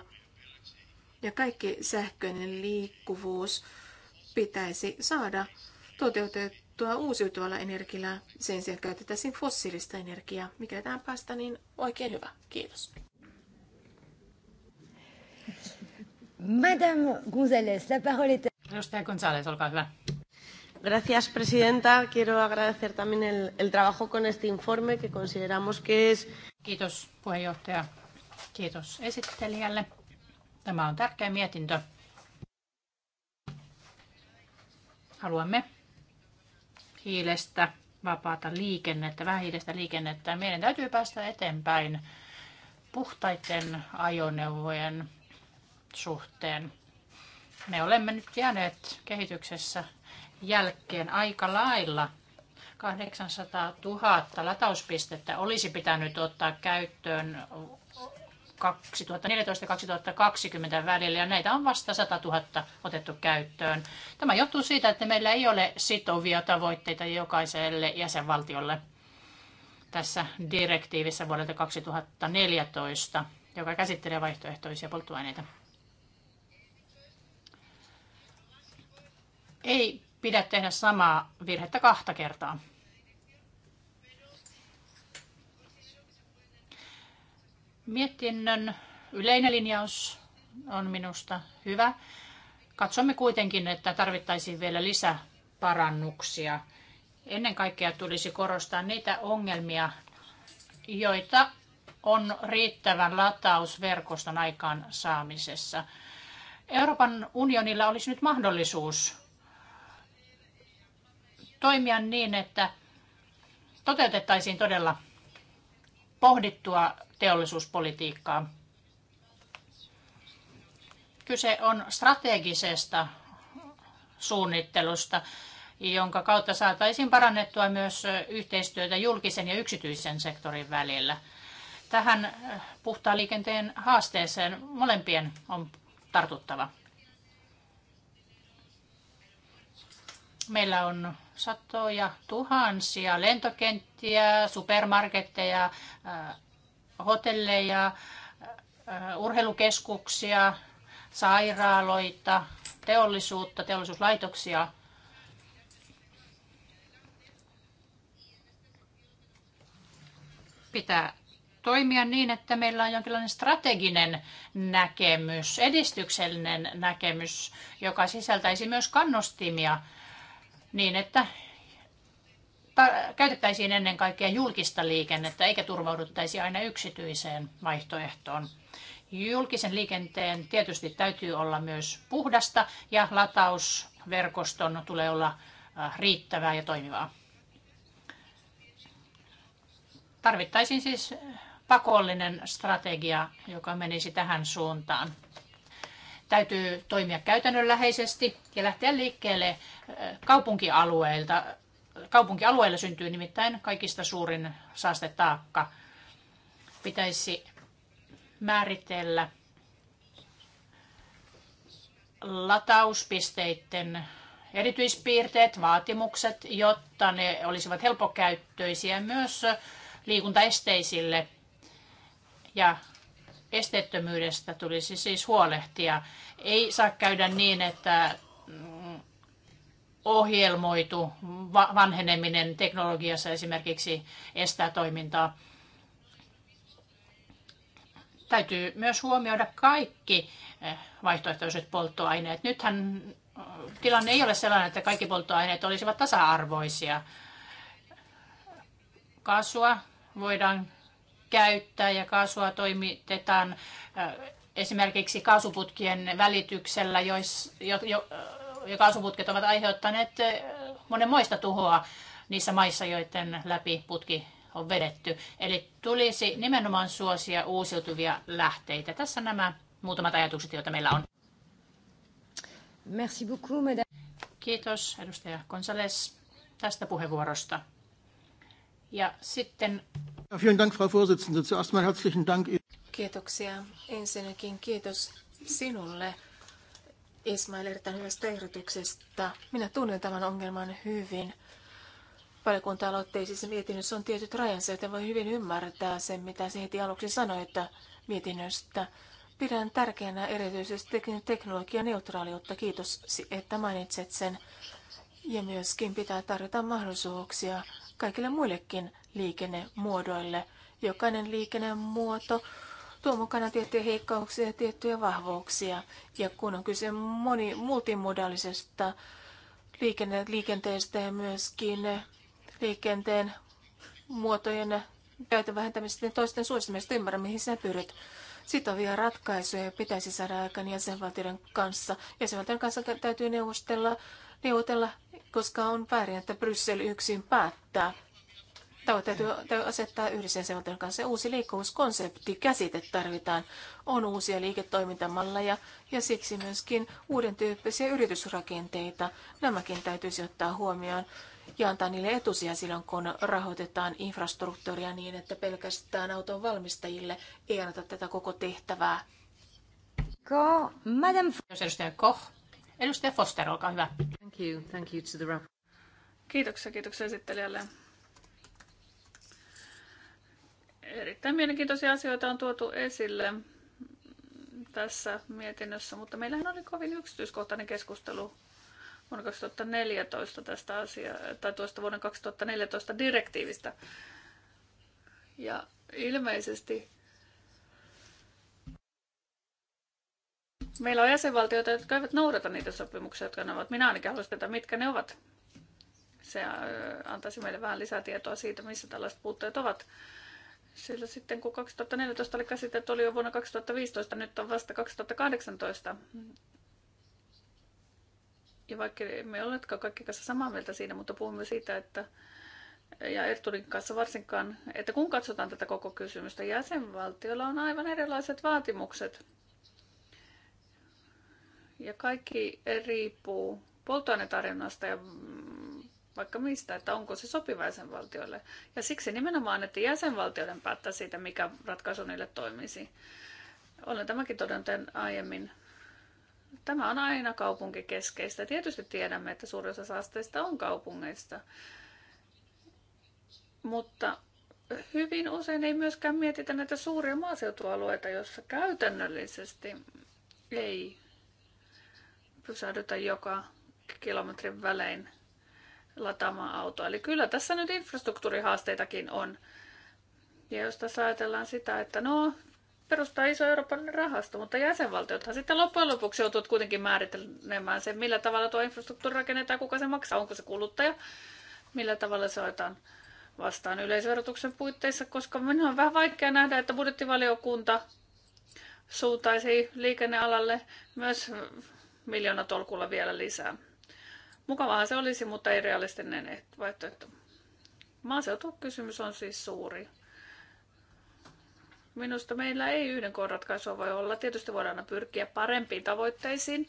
Ja kaikki sähköinen liikkuvuus pitäisi saada toteutettua uusiutuvalla energialla sen sijaan käytettäisiin fossiilista energiaa. Mikä tähän päästä, niin oikein hyvä. Kiitos. Madame Gonzalez, la parole est... Edustaja Gonzalez, olkaa hyvä. Gracias, presidenta. Quiero agradecer también el, el trabajo con este informe que consideramos que es... Kiitos puheenjohtaja. Kiitos esittelijälle. Tämä on tärkeä mietintö. Haluamme hiilestä vapaata liikennettä, vähähiilestä liikennettä. Meidän täytyy päästä eteenpäin puhtaiden ajoneuvojen suhteen. Me olemme nyt jääneet kehityksessä jälkeen aika lailla 800 000 latauspistettä olisi pitänyt ottaa käyttöön 2014-2020 välillä ja näitä on vasta 100 000 otettu käyttöön. Tämä johtuu siitä, että meillä ei ole sitovia tavoitteita jokaiselle jäsenvaltiolle tässä direktiivissä vuodelta 2014, joka käsittelee vaihtoehtoisia polttoaineita. Ei pidä tehdä samaa virhettä kahta kertaa. Mietinnön yleinen linjaus on minusta hyvä. Katsomme kuitenkin, että tarvittaisiin vielä lisäparannuksia. Ennen kaikkea tulisi korostaa niitä ongelmia, joita on riittävän latausverkoston aikaan saamisessa. Euroopan unionilla olisi nyt mahdollisuus toimia niin, että toteutettaisiin todella pohdittua teollisuuspolitiikkaa. Kyse on strategisesta suunnittelusta, jonka kautta saataisiin parannettua myös yhteistyötä julkisen ja yksityisen sektorin välillä. Tähän puhtaan liikenteen haasteeseen molempien on tartuttava. Meillä on satoja tuhansia lentokenttiä, supermarketteja, äh, hotelleja, äh, urheilukeskuksia, sairaaloita, teollisuutta, teollisuuslaitoksia. Pitää toimia niin, että meillä on jonkinlainen strateginen näkemys, edistyksellinen näkemys, joka sisältäisi myös kannustimia – niin, että käytettäisiin ennen kaikkea julkista liikennettä eikä turvauduttaisi aina yksityiseen vaihtoehtoon. Julkisen liikenteen tietysti täytyy olla myös puhdasta ja latausverkoston tulee olla äh, riittävää ja toimivaa. Tarvittaisiin siis pakollinen strategia, joka menisi tähän suuntaan. Täytyy toimia käytännönläheisesti ja lähteä liikkeelle äh, kaupunkialueilta. Kaupunkialueilla syntyy nimittäin kaikista suurin saastetaakka. Pitäisi määritellä latauspisteiden erityispiirteet, vaatimukset, jotta ne olisivat helpokäyttöisiä myös liikuntaesteisille ja Esteettömyydestä tulisi siis huolehtia. Ei saa käydä niin, että mm, ohjelmoitu vanheneminen teknologiassa esimerkiksi estää toimintaa. Täytyy myös huomioida kaikki eh, vaihtoehtoiset polttoaineet. Nythän eh, tilanne ei ole sellainen, että kaikki polttoaineet olisivat tasa-arvoisia. Kaasua voidaan käyttää ja kaasua toimitetaan äh, esimerkiksi kaasuputkien välityksellä, jos, jo, jo, äh, ja kaasuputket ovat aiheuttaneet äh, monenmoista tuhoa niissä maissa, joiden läpi putki on vedetty. Eli tulisi nimenomaan suosia uusiutuvia lähteitä. Tässä nämä muutamat ajatukset, joita meillä on. Merci beaucoup, madame. Kiitos edustaja Gonzales tästä puheenvuorosta. Ja sitten Vielen Dank, Frau Vorsitzende. Zuerst mal herzlichen Dank. Kiitoksia. Ensinnäkin kiitos sinulle, Ismail, erittäin hyvästä ehdotuksesta. Minä tunnen tämän ongelman hyvin. Valiokunta-aloitteisessa siis mietinnössä on tietyt rajansa, joten voi hyvin ymmärtää sen, mitä se heti aluksi sanoi, että mietinnöstä. Pidän tärkeänä erityisesti teknologianeutraaliutta. Kiitos, että mainitset sen. Ja myöskin pitää tarjota mahdollisuuksia kaikille muillekin liikennemuodoille. Jokainen liikennemuoto tuo mukana tiettyjä heikkouksia ja tiettyjä vahvuuksia. Ja kun on kyse moni, multimodaalisesta liikenne, liikenteestä ja myöskin liikenteen muotojen käytön vähentämisestä ja niin toisten suosimista, ymmärrä mihin sinä pyrit. Sitovia ratkaisuja pitäisi saada aikaan jäsenvaltioiden kanssa. Jäsenvaltioiden kanssa täytyy neuvostella, neuvotella, koska on väärin, että Bryssel yksin päättää Tavoitteet täytyy asettaa yhdessä selonteon kanssa. Uusi liikkuvuuskonsepti, käsite tarvitaan. On uusia liiketoimintamalleja ja siksi myöskin uuden tyyppisiä yritysrakenteita. Nämäkin täytyisi ottaa huomioon ja antaa niille etusia silloin, kun rahoitetaan infrastruktuuria niin, että pelkästään auton valmistajille ei anneta tätä koko tehtävää. Ko, Madame... Edustaja Koch. Edustaja Foster, olkaa hyvä. Thank you. Thank you to the... Kiitoksia, kiitoksia esittelijälle. Erittäin mielenkiintoisia asioita on tuotu esille tässä mietinnössä, mutta meillähän oli kovin yksityiskohtainen keskustelu vuonna 2014 tästä asiaa, tai tuosta vuoden 2014 direktiivistä. Ja ilmeisesti meillä on jäsenvaltioita, jotka eivät noudata niitä sopimuksia, jotka ne ovat. Minä ainakin haluaisin tietää, mitkä ne ovat. Se äh, antaisi meille vähän lisää tietoa siitä, missä tällaiset puutteet ovat. Sillä sitten kun 2014 oli käsitelty, oli jo vuonna 2015, nyt on vasta 2018. Ja vaikka me oletkaan kaikki kanssa samaa mieltä siinä, mutta puhumme siitä, että ja Erturin kanssa varsinkaan, että kun katsotaan tätä koko kysymystä, jäsenvaltiolla on aivan erilaiset vaatimukset. Ja kaikki riippuu polttoainetarjonnasta ja vaikka mistä, että onko se sopiva jäsenvaltioille. Ja siksi nimenomaan, että jäsenvaltioiden päättää siitä, mikä ratkaisu niille toimisi. Olen tämäkin todennut aiemmin. Tämä on aina kaupunkikeskeistä. Tietysti tiedämme, että suurin osa saasteista on kaupungeista. Mutta hyvin usein ei myöskään mietitä näitä suuria maaseutualueita, joissa käytännöllisesti ei pysähdytä joka kilometrin välein lataamaan autoa. Eli kyllä tässä nyt infrastruktuurihaasteitakin on. Ja jos tässä ajatellaan sitä, että no, perustaa iso Euroopan rahasto, mutta jäsenvaltiothan sitten loppujen lopuksi joutuvat kuitenkin määrittelemään sen, millä tavalla tuo infrastruktuuri rakennetaan, kuka se maksaa, onko se kuluttaja, millä tavalla se otetaan vastaan yleisverotuksen puitteissa, koska minun on vähän vaikea nähdä, että budjettivaliokunta suuntaisi liikennealalle myös miljoonatolkulla vielä lisää. Mukavaa, se olisi, mutta ei realistinen vaihtoehto. Maaseutukysymys on siis suuri. Minusta meillä ei yhden koon ratkaisua voi olla. Tietysti voidaan aina pyrkiä parempiin tavoitteisiin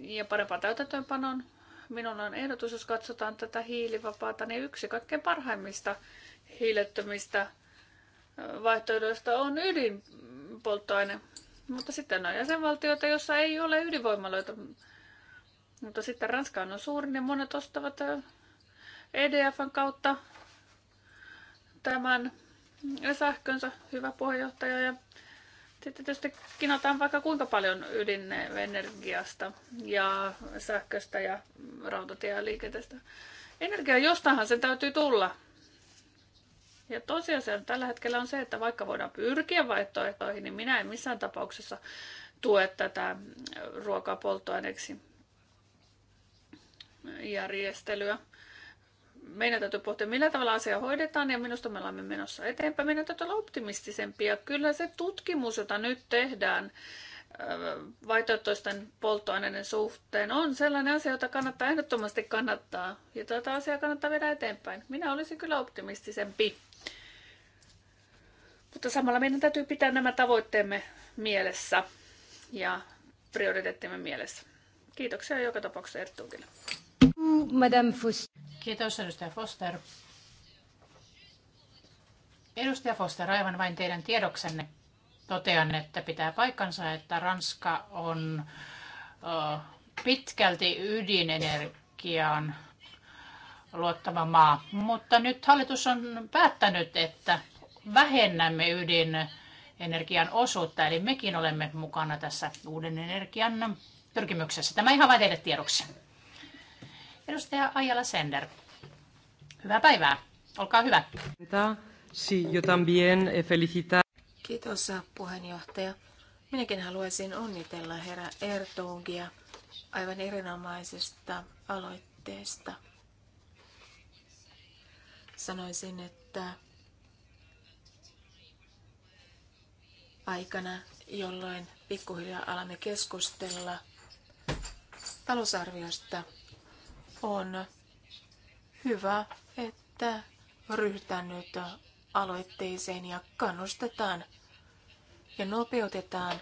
ja parempaan täytäntöönpanoon. Minun on ehdotus, jos katsotaan tätä hiilivapaata, niin yksi kaikkein parhaimmista hiilettömistä vaihtoehdoista on ydinpolttoaine. Mutta sitten on jäsenvaltioita, jossa ei ole ydinvoimaloita mutta sitten Ranska on suuri, niin monet ostavat EDFn kautta tämän sähkönsä, hyvä puheenjohtaja. Ja sitten tietysti kinataan vaikka kuinka paljon ydinenergiasta ja sähköstä ja rautatieliikenteestä. Energia jostainhan sen täytyy tulla. Ja tosiasia tällä hetkellä on se, että vaikka voidaan pyrkiä vaihtoehtoihin, niin minä en missään tapauksessa tue tätä ruokaa polttoaineeksi järjestelyä. Meidän täytyy pohtia, millä tavalla asia hoidetaan ja minusta me olemme menossa eteenpäin. Meidän täytyy olla optimistisempia. Kyllä se tutkimus, jota nyt tehdään äh, vaihtoehtoisten polttoaineiden suhteen, on sellainen asia, jota kannattaa ehdottomasti kannattaa. Ja tätä asiaa kannattaa viedä eteenpäin. Minä olisin kyllä optimistisempi. Mutta samalla meidän täytyy pitää nämä tavoitteemme mielessä ja prioriteettimme mielessä. Kiitoksia joka tapauksessa Erttuukille. Madame Foster. Kiitos, edustaja Foster. Edustaja Foster, aivan vain teidän tiedoksenne totean, että pitää paikkansa, että Ranska on pitkälti ydinenergiaan luottava maa. Mutta nyt hallitus on päättänyt, että vähennämme ydinenergian osuutta, eli mekin olemme mukana tässä uuden energian pyrkimyksessä. Tämä ihan vain teille tiedoksi. Edustaja Ajala Sender. Hyvää päivää. Olkaa hyvä. Sí, yo también eh, felicitar. Kiitos äh, puheenjohtaja. Minäkin haluaisin onnitella herra Ertungia aivan erinomaisesta aloitteesta. Sanoisin, että aikana, jolloin pikkuhiljaa alamme keskustella talousarviosta – on hyvä, että ryhdytään nyt aloitteeseen ja kannustetaan ja nopeutetaan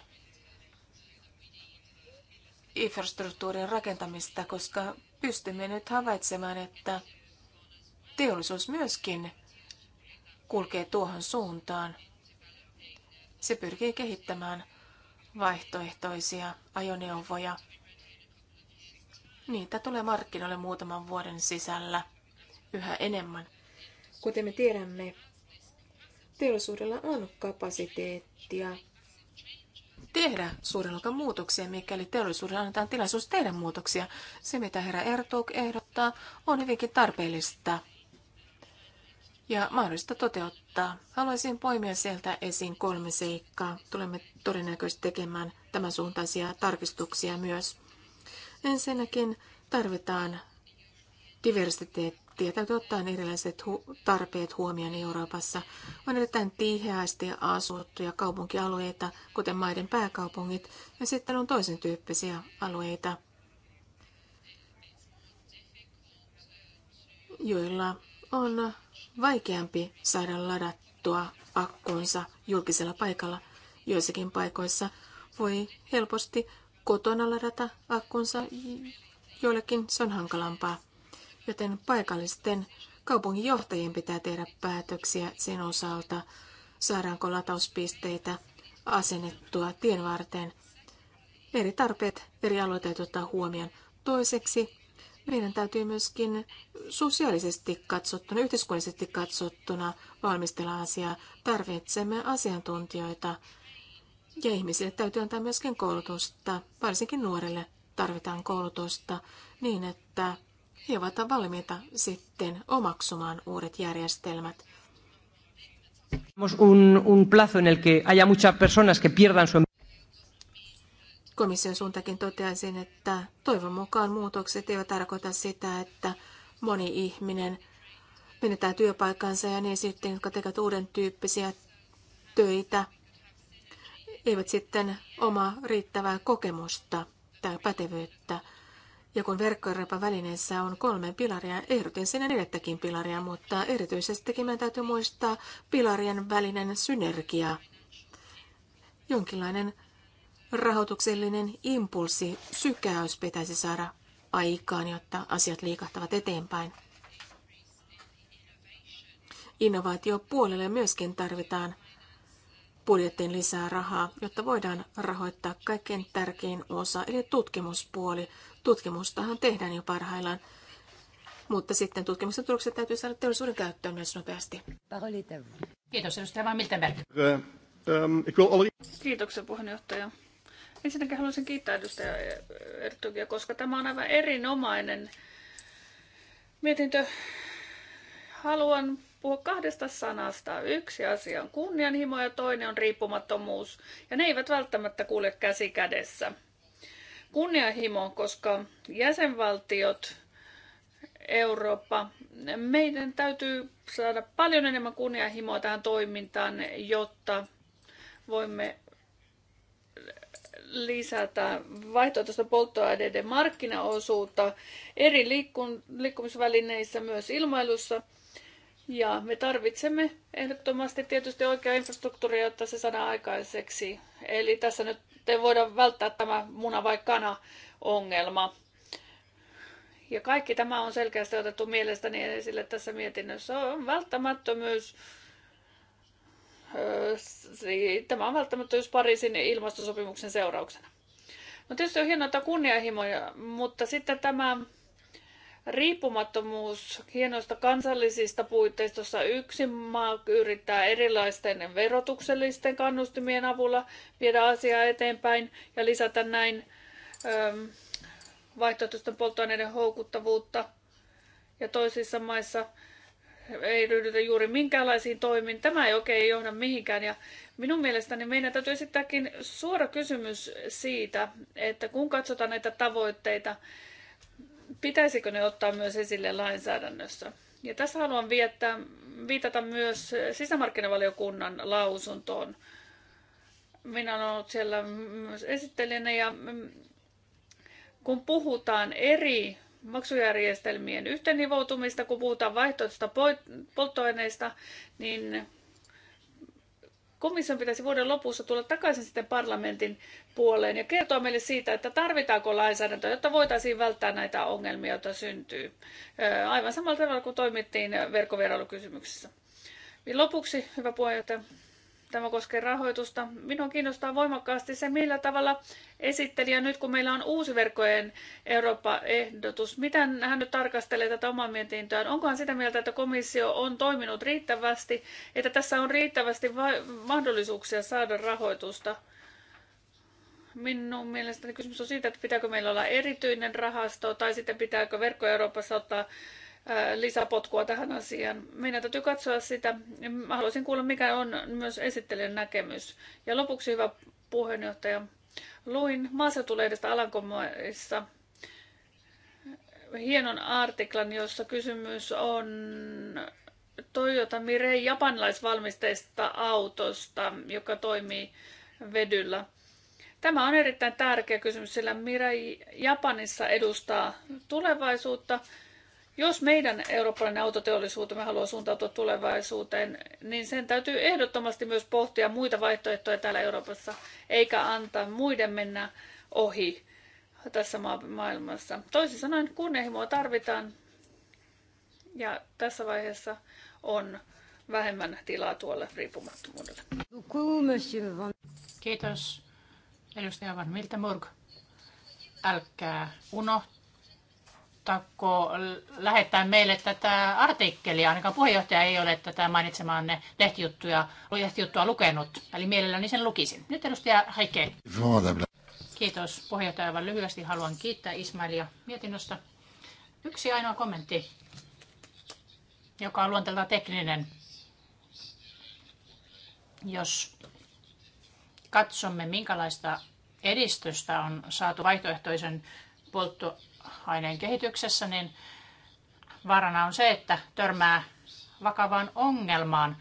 infrastruktuurin rakentamista, koska pystymme nyt havaitsemaan, että teollisuus myöskin kulkee tuohon suuntaan. Se pyrkii kehittämään vaihtoehtoisia ajoneuvoja Niitä tulee markkinoille muutaman vuoden sisällä yhä enemmän. Kuten me tiedämme, teollisuudella on kapasiteettia tehdä suuren muutoksia, mikäli teollisuudelle annetaan tilaisuus tehdä muutoksia. Se, mitä herra Ertog ehdottaa, on hyvinkin tarpeellista ja mahdollista toteuttaa. Haluaisin poimia sieltä esiin kolme seikkaa. Tulemme todennäköisesti tekemään tämän suuntaisia tarkistuksia myös. Ensinnäkin tarvitaan diversiteettiä. Täytyy ottaa erilaiset hu- tarpeet huomioon Euroopassa. On erittäin tiheästi asuttuja kaupunkialueita, kuten maiden pääkaupungit, ja sitten on toisen tyyppisiä alueita, joilla on vaikeampi saada ladattua akkunsa julkisella paikalla. Joissakin paikoissa voi helposti kotona ladata akkunsa, joillekin se on hankalampaa. Joten paikallisten kaupunginjohtajien pitää tehdä päätöksiä sen osalta, saadaanko latauspisteitä asennettua tien varten. Eri tarpeet eri alueita täytyy ottaa huomioon. Toiseksi meidän täytyy myöskin sosiaalisesti katsottuna, yhteiskunnallisesti katsottuna valmistella asiaa. Tarvitsemme asiantuntijoita ja ihmisille täytyy antaa myöskin koulutusta, varsinkin nuorille tarvitaan koulutusta niin, että he ovat valmiita sitten omaksumaan uudet järjestelmät. Un, un plazo en el que haya muchas personas que pierdan su... Komission suuntakin toteaisin, että toivon mukaan muutokset eivät tarkoita sitä, että moni ihminen menetää työpaikkansa ja ne sitten, jotka tekevät uuden tyyppisiä töitä, eivät sitten oma riittävää kokemusta tai pätevyyttä. Ja kun verkkorepa välineessä on kolme pilaria, ehdotin sinne neljättäkin pilaria, mutta erityisesti meidän täytyy muistaa pilarien välinen synergia. Jonkinlainen rahoituksellinen impulssi, sykäys pitäisi saada aikaan, jotta asiat liikahtavat eteenpäin. Innovaatiopuolelle myöskin tarvitaan budjettiin lisää rahaa, jotta voidaan rahoittaa kaikkein tärkein osa, eli tutkimuspuoli. Tutkimustahan tehdään jo parhaillaan, mutta sitten tutkimuksen tulokset täytyy saada teollisuuden käyttöön myös nopeasti. Kiitos, edustaja Van Miltenberg. Kiitoksia, puheenjohtaja. Ensinnäkin haluaisin kiittää edustaja Ertugia, koska tämä on aivan erinomainen mietintö. Haluan puhua kahdesta sanasta. Yksi asia on kunnianhimo ja toinen on riippumattomuus. Ja ne eivät välttämättä kulje käsi kädessä. Kunnianhimo, koska jäsenvaltiot, Eurooppa, meidän täytyy saada paljon enemmän kunnianhimoa tähän toimintaan, jotta voimme lisätä vaihtoehtoista polttoaineiden markkinaosuutta eri liikkumisvälineissä, myös ilmailussa – ja me tarvitsemme ehdottomasti tietysti oikea infrastruktuuri, jotta se saadaan aikaiseksi. Eli tässä nyt te voida välttää tämä muna vai kana ongelma. Ja kaikki tämä on selkeästi otettu mielestäni esille tässä mietinnössä. On välttämättömyys. Tämä on välttämättömyys Pariisin ilmastosopimuksen seurauksena. No tietysti on hienoa, että kunnianhimoja, mutta sitten tämä riippumattomuus hienoista kansallisista puitteistossa yksi maa yrittää erilaisten verotuksellisten kannustimien avulla viedä asiaa eteenpäin ja lisätä näin öm, vaihtoehtoisten polttoaineiden houkuttavuutta. Ja toisissa maissa ei ryhdytä juuri minkäänlaisiin toimiin. Tämä ei oikein johda mihinkään. Ja minun mielestäni meidän täytyy esittääkin suora kysymys siitä, että kun katsotaan näitä tavoitteita, pitäisikö ne ottaa myös esille lainsäädännössä. Ja tässä haluan viettää, viitata myös sisämarkkinavaliokunnan lausuntoon. Minä olen ollut siellä myös esittelijänä ja kun puhutaan eri maksujärjestelmien yhteennivoutumista, kun puhutaan vaihtoehtoista polttoaineista, niin komission pitäisi vuoden lopussa tulla takaisin sitten parlamentin puoleen ja kertoa meille siitä, että tarvitaanko lainsäädäntöä, jotta voitaisiin välttää näitä ongelmia, joita syntyy. Aivan samalla tavalla kuin toimittiin verkkovierailukysymyksessä. Lopuksi, hyvä puheenjohtaja, Tämä koskee rahoitusta. Minua kiinnostaa voimakkaasti se, millä tavalla esittelijä nyt, kun meillä on uusi verkkojen Eurooppa-ehdotus, miten hän nyt tarkastelee tätä omaa mietintöään? Onkohan sitä mieltä, että komissio on toiminut riittävästi, että tässä on riittävästi mahdollisuuksia saada rahoitusta? Minun mielestäni kysymys on siitä, että pitääkö meillä olla erityinen rahasto tai sitten pitääkö verkko Euroopassa ottaa lisäpotkua tähän asiaan. Meidän täytyy katsoa sitä. Mä haluaisin kuulla, mikä on myös esittelijän näkemys. Ja lopuksi, hyvä puheenjohtaja, luin maaseutulehdestä Alankomaissa hienon artiklan, jossa kysymys on Toyota Mirei japanilaisvalmisteista autosta, joka toimii vedyllä. Tämä on erittäin tärkeä kysymys, sillä Mirai Japanissa edustaa tulevaisuutta jos meidän eurooppalainen autoteollisuutemme haluaa suuntautua tulevaisuuteen, niin sen täytyy ehdottomasti myös pohtia muita vaihtoehtoja täällä Euroopassa, eikä antaa muiden mennä ohi tässä maailmassa. Toisin sanoen kunnianhimoa tarvitaan ja tässä vaiheessa on vähemmän tilaa tuolle riippumattomuudelle. Kiitos edustaja Van Miltenburg. Älkää unohtako mahduttako lähettää meille tätä artikkelia? Ainakaan puheenjohtaja ei ole tätä mainitsemaanne lehtijuttuja, lehtijuttua lukenut, eli mielelläni sen lukisin. Nyt edustaja Heike. Kiitos puheenjohtaja. Aivan lyhyesti haluan kiittää Ismailia mietinnöstä. Yksi ainoa kommentti, joka on luonteeltaan tekninen. Jos katsomme, minkälaista edistystä on saatu vaihtoehtoisen polttoaineen aineen kehityksessä, niin vaarana on se, että törmää vakavaan ongelmaan,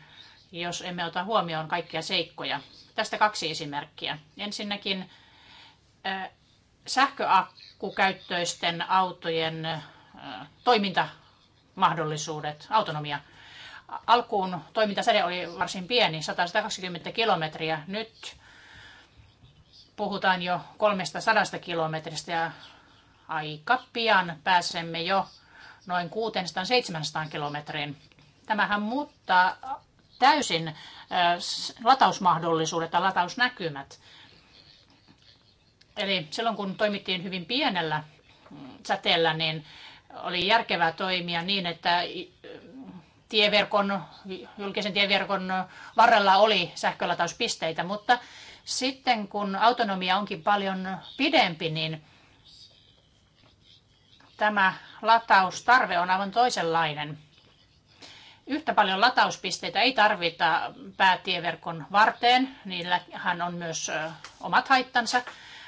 jos emme ota huomioon kaikkia seikkoja. Tästä kaksi esimerkkiä. Ensinnäkin sähköakkukäyttöisten autojen toimintamahdollisuudet, autonomia. Alkuun toimintasäde oli varsin pieni, 120 kilometriä. Nyt puhutaan jo 300 kilometristä ja aika pian pääsemme jo noin 600-700 kilometriin. Tämähän muuttaa täysin latausmahdollisuudet ja latausnäkymät. Eli silloin kun toimittiin hyvin pienellä mm, säteellä, niin oli järkevää toimia niin, että tieverkon, julkisen tieverkon varrella oli sähkölatauspisteitä, mutta sitten kun autonomia onkin paljon pidempi, niin tämä lataustarve on aivan toisenlainen. Yhtä paljon latauspisteitä ei tarvita päätieverkon varteen, niillähän on myös omat haittansa,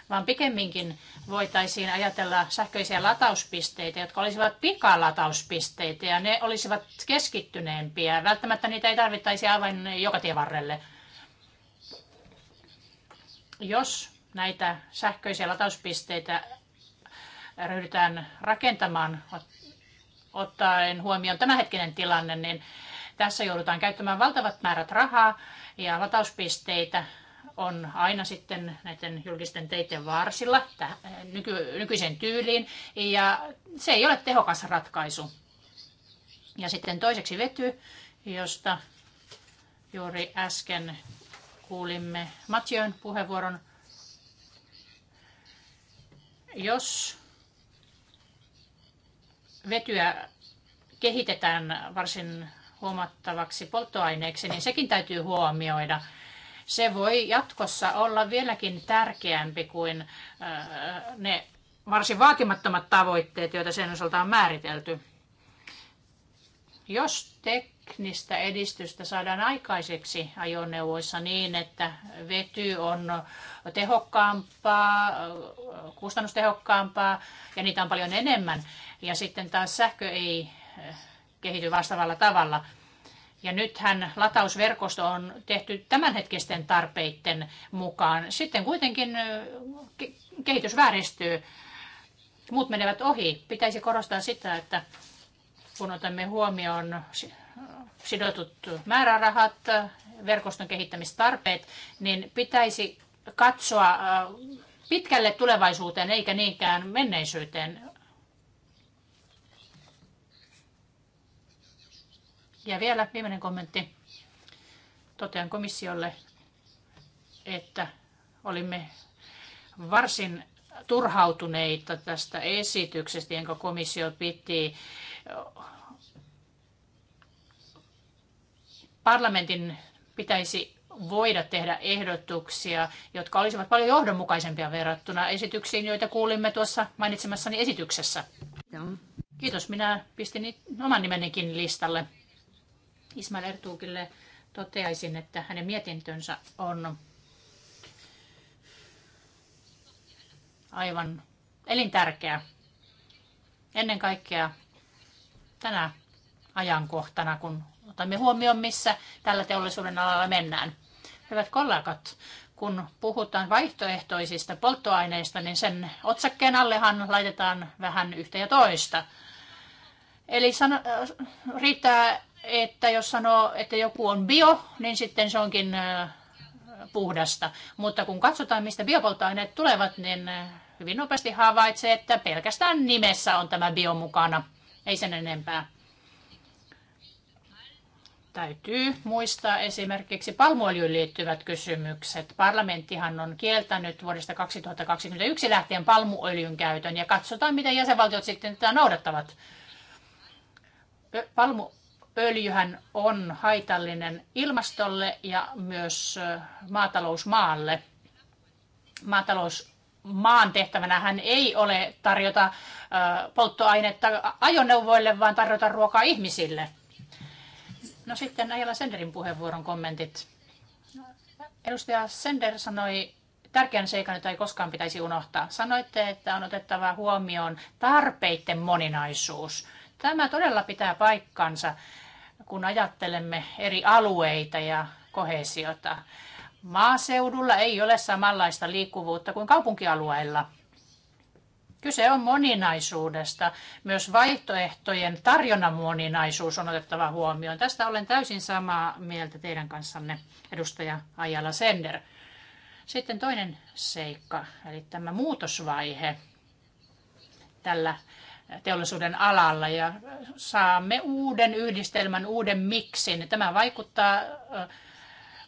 vaan pikemminkin voitaisiin ajatella sähköisiä latauspisteitä, jotka olisivat pikalatauspisteitä ja ne olisivat keskittyneempiä. Välttämättä niitä ei tarvittaisi aivan joka tien varrelle. Jos näitä sähköisiä latauspisteitä ryhdytään rakentamaan, ottaen huomioon tämänhetkinen tilanne, niin tässä joudutaan käyttämään valtavat määrät rahaa ja latauspisteitä on aina sitten näiden julkisten teiden varsilla nyky, nykyiseen tyyliin ja se ei ole tehokas ratkaisu. Ja sitten toiseksi vety, josta juuri äsken kuulimme Matjoen puheenvuoron. Jos vetyä kehitetään varsin huomattavaksi polttoaineeksi, niin sekin täytyy huomioida. Se voi jatkossa olla vieläkin tärkeämpi kuin äh, ne varsin vaatimattomat tavoitteet, joita sen osalta on määritelty. Jos teknistä edistystä saadaan aikaiseksi ajoneuvoissa niin, että vety on tehokkaampaa, kustannustehokkaampaa ja niitä on paljon enemmän, ja sitten taas sähkö ei eh, kehity vastaavalla tavalla, ja nythän latausverkosto on tehty tämänhetkisten tarpeiden mukaan. Sitten kuitenkin eh, kehitys vääristyy, muut menevät ohi. Pitäisi korostaa sitä, että kun otamme huomioon sidotut määrärahat, verkoston kehittämistarpeet, niin pitäisi katsoa äh, pitkälle tulevaisuuteen eikä niinkään menneisyyteen. Ja vielä viimeinen kommentti. Totean komissiolle, että olimme varsin turhautuneita tästä esityksestä, jonka komissio piti Parlamentin pitäisi voida tehdä ehdotuksia, jotka olisivat paljon johdonmukaisempia verrattuna esityksiin, joita kuulimme tuossa mainitsemassani esityksessä. Joo. Kiitos, minä pistin oman nimenikin listalle. Ismail Ertuukille toteaisin, että hänen mietintönsä on aivan elintärkeä. Ennen kaikkea tänä ajankohtana, kun otamme huomioon, missä tällä teollisuuden alalla mennään. Hyvät kollegat, kun puhutaan vaihtoehtoisista polttoaineista, niin sen otsakkeen allehan laitetaan vähän yhtä ja toista. Eli sano, äh, riittää, että jos sanoo, että joku on bio, niin sitten se onkin äh, puhdasta. Mutta kun katsotaan, mistä biopolttoaineet tulevat, niin äh, hyvin nopeasti havaitsee, että pelkästään nimessä on tämä bio mukana – ei sen enempää. Täytyy muistaa esimerkiksi palmuöljyyn liittyvät kysymykset. Parlamenttihan on kieltänyt vuodesta 2021 lähtien palmuöljyn käytön ja katsotaan, miten jäsenvaltiot sitten tätä noudattavat. Palmuöljyhän on haitallinen ilmastolle ja myös maatalousmaalle. Maatalous maan tehtävänä hän ei ole tarjota polttoainetta ajoneuvoille, vaan tarjota ruokaa ihmisille. No sitten Ajala Senderin puheenvuoron kommentit. Edustaja Sender sanoi tärkeän seikan, jota ei koskaan pitäisi unohtaa. Sanoitte, että on otettava huomioon tarpeiden moninaisuus. Tämä todella pitää paikkansa, kun ajattelemme eri alueita ja kohesiota. Maaseudulla ei ole samanlaista liikkuvuutta kuin kaupunkialueilla. Kyse on moninaisuudesta. Myös vaihtoehtojen tarjonnan moninaisuus on otettava huomioon. Tästä olen täysin samaa mieltä teidän kanssanne, edustaja Ajala Sender. Sitten toinen seikka, eli tämä muutosvaihe tällä teollisuuden alalla ja saamme uuden yhdistelmän, uuden miksin. Tämä vaikuttaa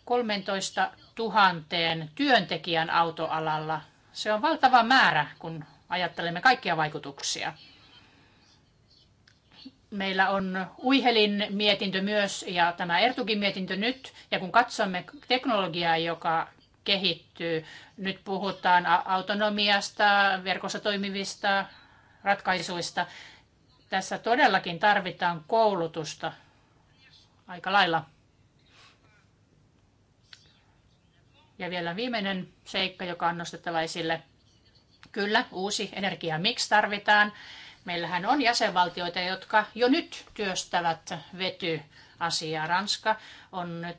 13 tuhanteen työntekijän autoalalla. Se on valtava määrä, kun ajattelemme kaikkia vaikutuksia. Meillä on Uihelin mietintö myös ja tämä Ertukin mietintö nyt. Ja kun katsomme teknologiaa, joka kehittyy, nyt puhutaan autonomiasta, verkossa toimivista ratkaisuista. Tässä todellakin tarvitaan koulutusta aika lailla. Ja vielä viimeinen seikka, joka on nostettava esille. Kyllä, uusi energia miksi tarvitaan. Meillähän on jäsenvaltioita, jotka jo nyt työstävät vetyasiaa. Ranska on nyt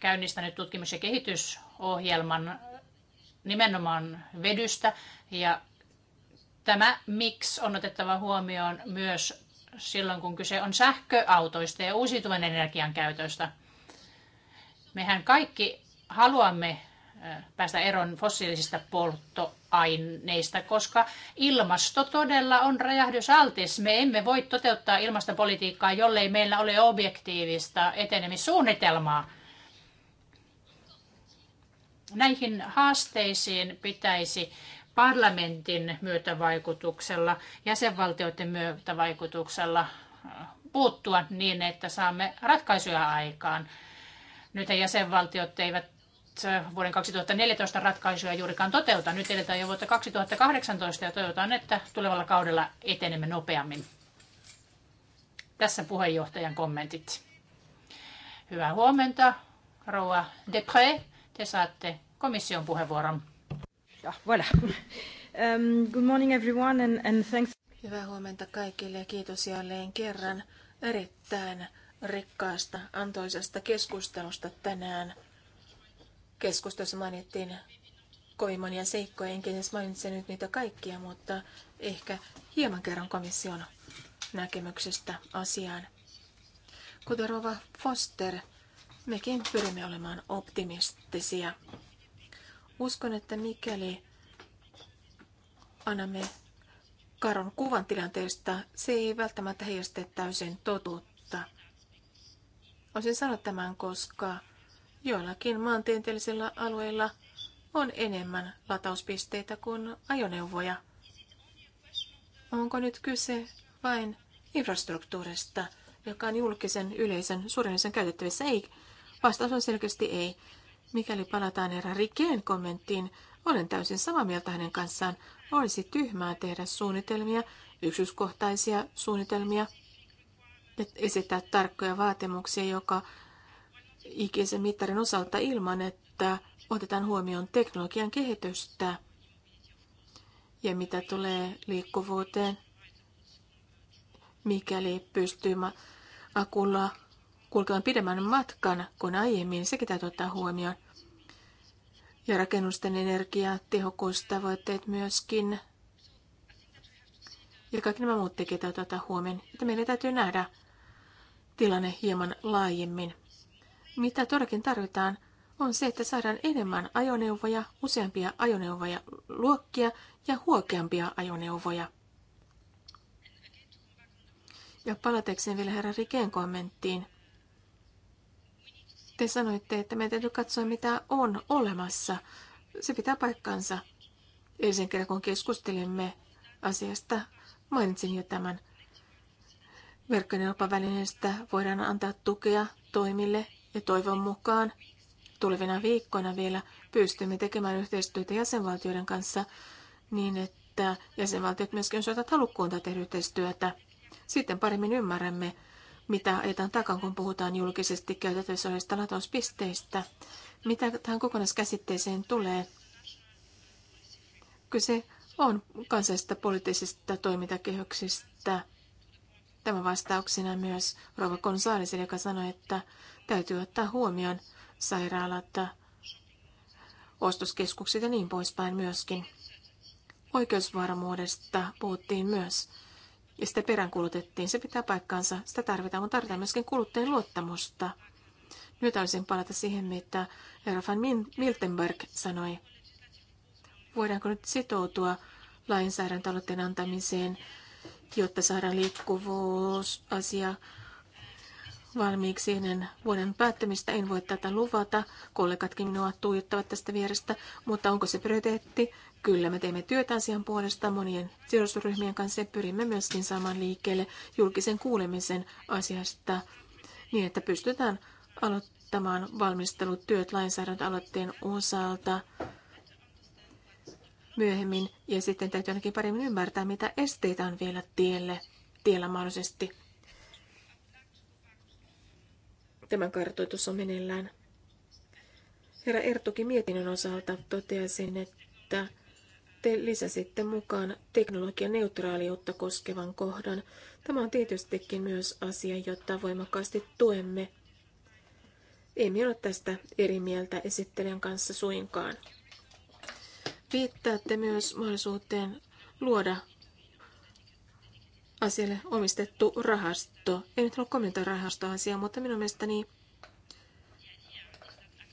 käynnistänyt tutkimus- ja kehitysohjelman nimenomaan vedystä. Ja tämä mix on otettava huomioon myös silloin, kun kyse on sähköautoista ja uusiutuvan energian käytöstä. Mehän kaikki haluamme päästä eroon fossiilisista polttoaineista, koska ilmasto todella on räjähdysaltis. Me emme voi toteuttaa ilmastopolitiikkaa, jollei meillä ole objektiivista etenemissuunnitelmaa. Näihin haasteisiin pitäisi parlamentin myötävaikutuksella, jäsenvaltioiden myötävaikutuksella puuttua niin, että saamme ratkaisuja aikaan. Nyt jäsenvaltiot eivät vuoden 2014 ratkaisuja juurikaan toteuta. Nyt eletään jo vuotta 2018 ja toivotaan, että tulevalla kaudella etenemme nopeammin. Tässä puheenjohtajan kommentit. Hyvää huomenta, rouva Depré. Te saatte komission puheenvuoron. Ja, voilà. Um, good morning everyone and, and thanks. Hyvää huomenta kaikille ja kiitos jälleen kerran erittäin rikkaasta antoisesta keskustelusta tänään. Keskustelussa mainittiin kovin monia seikkoja, enkä edes mainitse nyt niitä kaikkia, mutta ehkä hieman kerron komission näkemyksestä asiaan. Kuten Rova Foster, mekin pyrimme olemaan optimistisia. Uskon, että mikäli annamme karon kuvan tilanteesta, se ei välttämättä heijaste täysin totuutta. Osin sanoa tämän, koska Joillakin maantieteellisillä alueilla on enemmän latauspisteitä kuin ajoneuvoja. Onko nyt kyse vain infrastruktuurista, joka on julkisen yleisen suurennisen käytettävissä? Ei. Vastaus on selkeästi ei. Mikäli palataan erään Rikeen kommenttiin, olen täysin samaa mieltä hänen kanssaan. Olisi tyhmää tehdä suunnitelmia, yksityiskohtaisia suunnitelmia, esittää tarkkoja vaatimuksia, joka ikisen mittarin osalta ilman, että otetaan huomioon teknologian kehitystä ja mitä tulee liikkuvuuteen, mikäli pystyy akulla kulkemaan pidemmän matkan kuin aiemmin, sekin täytyy ottaa huomioon. Ja rakennusten energiatehokkuustavoitteet myöskin. Ja kaikki nämä muut tekijät täytyy ottaa huomioon, että meidän täytyy nähdä tilanne hieman laajemmin. Mitä todellakin tarvitaan, on se, että saadaan enemmän ajoneuvoja, useampia ajoneuvoja luokkia ja huokeampia ajoneuvoja. Ja palatekseen vielä herra Riken kommenttiin. Te sanoitte, että meidän täytyy katsoa, mitä on olemassa. Se pitää paikkansa. Ensin kerran, kun keskustelimme asiasta, mainitsin jo tämän. Verkkojen voidaan antaa tukea toimille, ja toivon mukaan tulevina viikkoina vielä pystymme tekemään yhteistyötä jäsenvaltioiden kanssa niin, että jäsenvaltiot myöskin osoitat halukkuutta tehdä yhteistyötä. Sitten paremmin ymmärrämme, mitä ajetaan takan, kun puhutaan julkisesti käytettävissä olevista latauspisteistä. Mitä tähän kokonaiskäsitteeseen tulee? Kyse on kansallisista poliittisista toimintakehyksistä. Tämä vastauksena myös Rova Gonzalesille, joka sanoi, että Täytyy ottaa huomioon sairaalat, ostoskeskukset ja niin poispäin myöskin. Oikeusvarmuudesta puhuttiin myös ja sitä peräänkulutettiin. Se pitää paikkaansa, sitä tarvitaan, mutta tarvitaan myöskin kuluttajien luottamusta. Nyt olisin palata siihen, mitä Rafan Miltenberg sanoi. Voidaanko nyt sitoutua lainsäädäntöaloitteen antamiseen, jotta saadaan liikkuvuusasia valmiiksi ennen vuoden päättämistä. En voi tätä luvata. Kollegatkin minua tuijottavat tästä vierestä, mutta onko se prioriteetti? Kyllä, me teemme työtä asian puolesta monien sidosryhmien kanssa ja pyrimme myöskin saamaan liikkeelle julkisen kuulemisen asiasta niin, että pystytään aloittamaan valmistelutyöt lainsäädäntöaloitteen osalta myöhemmin ja sitten täytyy ainakin paremmin ymmärtää, mitä esteitä on vielä tielle, tiellä mahdollisesti. Tämän kartoitus on meneillään. Herra Ertokin mietinnön osalta toteaisin, että te lisäsitte mukaan teknologian neutraaliutta koskevan kohdan. Tämä on tietystikin myös asia, jota voimakkaasti tuemme. Emme ole tästä eri mieltä esittelijän kanssa suinkaan. Viittaatte myös mahdollisuuteen luoda asialle omistettu rahasto. ei nyt ole kommentoida rahastoasiaa, mutta minun mielestäni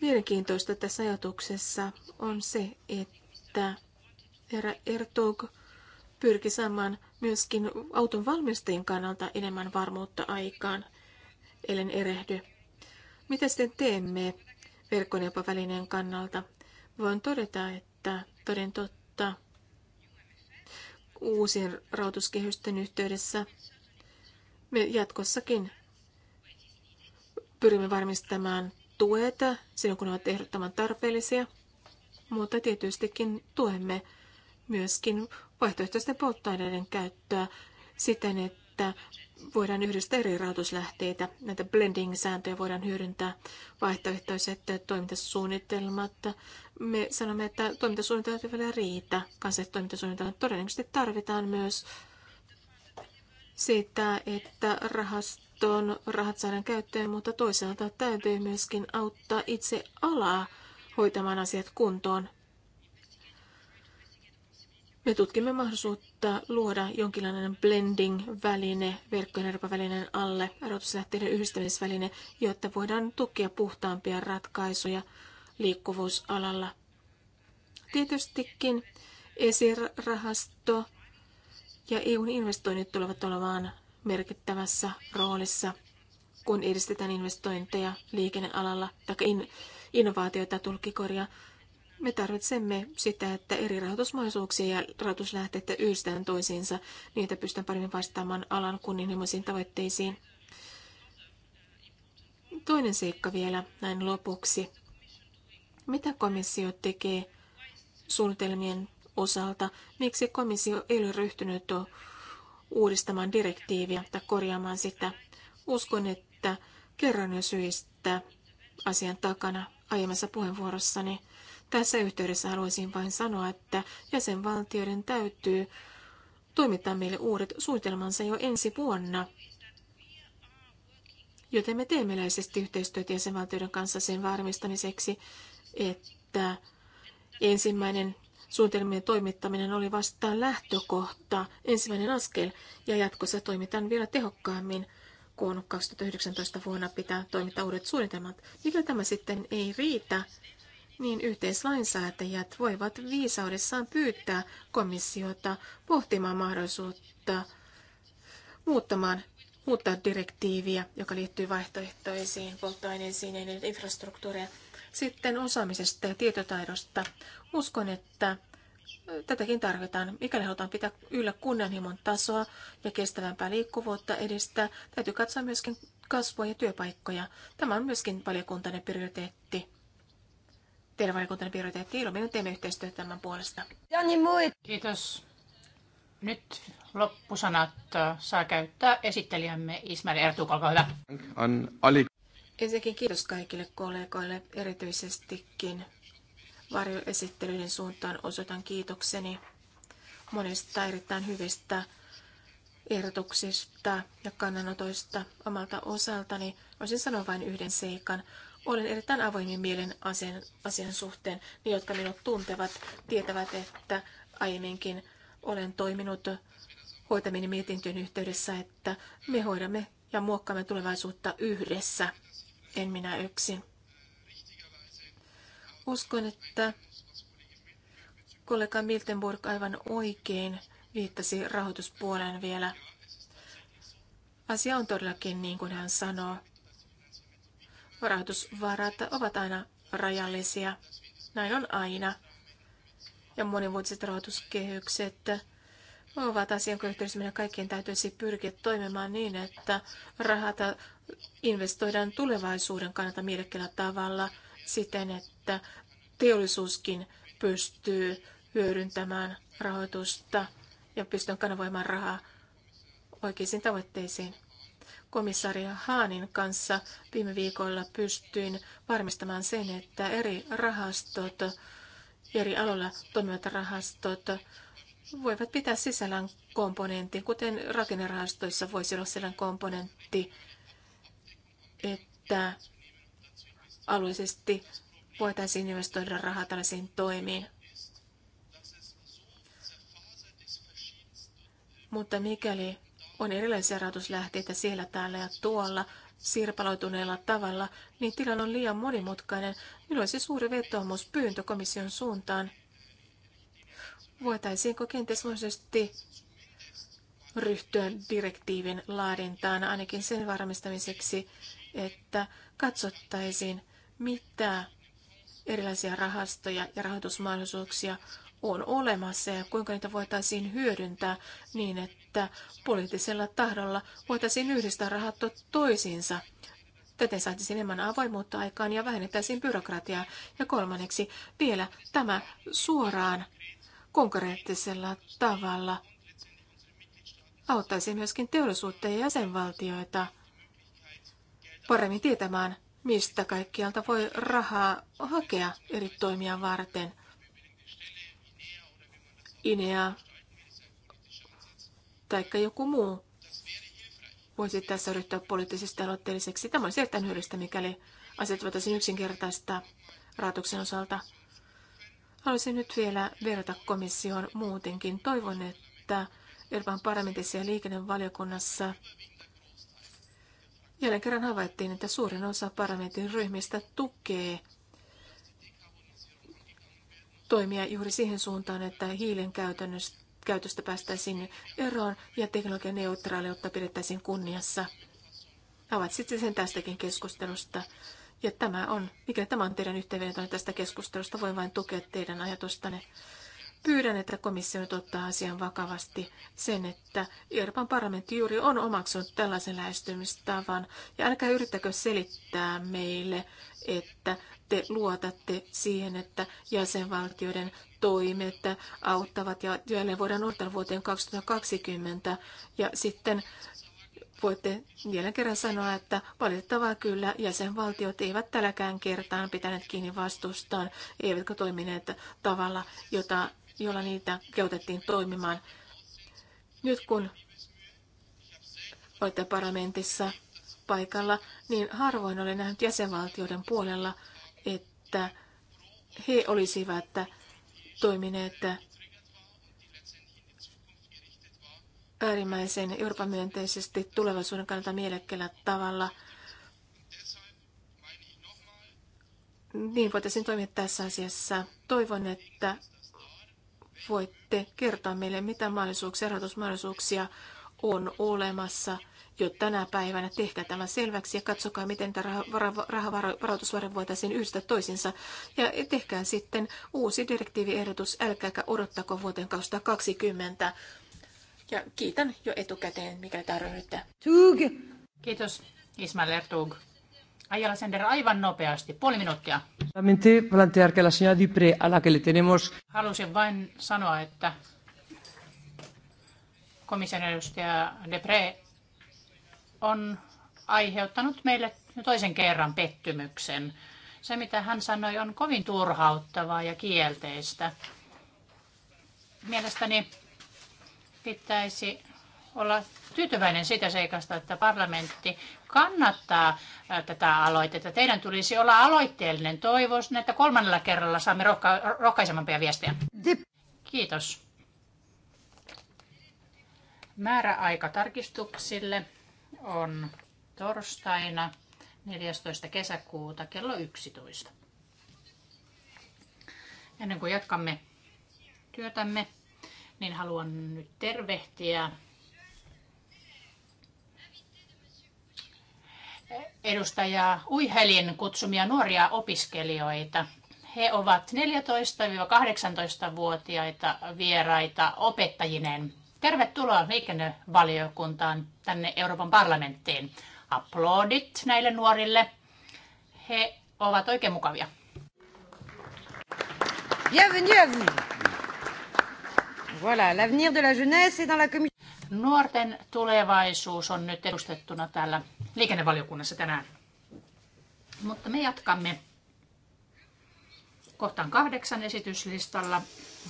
mielenkiintoista tässä ajatuksessa on se, että herra Ertog pyrki saamaan myöskin auton valmistajien kannalta enemmän varmuutta aikaan, ellen erehdy. Mitä sitten teemme verkkoneuvontavälineen kannalta? Voin todeta, että toden totta – uusien rahoituskehysten yhteydessä. Me jatkossakin pyrimme varmistamaan tuet silloin, kun ne ovat ehdottoman tarpeellisia, mutta tietystikin tuemme myöskin vaihtoehtoisten polttoaineiden käyttöä siten, että että voidaan yhdistää eri rahoituslähteitä. Näitä blending-sääntöjä voidaan hyödyntää vaihtoehtoiset toimintasuunnitelmat. Me sanomme, että toimintasuunnitelmat eivät vielä riitä. Kansalliset toimintasuunnitelmat todennäköisesti tarvitaan myös sitä, että rahaston rahat saadaan käyttöön, mutta toisaalta täytyy myöskin auttaa itse alaa hoitamaan asiat kuntoon. Me tutkimme mahdollisuutta luoda jonkinlainen blending-väline, verkkoenergiavälineen alle, erotuslähteiden yhdistämisväline, jotta voidaan tukea puhtaampia ratkaisuja liikkuvuusalalla. Tietystikin esirahasto ja EUn investoinnit tulevat olemaan merkittävässä roolissa, kun edistetään investointeja liikennealalla tai in, innovaatioita tulkikorjaa me tarvitsemme sitä, että eri rahoitusmahdollisuuksia ja rahoituslähteitä yhdistetään toisiinsa, niitä pystytään paremmin vastaamaan alan kunnianhimoisiin tavoitteisiin. Toinen seikka vielä näin lopuksi. Mitä komissio tekee suunnitelmien osalta? Miksi komissio ei ole ryhtynyt uudistamaan direktiiviä tai korjaamaan sitä? Uskon, että kerran jo syistä asian takana aiemmassa puheenvuorossani tässä yhteydessä haluaisin vain sanoa, että jäsenvaltioiden täytyy toimittaa meille uudet suunnitelmansa jo ensi vuonna, joten me teemme läheisesti yhteistyötä jäsenvaltioiden kanssa sen varmistamiseksi, että ensimmäinen suunnitelmien toimittaminen oli vasta lähtökohta, ensimmäinen askel, ja jatkossa toimitaan vielä tehokkaammin, kun 2019 vuonna pitää toimittaa uudet suunnitelmat. Mikä tämä sitten ei riitä, niin yhteislainsäätäjät voivat viisaudessaan pyytää komissiota pohtimaan mahdollisuutta muuttamaan muuttaa direktiiviä, joka liittyy vaihtoehtoisiin polttoaineisiin ja infrastruktuuria. Sitten osaamisesta ja tietotaidosta. Uskon, että tätäkin tarvitaan. Mikäli halutaan pitää yllä kunnianhimon tasoa ja kestävämpää liikkuvuutta edistää, täytyy katsoa myöskin kasvua ja työpaikkoja. Tämä on myöskin valiokuntainen prioriteetti teidän valiokuntanne prioriteetti. me teemme yhteistyötä tämän puolesta. Jani moi! Kiitos. Nyt loppusanat äh, saa käyttää esittelijämme Ismail Ertuk, olkaa hyvä. Ensinnäkin kiitos kaikille kollegoille, erityisestikin varjoesittelyiden suuntaan osoitan kiitokseni monista erittäin hyvistä ehdotuksista ja kannanotoista omalta osaltani. Voisin sanoa vain yhden seikan. Olen erittäin avoimin mielen asian, asian suhteen. Ne, jotka minut tuntevat, tietävät, että aiemminkin olen toiminut hoitamini mietintöjen yhteydessä, että me hoidamme ja muokkaamme tulevaisuutta yhdessä, en minä yksin. Uskon, että kollega Miltenburg aivan oikein viittasi rahoituspuoleen vielä. Asia on todellakin niin kuin hän sanoo rahoitusvarat ovat aina rajallisia. Näin on aina. Ja monivuotiset rahoituskehykset ovat asian yhteydessä, meidän kaikkien täytyisi pyrkiä toimimaan niin, että rahat investoidaan tulevaisuuden kannalta mielekkäällä tavalla siten, että teollisuuskin pystyy hyödyntämään rahoitusta ja pystyy kanavoimaan rahaa oikeisiin tavoitteisiin komissaari Haanin kanssa viime viikolla pystyin varmistamaan sen, että eri rahastot, eri aloilla toimivat rahastot voivat pitää sisällään komponentin, kuten rakennerahastoissa voisi olla sellainen komponentti, että alueellisesti voitaisiin investoida rahaa tällaisiin toimiin. Mutta mikäli on erilaisia rahoituslähteitä siellä, täällä ja tuolla sirpaloituneella tavalla, niin tilanne on liian monimutkainen. Minulla olisi suuri vetoomus pyyntö komission suuntaan. Voitaisiinko kenties mahdollisesti ryhtyä direktiivin laadintaan ainakin sen varmistamiseksi, että katsottaisiin, mitä erilaisia rahastoja ja rahoitusmahdollisuuksia on olemassa ja kuinka niitä voitaisiin hyödyntää niin, että poliittisella tahdolla voitaisiin yhdistää rahat toisiinsa. Täten saataisiin enemmän avoimuutta aikaan ja vähennettäisiin byrokratiaa. Ja kolmanneksi vielä tämä suoraan konkreettisella tavalla auttaisi myöskin teollisuutta ja jäsenvaltioita paremmin tietämään, mistä kaikkialta voi rahaa hakea eri toimia varten. INEA tai joku muu voisi tässä ryhtyä poliittisesti aloitteelliseksi. Tämä olisi erittäin hyödyllistä, mikäli asiat voitaisiin yksinkertaista raatuksen osalta. Haluaisin nyt vielä verrata komission muutenkin. Toivon, että Euroopan parlamentissa ja liikennevaliokunnassa jälleen kerran havaittiin, että suurin osa parlamentin ryhmistä tukee toimia juuri siihen suuntaan, että hiilen käytöstä päästäisiin eroon ja teknologian neutraaliutta pidettäisiin kunniassa. Ovat sitten sen tästäkin keskustelusta. Ja tämä on, mikä tämä on teidän yhteenvetonne niin tästä keskustelusta, voin vain tukea teidän ajatustanne. Pyydän, että komissio nyt ottaa asian vakavasti sen, että Euroopan parlamentti juuri on omaksunut tällaisen lähestymistavan. Ja älkää yrittäkö selittää meille, että te luotatte siihen, että jäsenvaltioiden toimet auttavat ja jälleen voidaan ottaa vuoteen 2020. Ja sitten voitte vielä kerran sanoa, että valitettavaa kyllä jäsenvaltiot eivät tälläkään kertaan pitäneet kiinni vastustaan, eivätkä toimineet tavalla, jota jolla niitä keutettiin toimimaan. Nyt kun olette parlamentissa paikalla, niin harvoin olen nähnyt jäsenvaltioiden puolella, että he olisivat toimineet äärimmäisen Euroopan myönteisesti tulevaisuuden kannalta mielekkäällä tavalla. Niin voitaisiin toimia tässä asiassa. Toivon, että voitte kertoa meille, mitä mahdollisuuksia, rahoitusmahdollisuuksia on olemassa jo tänä päivänä. Tehkää tämä selväksi ja katsokaa, miten tämä rahavarautusvara voitaisiin yhdistää toisinsa. Ja tehkää sitten uusi direktiiviehdotus, älkääkä odottako vuoteen 2020. Ja kiitän jo etukäteen, mikä tarvitsee. Tug. Kiitos, Ismail Ertug. Ayala Sender aivan nopeasti, puoli minuuttia. plantear que la señora Dupré, a la que le tenemos... Halusin vain sanoa, että komission edustaja Depre on aiheuttanut meille toisen kerran pettymyksen. Se, mitä hän sanoi, on kovin turhauttavaa ja kielteistä. Mielestäni pitäisi olla tyytyväinen siitä seikasta, että parlamentti kannattaa tätä aloitetta. Teidän tulisi olla aloitteellinen. Toivoisin, että kolmannella kerralla saamme rohka- rohkaisemampia viestejä. Kiitos. Määräaika tarkistuksille on torstaina 14. kesäkuuta kello 11. Ennen kuin jatkamme työtämme, niin haluan nyt tervehtiä edustaja Uihelin kutsumia nuoria opiskelijoita. He ovat 14-18-vuotiaita vieraita opettajineen. Tervetuloa liikennevaliokuntaan tänne Euroopan parlamenttiin. Aplodit näille nuorille. He ovat oikein mukavia. Bienvenue à vous. Voilà, l'avenir de la jeunesse est dans la commission. Nuorten tulevaisuus on nyt edustettuna täällä liikennevaliokunnassa tänään. Mutta me jatkamme kohtaan kahdeksan esityslistalla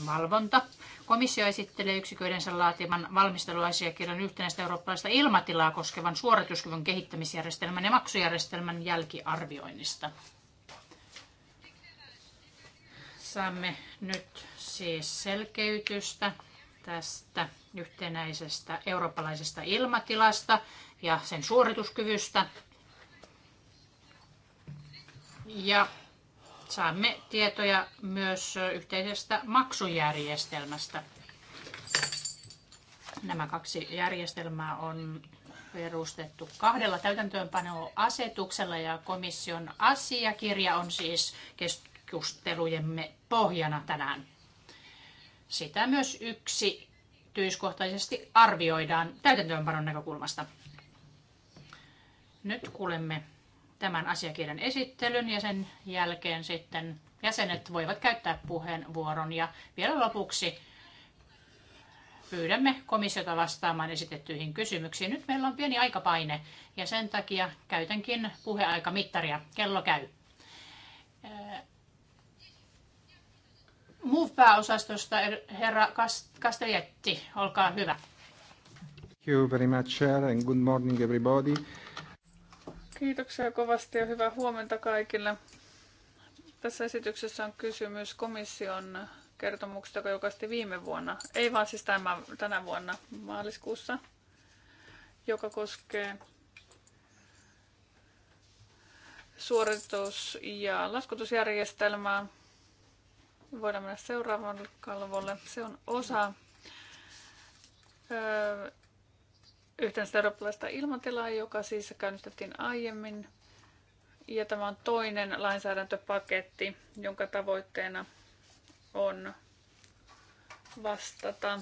valvonta. Komissio esittelee yksiköidensä laatiman valmisteluasiakirjan yhtenäistä eurooppalaista ilmatilaa koskevan suorituskyvyn kehittämisjärjestelmän ja maksujärjestelmän jälkiarvioinnista. Saamme nyt siis selkeytystä tästä yhtenäisestä eurooppalaisesta ilmatilasta ja sen suorituskyvystä. Ja saamme tietoja myös yhteisestä maksujärjestelmästä. Nämä kaksi järjestelmää on perustettu kahdella täytäntöönpanoasetuksella ja komission asiakirja on siis keskustelujemme pohjana tänään sitä myös yksityiskohtaisesti arvioidaan täytäntöönpanon näkökulmasta. Nyt kuulemme tämän asiakirjan esittelyn ja sen jälkeen sitten jäsenet voivat käyttää puheenvuoron. Ja vielä lopuksi pyydämme komissiota vastaamaan esitettyihin kysymyksiin. Nyt meillä on pieni aikapaine ja sen takia käytänkin puheaikamittaria. Kello käy. MOVE-pääosastosta er, herra Castelletti, olkaa hyvä. Thank you very much, Chair, and good morning everybody. Kiitoksia kovasti ja hyvää huomenta kaikille. Tässä esityksessä on kysymys komission kertomuksesta, joka julkaistiin viime vuonna, ei vaan siis tämän, tänä vuonna maaliskuussa, joka koskee suoritus- ja laskutusjärjestelmää Voidaan mennä seuraavalle kalvolle. Se on osa öö, yhteistä eurooppalaista ilmatilaa, joka siis käynnistettiin aiemmin. Ja tämä on toinen lainsäädäntöpaketti, jonka tavoitteena on vastata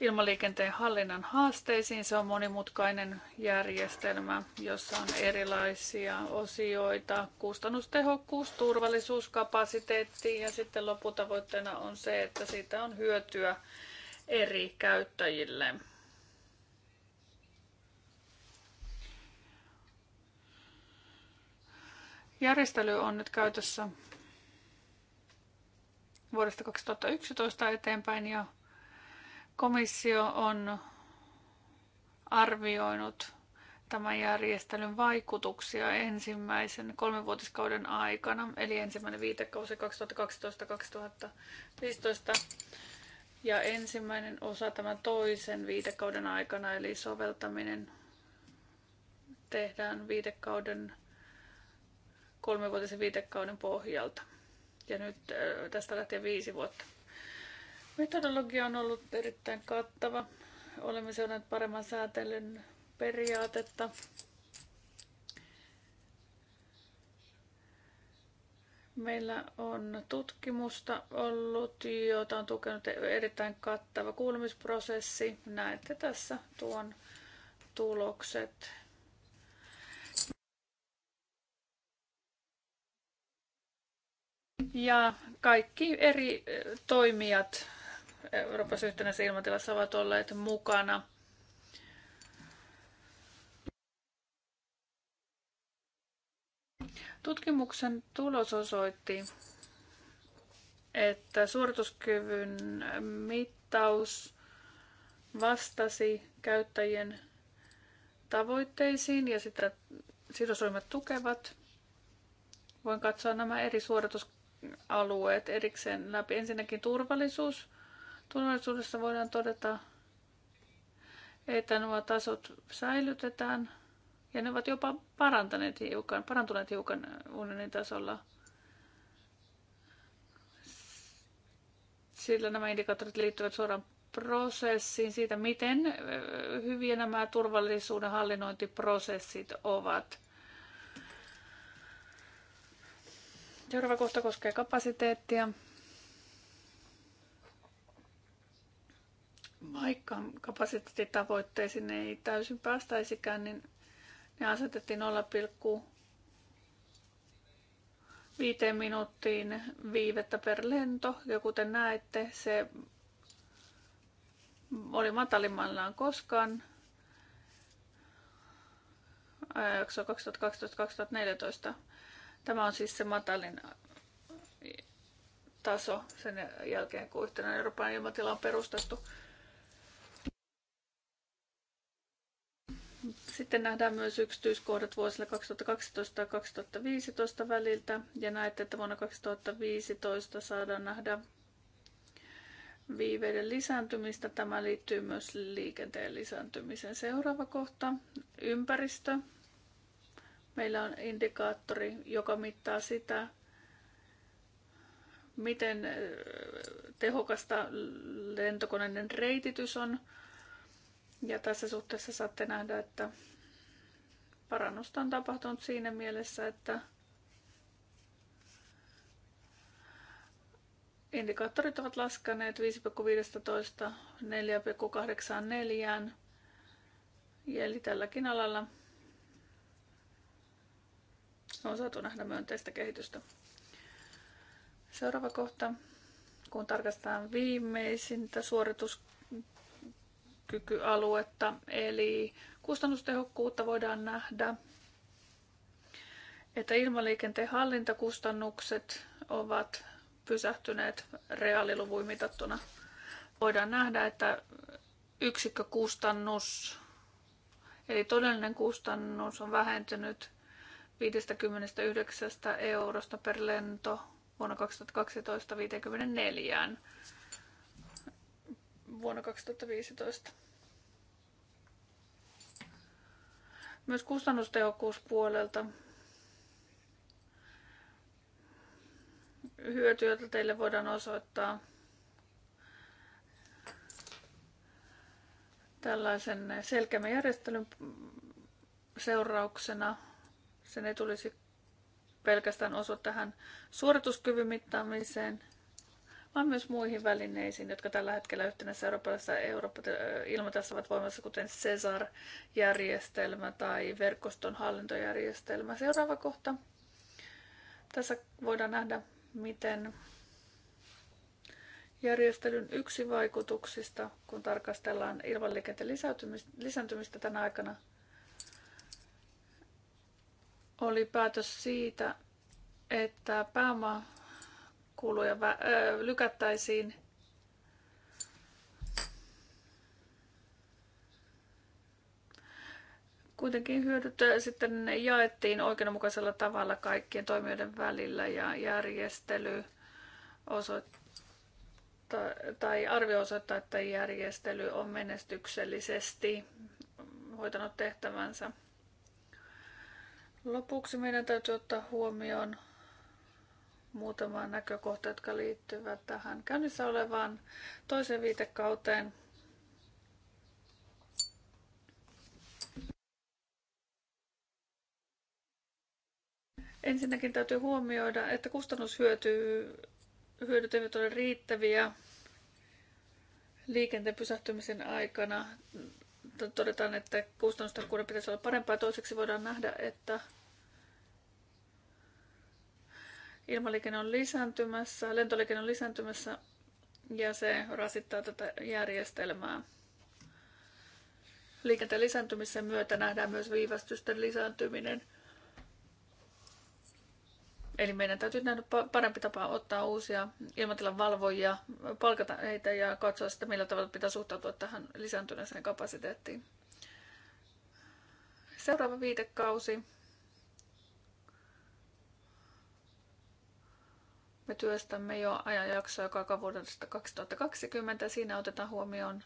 ilmaliikenteen hallinnan haasteisiin. Se on monimutkainen järjestelmä, jossa on erilaisia osioita, kustannustehokkuus, turvallisuus, kapasiteetti ja sitten loputavoitteena on se, että siitä on hyötyä eri käyttäjille. Järjestely on nyt käytössä vuodesta 2011 eteenpäin ja Komissio on arvioinut tämän järjestelyn vaikutuksia ensimmäisen kolmenvuotiskauden aikana, eli ensimmäinen viitekausi 2012-2015 ja ensimmäinen osa tämän toisen viitekauden aikana, eli soveltaminen tehdään viitekauden, kolmenvuotisen viitekauden pohjalta. Ja nyt tästä lähtee viisi vuotta. Metodologia on ollut erittäin kattava. Olemme seuranneet paremman säätelyn periaatetta. Meillä on tutkimusta ollut, jota on tukenut erittäin kattava kuulemisprosessi. Näette tässä tuon tulokset. Ja kaikki eri eh, toimijat Euroopassa yhtenäisessä ilmatilassa ovat olleet mukana. Tutkimuksen tulos osoitti, että suorituskyvyn mittaus vastasi käyttäjien tavoitteisiin ja sitä sidosryhmät tukevat. Voin katsoa nämä eri suoritusalueet erikseen läpi. Ensinnäkin turvallisuus. Turvallisuudessa voidaan todeta, että nuo tasot säilytetään ja ne ovat jopa parantaneet hiukan, parantuneet hiukan unionin tasolla. Sillä nämä indikaattorit liittyvät suoraan prosessiin siitä, miten hyviä nämä turvallisuuden hallinnointiprosessit ovat. Seuraava kohta koskee kapasiteettia. vaikka kapasiteettitavoitteisiin ei täysin päästäisikään, niin ne asetettiin 0,5 minuuttiin viivettä per lento. Ja kuten näette, se oli matalimmallaan koskaan ajanjaksoa 2012-2014. Tämä on siis se matalin taso sen jälkeen, kun yhtenä Euroopan ilmatila on perustettu. Sitten nähdään myös yksityiskohdat vuosille 2012 ja 2015 väliltä ja näette, että vuonna 2015 saadaan nähdä viiveiden lisääntymistä. Tämä liittyy myös liikenteen lisääntymiseen. Seuraava kohta, ympäristö. Meillä on indikaattori, joka mittaa sitä, miten eh, tehokasta lentokoneiden reititys on. Ja tässä suhteessa saatte nähdä, että parannusta on tapahtunut siinä mielessä, että indikaattorit ovat laskeneet 5,15 4,84, eli tälläkin alalla on saatu nähdä myönteistä kehitystä. Seuraava kohta, kun tarkastetaan viimeisintä suoritus kilpailukykyaluetta, eli kustannustehokkuutta voidaan nähdä, että ilmaliikenteen hallintakustannukset ovat pysähtyneet reaaliluvuin mitattuna. Voidaan nähdä, että yksikkökustannus, eli todellinen kustannus on vähentynyt 59 eurosta per lento vuonna 2012 54 vuonna 2015. Myös kustannustehokkuuspuolelta hyötyä, jota teille voidaan osoittaa tällaisen selkeämmän järjestelyn seurauksena. Sen ei tulisi pelkästään osua tähän suorituskyvyn mittaamiseen – vaan myös muihin välineisiin, jotka tällä hetkellä yhtenässä Euroopassa Eurooppa ilmatassa ovat voimassa, kuten CESAR-järjestelmä tai verkoston hallintojärjestelmä. Seuraava kohta. Tässä voidaan nähdä, miten järjestelyn yksi vaikutuksista, kun tarkastellaan ilmanliikenteen lisääntymistä tänä aikana, oli päätös siitä, että pääoma kuluja lykättäisiin. Kuitenkin hyödyt sitten jaettiin oikeudenmukaisella tavalla kaikkien toimijoiden välillä ja järjestely osoittaa, tai arvio osoittaa, että järjestely on menestyksellisesti hoitanut tehtävänsä. Lopuksi meidän täytyy ottaa huomioon muutama näkökohta, jotka liittyvät tähän käynnissä olevaan toiseen viitekauteen. Ensinnäkin täytyy huomioida, että kustannushyödyt eivät ole riittäviä liikenteen pysähtymisen aikana. Todetaan, että kustannustehokkuuden pitäisi olla parempaa. Toiseksi voidaan nähdä, että Ilmaliikenne on lisääntymässä, lentoliikenne on lisääntymässä ja se rasittaa tätä järjestelmää. Liikenteen lisääntymisen myötä nähdään myös viivästysten lisääntyminen. Eli meidän täytyy nähdä parempi tapa ottaa uusia ilmatilan valvojia, palkata heitä ja katsoa sitä, millä tavalla pitää suhtautua tähän lisääntyneeseen kapasiteettiin. Seuraava viitekausi Me työstämme jo ajanjaksoa, joka vuodesta 2020. Siinä otetaan huomioon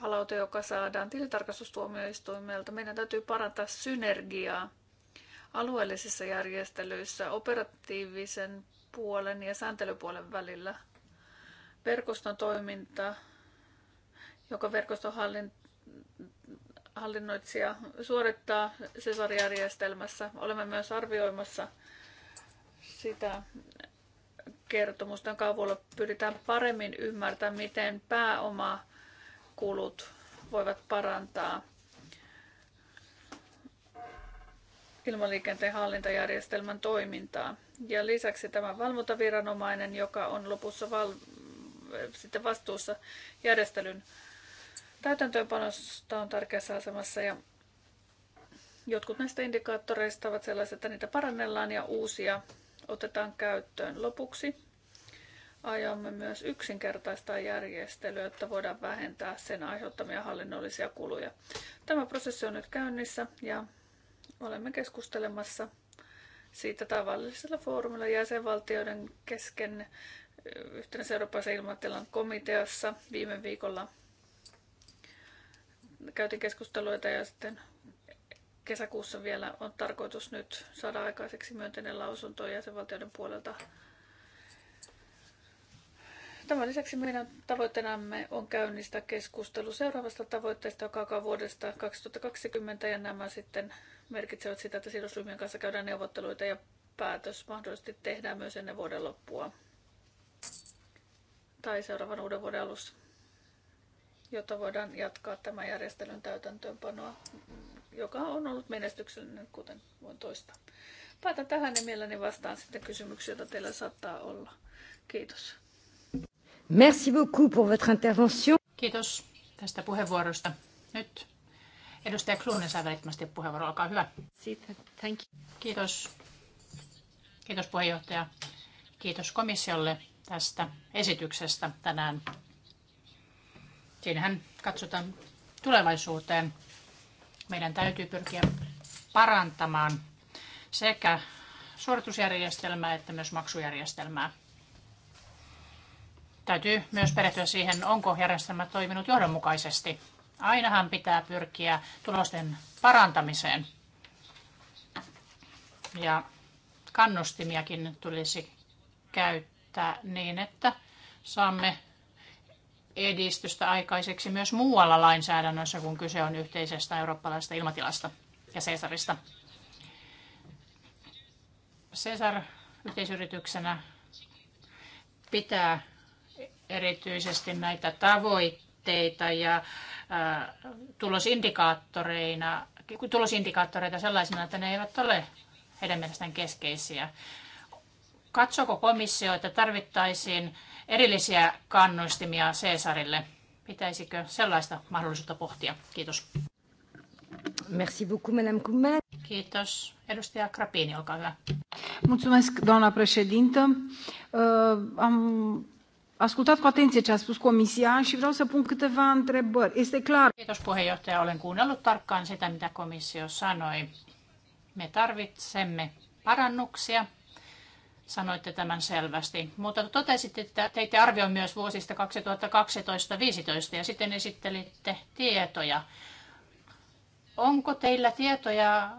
palaute, joka saadaan tilitarkastustuomioistuimelta. Meidän täytyy parantaa synergiaa alueellisissa järjestelyissä operatiivisen puolen ja sääntelypuolen välillä. Verkoston toiminta, joka verkoston hallinnoitsija suorittaa Cesar-järjestelmässä. Olemme myös arvioimassa sitä kertomusta, jonka avulla pyritään paremmin ymmärtämään, miten pääomakulut voivat parantaa ilmaliikenteen hallintajärjestelmän toimintaa. Ja lisäksi tämä valvontaviranomainen, joka on lopussa val- sitten vastuussa järjestelyn täytäntöönpanosta on tärkeässä asemassa ja jotkut näistä indikaattoreista ovat sellaisia, että niitä parannellaan ja uusia otetaan käyttöön. Lopuksi aiomme myös yksinkertaistaa järjestelyä, jotta voidaan vähentää sen aiheuttamia hallinnollisia kuluja. Tämä prosessi on nyt käynnissä ja olemme keskustelemassa siitä tavallisella foorumilla jäsenvaltioiden kesken yhtenässä Euroopassa ilmatilan komiteassa viime viikolla käytiin keskusteluita ja sitten kesäkuussa vielä on tarkoitus nyt saada aikaiseksi myönteinen lausunto jäsenvaltioiden puolelta. Tämän lisäksi meidän tavoitteenamme on käynnistää keskustelu seuraavasta tavoitteesta, joka alkaa vuodesta 2020, ja nämä sitten merkitsevät sitä, että sidosryhmien kanssa käydään neuvotteluita ja päätös mahdollisesti tehdään myös ennen vuoden loppua tai seuraavan uuden vuoden alussa, jotta voidaan jatkaa tämän järjestelyn täytäntöönpanoa joka on ollut menestyksellinen, kuten voin toistaa. Päätän tähän ja mielelläni vastaan sitten kysymyksiä, joita teillä saattaa olla. Kiitos. Merci beaucoup pour votre intervention. Kiitos tästä puheenvuorosta. Nyt edustaja Kluunen saa välittömästi puheenvuoro. Olkaa hyvä. Thank you. Kiitos. Kiitos puheenjohtaja. Kiitos komissiolle tästä esityksestä tänään. Siinähän katsotaan tulevaisuuteen meidän täytyy pyrkiä parantamaan sekä suoritusjärjestelmää että myös maksujärjestelmää. Täytyy myös perehtyä siihen, onko järjestelmä toiminut johdonmukaisesti. Ainahan pitää pyrkiä tulosten parantamiseen. Ja kannustimiakin tulisi käyttää niin, että saamme edistystä aikaiseksi myös muualla lainsäädännössä, kun kyse on yhteisestä eurooppalaisesta ilmatilasta ja Cesarista. Cesar yhteisyrityksenä pitää erityisesti näitä tavoitteita ja tulosindikaattoreina, tulosindikaattoreita sellaisena, että ne eivät ole heidän mielestään keskeisiä. Katsoko komissio, että tarvittaisiin erillisiä kannustimia Cesarille. Pitäisikö sellaista mahdollisuutta pohtia? Kiitos. Merci beaucoup, Madame Kuman. Kiitos. Edustaja Krapini, olkaa hyvä. Mulțumesc, doamna președintă. Am ascultat cu atenție ce a spus Comisia și vreau să pun câteva întrebări. Este clar. Kiitos puheenjohtaja, olen kuunnellut tarkkaan sitä, mitä komissio sanoi. Me tarvitsemme parannuksia Sanoitte tämän selvästi. Mutta totesitte, että teitte arvio myös vuosista 2012-2015 ja sitten esittelitte tietoja. Onko teillä tietoja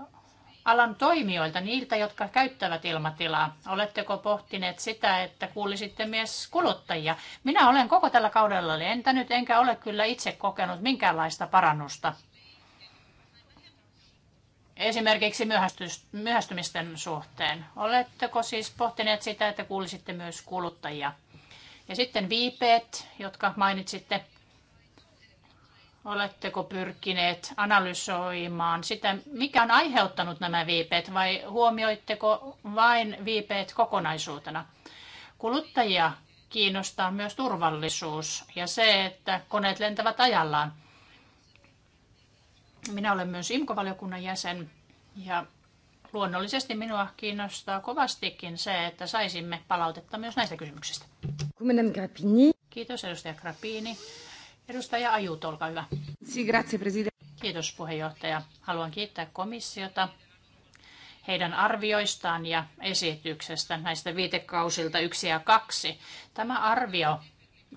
alan toimijoilta, niiltä, jotka käyttävät ilmatilaa? Oletteko pohtineet sitä, että kuulisitte myös kuluttajia? Minä olen koko tällä kaudella lentänyt, enkä ole kyllä itse kokenut minkäänlaista parannusta esimerkiksi myöhästymisten suhteen. Oletteko siis pohtineet sitä, että kuulisitte myös kuluttajia? Ja sitten viipeet, jotka mainitsitte. Oletteko pyrkineet analysoimaan sitä, mikä on aiheuttanut nämä viipeet vai huomioitteko vain viipeet kokonaisuutena? Kuluttajia kiinnostaa myös turvallisuus ja se, että koneet lentävät ajallaan. Minä olen myös IMKO-valiokunnan jäsen ja luonnollisesti minua kiinnostaa kovastikin se, että saisimme palautetta myös näistä kysymyksistä. Kiitos edustaja Grappini. Edustaja Ajut, olkaa hyvä. Kiitos puheenjohtaja. Haluan kiittää komissiota heidän arvioistaan ja esityksestä näistä viitekausilta yksi ja kaksi. Tämä arvio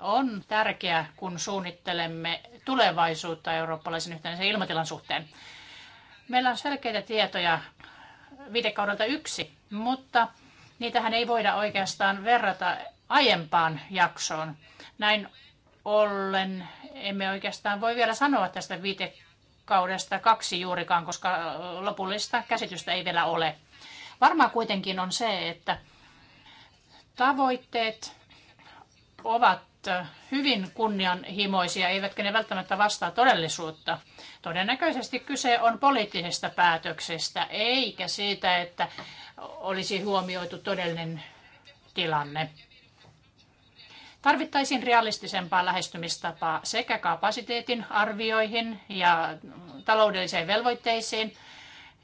on tärkeä, kun suunnittelemme tulevaisuutta eurooppalaisen yhteisen ilmatilan suhteen. Meillä on selkeitä tietoja viitekaudelta yksi, mutta niitähän ei voida oikeastaan verrata aiempaan jaksoon. Näin ollen emme oikeastaan voi vielä sanoa tästä viitekaudesta kaksi juurikaan, koska lopullista käsitystä ei vielä ole. Varmaa kuitenkin on se, että tavoitteet ovat Äh, hyvin kunnianhimoisia, eivätkä ne välttämättä vastaa todellisuutta. Todennäköisesti kyse on poliittisesta päätöksestä, eikä siitä, että olisi huomioitu todellinen tilanne. Tarvittaisiin realistisempaa lähestymistapaa sekä kapasiteetin arvioihin ja taloudelliseen velvoitteisiin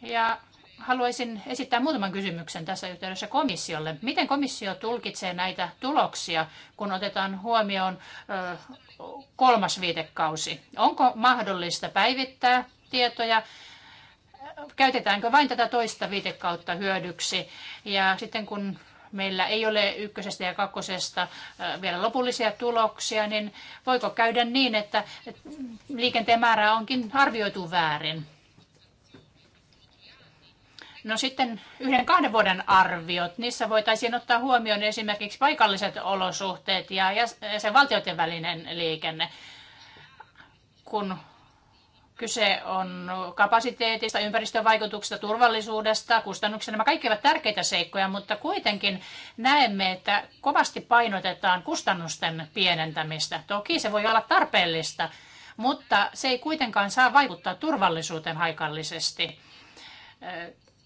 ja haluaisin esittää muutaman kysymyksen tässä yhteydessä komissiolle. Miten komissio tulkitsee näitä tuloksia, kun otetaan huomioon kolmas viitekausi? Onko mahdollista päivittää tietoja? Käytetäänkö vain tätä toista viitekautta hyödyksi? Ja sitten kun meillä ei ole ykkösestä ja kakkosesta vielä lopullisia tuloksia, niin voiko käydä niin, että liikenteen määrää onkin arvioitu väärin? No sitten yhden kahden vuoden arviot, niissä voitaisiin ottaa huomioon esimerkiksi paikalliset olosuhteet ja sen valtioiden välinen liikenne, kun kyse on kapasiteetista, ympäristövaikutuksista, turvallisuudesta, kustannuksista. Nämä kaikki ovat tärkeitä seikkoja, mutta kuitenkin näemme, että kovasti painotetaan kustannusten pienentämistä. Toki se voi olla tarpeellista, mutta se ei kuitenkaan saa vaikuttaa turvallisuuteen haikallisesti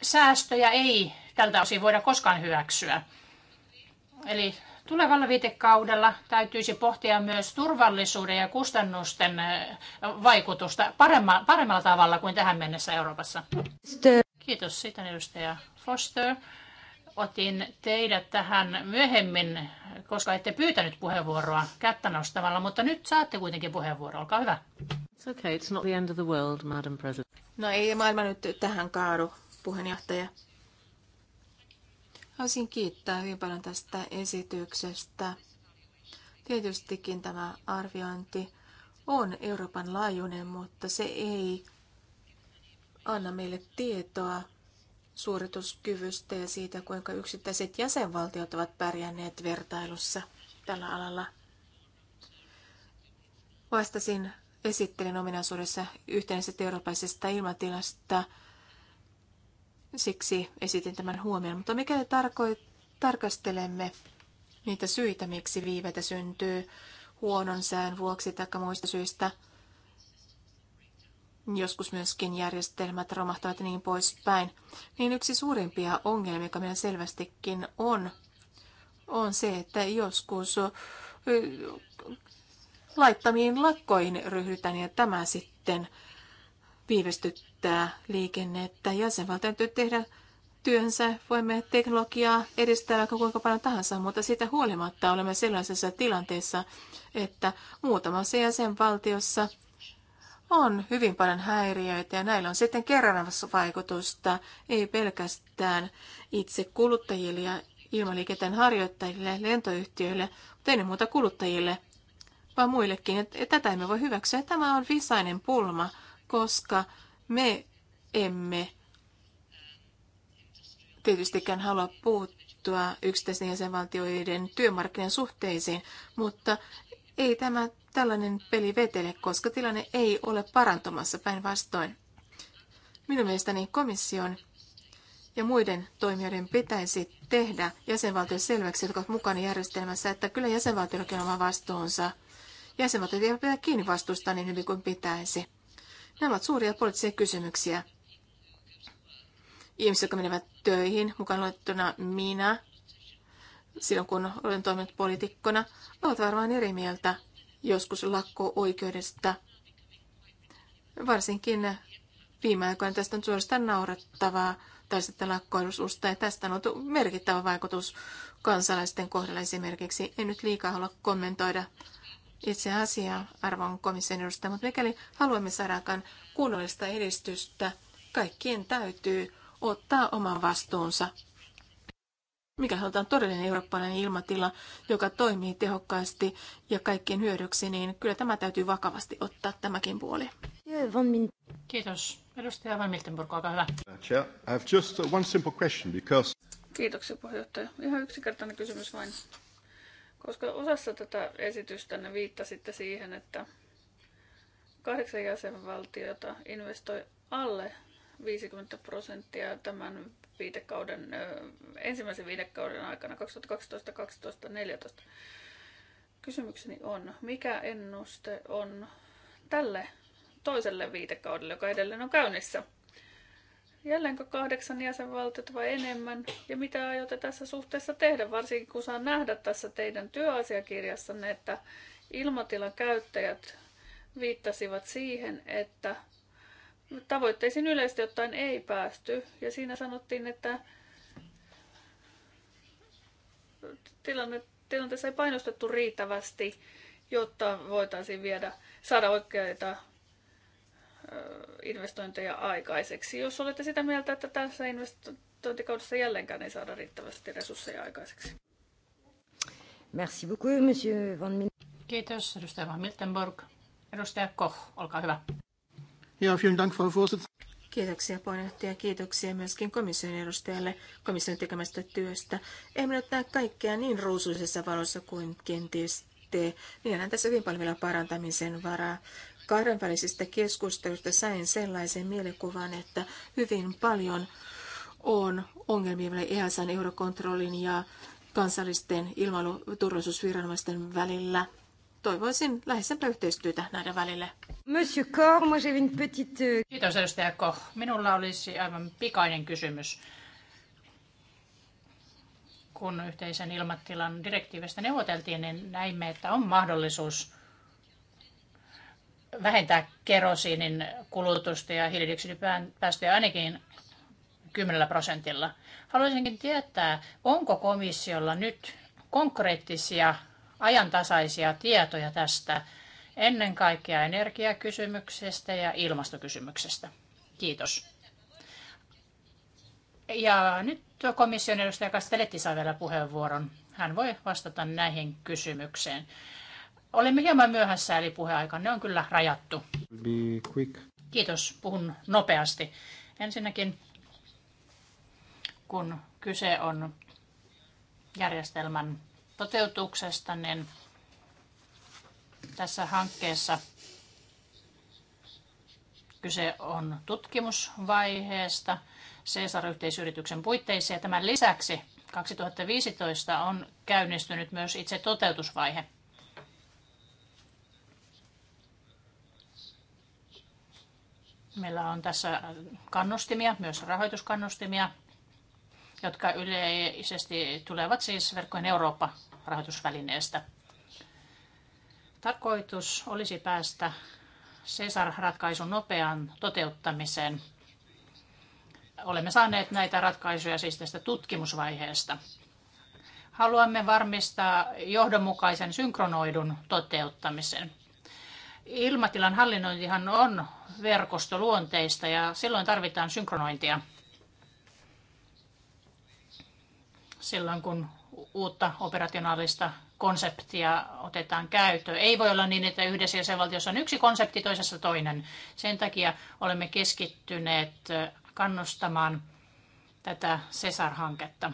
säästöjä ei tältä osin voida koskaan hyväksyä. Eli tulevalla viitekaudella täytyisi pohtia myös turvallisuuden ja kustannusten vaikutusta paremma, paremmalla tavalla kuin tähän mennessä Euroopassa. Kiitos. Sitten edustaja Foster. Otin teidät tähän myöhemmin, koska ette pyytänyt puheenvuoroa kättä nostamalla, mutta nyt saatte kuitenkin puheenvuoro. Olkaa hyvä. No ei maailma nyt tähän kaadu puheenjohtaja. Haluaisin kiittää hyvin paljon tästä esityksestä. Tietystikin tämä arviointi on Euroopan laajuinen, mutta se ei anna meille tietoa suorituskyvystä ja siitä, kuinka yksittäiset jäsenvaltiot ovat pärjänneet vertailussa tällä alalla. Vastasin esittelen ominaisuudessa yhtenäisestä eurooppalaisesta ilmatilasta Siksi esitin tämän huomion. Mutta mikäli tarko- tarkastelemme niitä syitä, miksi viiveitä syntyy huonon sään vuoksi tai muista syistä, joskus myöskin järjestelmät romahtavat niin poispäin, niin yksi suurimpia ongelmia, joka meillä selvästikin on, on se, että joskus laittamiin lakkoihin ryhdytään ja tämä sitten viivästyttää liikennettä. Jäsenvaltio täytyy tehdä työnsä, voimme teknologiaa edistää vaikka kuinka paljon tahansa, mutta siitä huolimatta olemme sellaisessa tilanteessa, että muutamassa jäsenvaltiossa on hyvin paljon häiriöitä ja näillä on sitten vaikutusta, ei pelkästään itse kuluttajille ja ilmaliikenteen harjoittajille, lentoyhtiöille, mutta ennen muuta kuluttajille, vaan muillekin. Ja tätä emme voi hyväksyä. Tämä on visainen pulma koska me emme tietystikään halua puuttua yksittäisten jäsenvaltioiden työmarkkinan suhteisiin, mutta ei tämä tällainen peli vetele, koska tilanne ei ole parantumassa päinvastoin. Minun mielestäni komission ja muiden toimijoiden pitäisi tehdä jäsenvaltio selväksi, jotka ovat mukana järjestelmässä, että kyllä jäsenvaltiollakin on oma vastuunsa. Jäsenvaltiot eivät pidä kiinni vastuusta niin hyvin kuin pitäisi. Nämä ovat suuria poliittisia kysymyksiä. Ihmiset, jotka menevät töihin, mukaan luettuna minä, silloin kun olen toiminut poliitikkona, ovat varmaan eri mieltä joskus lakko-oikeudesta. Varsinkin viime aikoina tästä on suorastaan naurettavaa tai sitten lakkoilususta, ja tästä on ollut merkittävä vaikutus kansalaisten kohdalla esimerkiksi. En nyt liikaa halua kommentoida itse asiaa arvon komission edustaja, mutta mikäli haluamme saadakaan kunnollista edistystä, kaikkien täytyy ottaa oman vastuunsa. Mikä halutaan todellinen eurooppalainen ilmatila, joka toimii tehokkaasti ja kaikkien hyödyksi, niin kyllä tämä täytyy vakavasti ottaa tämäkin puoli. Kiitos. Edustaja Van Miltenburg, olkaa hyvä. I have just one simple question because... Kiitoksia puheenjohtaja. Ihan yksinkertainen kysymys vain. Koska osassa tätä esitystä ne viittasitte siihen, että kahdeksan jäsenvaltiota investoi alle 50 prosenttia tämän viitekauden, ensimmäisen viitekauden aikana 2012-2014. Kysymykseni on, mikä ennuste on tälle toiselle viitekaudelle, joka edelleen on käynnissä? Jälleenkö kahdeksan jäsenvaltiot vai enemmän? Ja mitä aiotte tässä suhteessa tehdä, varsinkin kun saan nähdä tässä teidän työasiakirjassanne, että ilmatilan käyttäjät viittasivat siihen, että tavoitteisiin yleisesti ottaen ei päästy. Ja siinä sanottiin, että tilanne, tilanteessa ei painostettu riittävästi, jotta voitaisiin viedä, saada oikeita investointeja aikaiseksi. Jos olette sitä mieltä, että tässä investointikaudessa jälleenkään ei saada riittävästi resursseja aikaiseksi. Merci beaucoup, monsieur Van Kiitos, edustaja Van Miltenborg. Edustaja Koch, olkaa hyvä. Ja, vielen Dank, Frau Vorsitz. Kiitoksia puheenjohtaja. Kiitoksia myöskin komission edustajalle komission tekemästä työstä. Emme nyt näe kaikkea niin ruusuisessa valossa kuin kenties tee. Niinhän tässä hyvin paljon vielä parantamisen varaa kahdenvälisistä keskustelusta sain sellaisen mielikuvan, että hyvin paljon on ongelmia vielä EASan eurokontrollin ja kansallisten ilmailuturvallisuusviranomaisten välillä. Toivoisin läheisempää yhteistyötä näiden välille. Monsieur Kor, moi j'ai une petite... Euh, Kiitos edustaja Koh. Minulla olisi aivan pikainen kysymys. Kun yhteisen ilmatilan direktiivistä neuvoteltiin, niin näimme, että on mahdollisuus vähentää kerosiinin kulutusta ja hiilidioksidipäästöjä ainakin 10 prosentilla. Haluaisinkin tietää, onko komissiolla nyt konkreettisia ajantasaisia tietoja tästä ennen kaikkea energiakysymyksestä ja ilmastokysymyksestä. Kiitos. Ja nyt komission edustaja Kasteletti saa vielä puheenvuoron. Hän voi vastata näihin kysymykseen. Olemme hieman myöhässä, eli ne on kyllä rajattu. Be quick. Kiitos, puhun nopeasti. Ensinnäkin, kun kyse on järjestelmän toteutuksesta, niin tässä hankkeessa kyse on tutkimusvaiheesta CESAR-yhteisyrityksen puitteissa ja tämän lisäksi 2015 on käynnistynyt myös itse toteutusvaihe. Meillä on tässä kannustimia, myös rahoituskannustimia, jotka yleisesti tulevat siis verkkojen Eurooppa-rahoitusvälineestä. Tarkoitus olisi päästä Cesar-ratkaisun nopean toteuttamiseen. Olemme saaneet näitä ratkaisuja siis tästä tutkimusvaiheesta. Haluamme varmistaa johdonmukaisen synkronoidun toteuttamisen. Ilmatilan hallinnointihan on verkostoluonteista ja silloin tarvitaan synkronointia. Silloin kun uutta operationaalista konseptia otetaan käyttöön. Ei voi olla niin, että yhdessä jäsenvaltiossa on yksi konsepti, toisessa toinen. Sen takia olemme keskittyneet kannustamaan tätä CESAR-hanketta.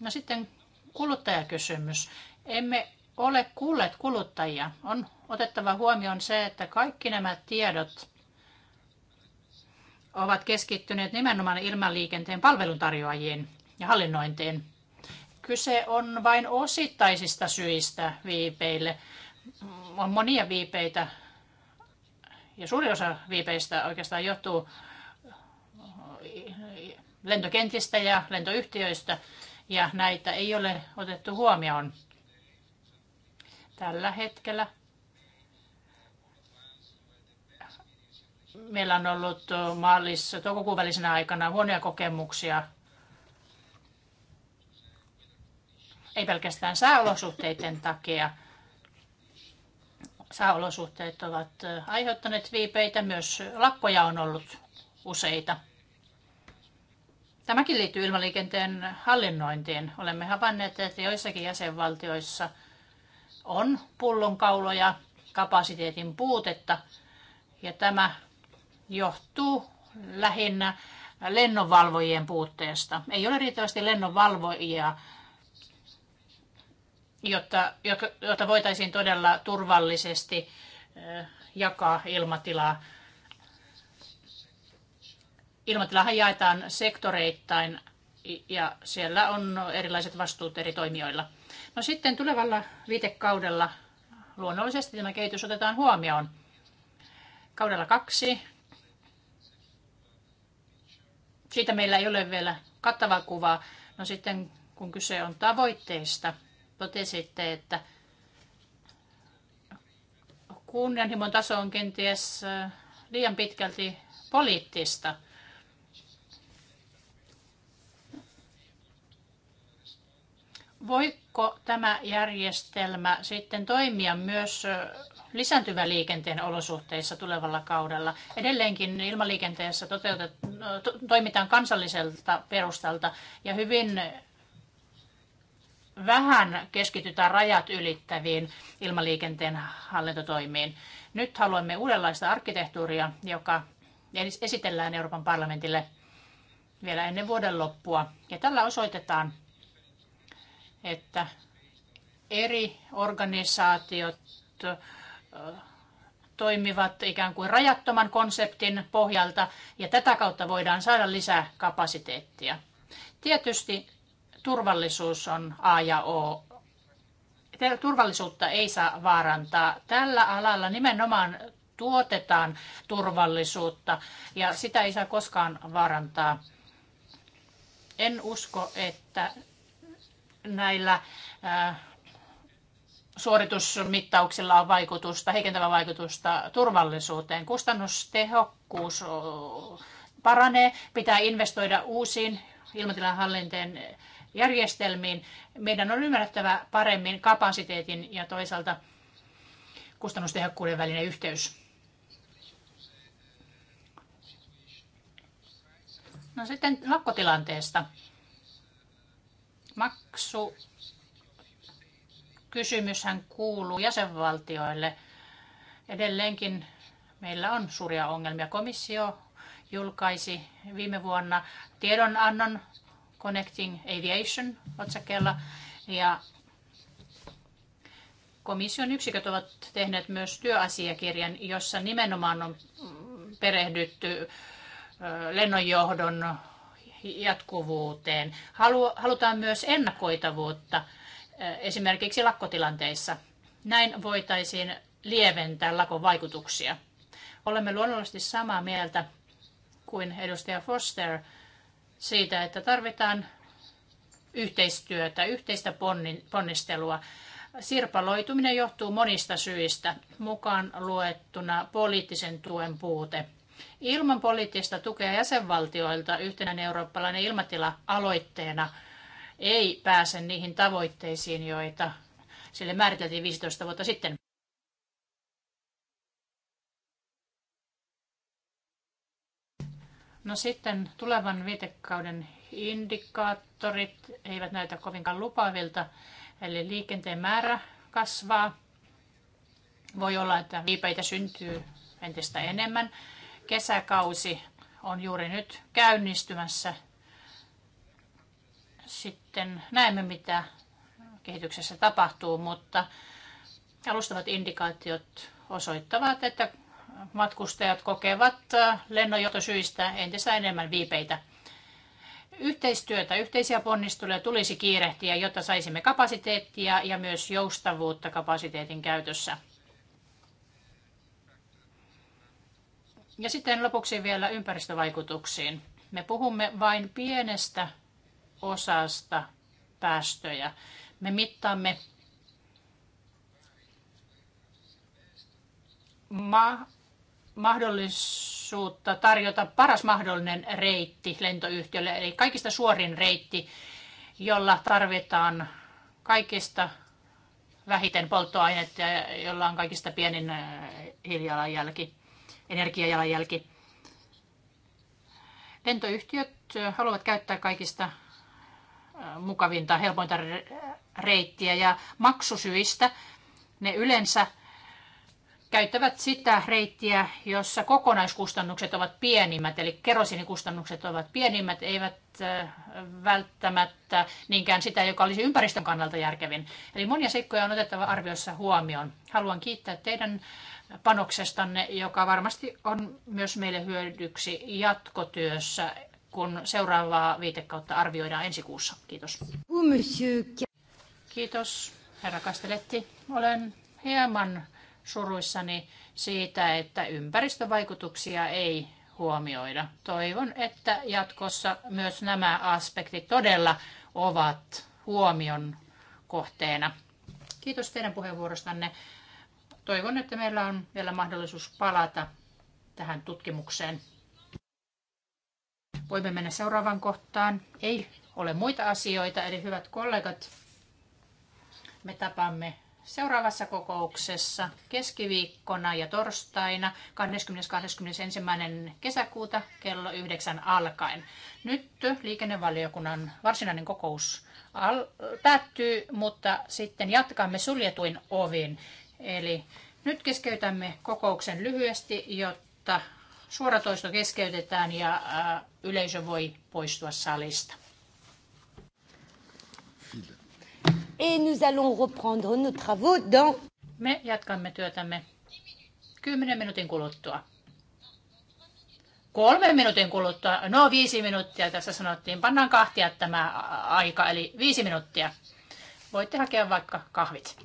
No sitten kuluttajakysymys. Emme ole kuulleet kuluttajia. On otettava huomioon se, että kaikki nämä tiedot ovat keskittyneet nimenomaan ilmaliikenteen palveluntarjoajiin ja hallinnointiin. Kyse on vain osittaisista syistä viipeille. On monia viipeitä ja suuri osa viipeistä oikeastaan johtuu lentokentistä ja lentoyhtiöistä ja näitä ei ole otettu huomioon tällä hetkellä. Meillä on ollut maalissa toukokuun välisenä aikana huonoja kokemuksia. Ei pelkästään sääolosuhteiden takia. Sääolosuhteet ovat aiheuttaneet viipeitä, myös lakkoja on ollut useita. Tämäkin liittyy ilmaliikenteen hallinnointiin. Olemme havainneet, että joissakin jäsenvaltioissa – on pullonkauloja, kapasiteetin puutetta ja tämä johtuu lähinnä lennonvalvojien puutteesta. Ei ole riittävästi lennonvalvojia, jotta, jotta voitaisiin todella turvallisesti eh, jakaa ilmatilaa. Ilmatilahan jaetaan sektoreittain ja siellä on erilaiset vastuut eri toimijoilla. No sitten tulevalla viitekaudella luonnollisesti tämä kehitys otetaan huomioon. Kaudella kaksi. Siitä meillä ei ole vielä kattavaa kuvaa. No sitten kun kyse on tavoitteista, totesitte, että kunnianhimon taso on kenties äh, liian pitkälti poliittista. Voi voisiko tämä järjestelmä sitten toimia myös lisääntyvän liikenteen olosuhteissa tulevalla kaudella? Edelleenkin ilmaliikenteessä toteutet, to, toimitaan kansalliselta perustalta ja hyvin vähän keskitytään rajat ylittäviin ilmaliikenteen hallintotoimiin. Nyt haluamme uudenlaista arkkitehtuuria, joka esitellään Euroopan parlamentille vielä ennen vuoden loppua. Ja tällä osoitetaan että eri organisaatiot toimivat ikään kuin rajattoman konseptin pohjalta ja tätä kautta voidaan saada lisää kapasiteettia. Tietysti turvallisuus on A ja O. Turvallisuutta ei saa vaarantaa. Tällä alalla nimenomaan tuotetaan turvallisuutta ja sitä ei saa koskaan vaarantaa. En usko, että näillä äh, suoritusmittauksilla on vaikutusta, heikentävä vaikutusta turvallisuuteen. Kustannustehokkuus paranee, pitää investoida uusiin ilmatilan hallinteen järjestelmiin. Meidän on ymmärrettävä paremmin kapasiteetin ja toisaalta kustannustehokkuuden välinen yhteys. No sitten lakkotilanteesta. Maksu kysymyshän kuuluu jäsenvaltioille. Edelleenkin meillä on suuria ongelmia. Komissio julkaisi viime vuonna tiedonannon Connecting Aviation otsakella. ja komission yksiköt ovat tehneet myös työasiakirjan, jossa nimenomaan on perehdytty lennonjohdon jatkuvuuteen. Halu, halutaan myös ennakoitavuutta esimerkiksi lakkotilanteissa. Näin voitaisiin lieventää lakon vaikutuksia. Olemme luonnollisesti samaa mieltä kuin edustaja Foster siitä, että tarvitaan yhteistyötä, yhteistä ponnistelua. Sirpaloituminen johtuu monista syistä, mukaan luettuna poliittisen tuen puute – Ilman poliittista tukea jäsenvaltioilta yhtenäinen eurooppalainen ilmatila aloitteena ei pääse niihin tavoitteisiin, joita sille määriteltiin 15 vuotta sitten. No sitten tulevan viitekauden indikaattorit eivät näytä kovinkaan lupaavilta, eli liikenteen määrä kasvaa. Voi olla, että viipeitä syntyy entistä enemmän. Kesäkausi on juuri nyt käynnistymässä. Sitten näemme, mitä kehityksessä tapahtuu, mutta alustavat indikaatiot osoittavat, että matkustajat kokevat äh, lennonjohtosyistä entistä enemmän viipeitä. Yhteistyötä, yhteisiä ponnisteluja tulisi kiirehtiä, jotta saisimme kapasiteettia ja myös joustavuutta kapasiteetin käytössä. Ja sitten lopuksi vielä ympäristövaikutuksiin. Me puhumme vain pienestä osasta päästöjä. Me mittaamme ma- mahdollisuutta tarjota paras mahdollinen reitti lentoyhtiölle, eli kaikista suorin reitti, jolla tarvitaan kaikista vähiten polttoainetta ja jolla on kaikista pienin äh, hiilijalanjälki energiajalanjälki. Lentoyhtiöt haluavat käyttää kaikista mukavinta, helpointa reittiä ja maksusyistä ne yleensä käyttävät sitä reittiä, jossa kokonaiskustannukset ovat pienimmät, eli kerosinikustannukset ovat pienimmät, eivät välttämättä niinkään sitä, joka olisi ympäristön kannalta järkevin. Eli monia seikkoja on otettava arviossa huomioon. Haluan kiittää teidän panoksestanne, joka varmasti on myös meille hyödyksi jatkotyössä, kun seuraavaa viitekautta arvioidaan ensi kuussa. Kiitos. Kiitos, herra Kasteletti. Olen hieman suruissani siitä, että ympäristövaikutuksia ei huomioida. Toivon, että jatkossa myös nämä aspektit todella ovat huomion kohteena. Kiitos teidän puheenvuorostanne toivon, että meillä on vielä mahdollisuus palata tähän tutkimukseen. Voimme mennä seuraavaan kohtaan. Ei ole muita asioita, eli hyvät kollegat, me tapaamme seuraavassa kokouksessa keskiviikkona ja torstaina 20.21. kesäkuuta kello 9 alkaen. Nyt liikennevaliokunnan varsinainen kokous päättyy, mutta sitten jatkamme suljetuin ovin. Eli nyt keskeytämme kokouksen lyhyesti, jotta suoratoisto keskeytetään ja yleisö voi poistua salista. Et nous allons reprendre nos travaux dans... Me jatkamme työtämme 10 minuutin kuluttua. Kolme minuutin kuluttua, no viisi minuuttia tässä sanottiin. Pannaan kahtia tämä aika, eli viisi minuuttia. Voitte hakea vaikka kahvit.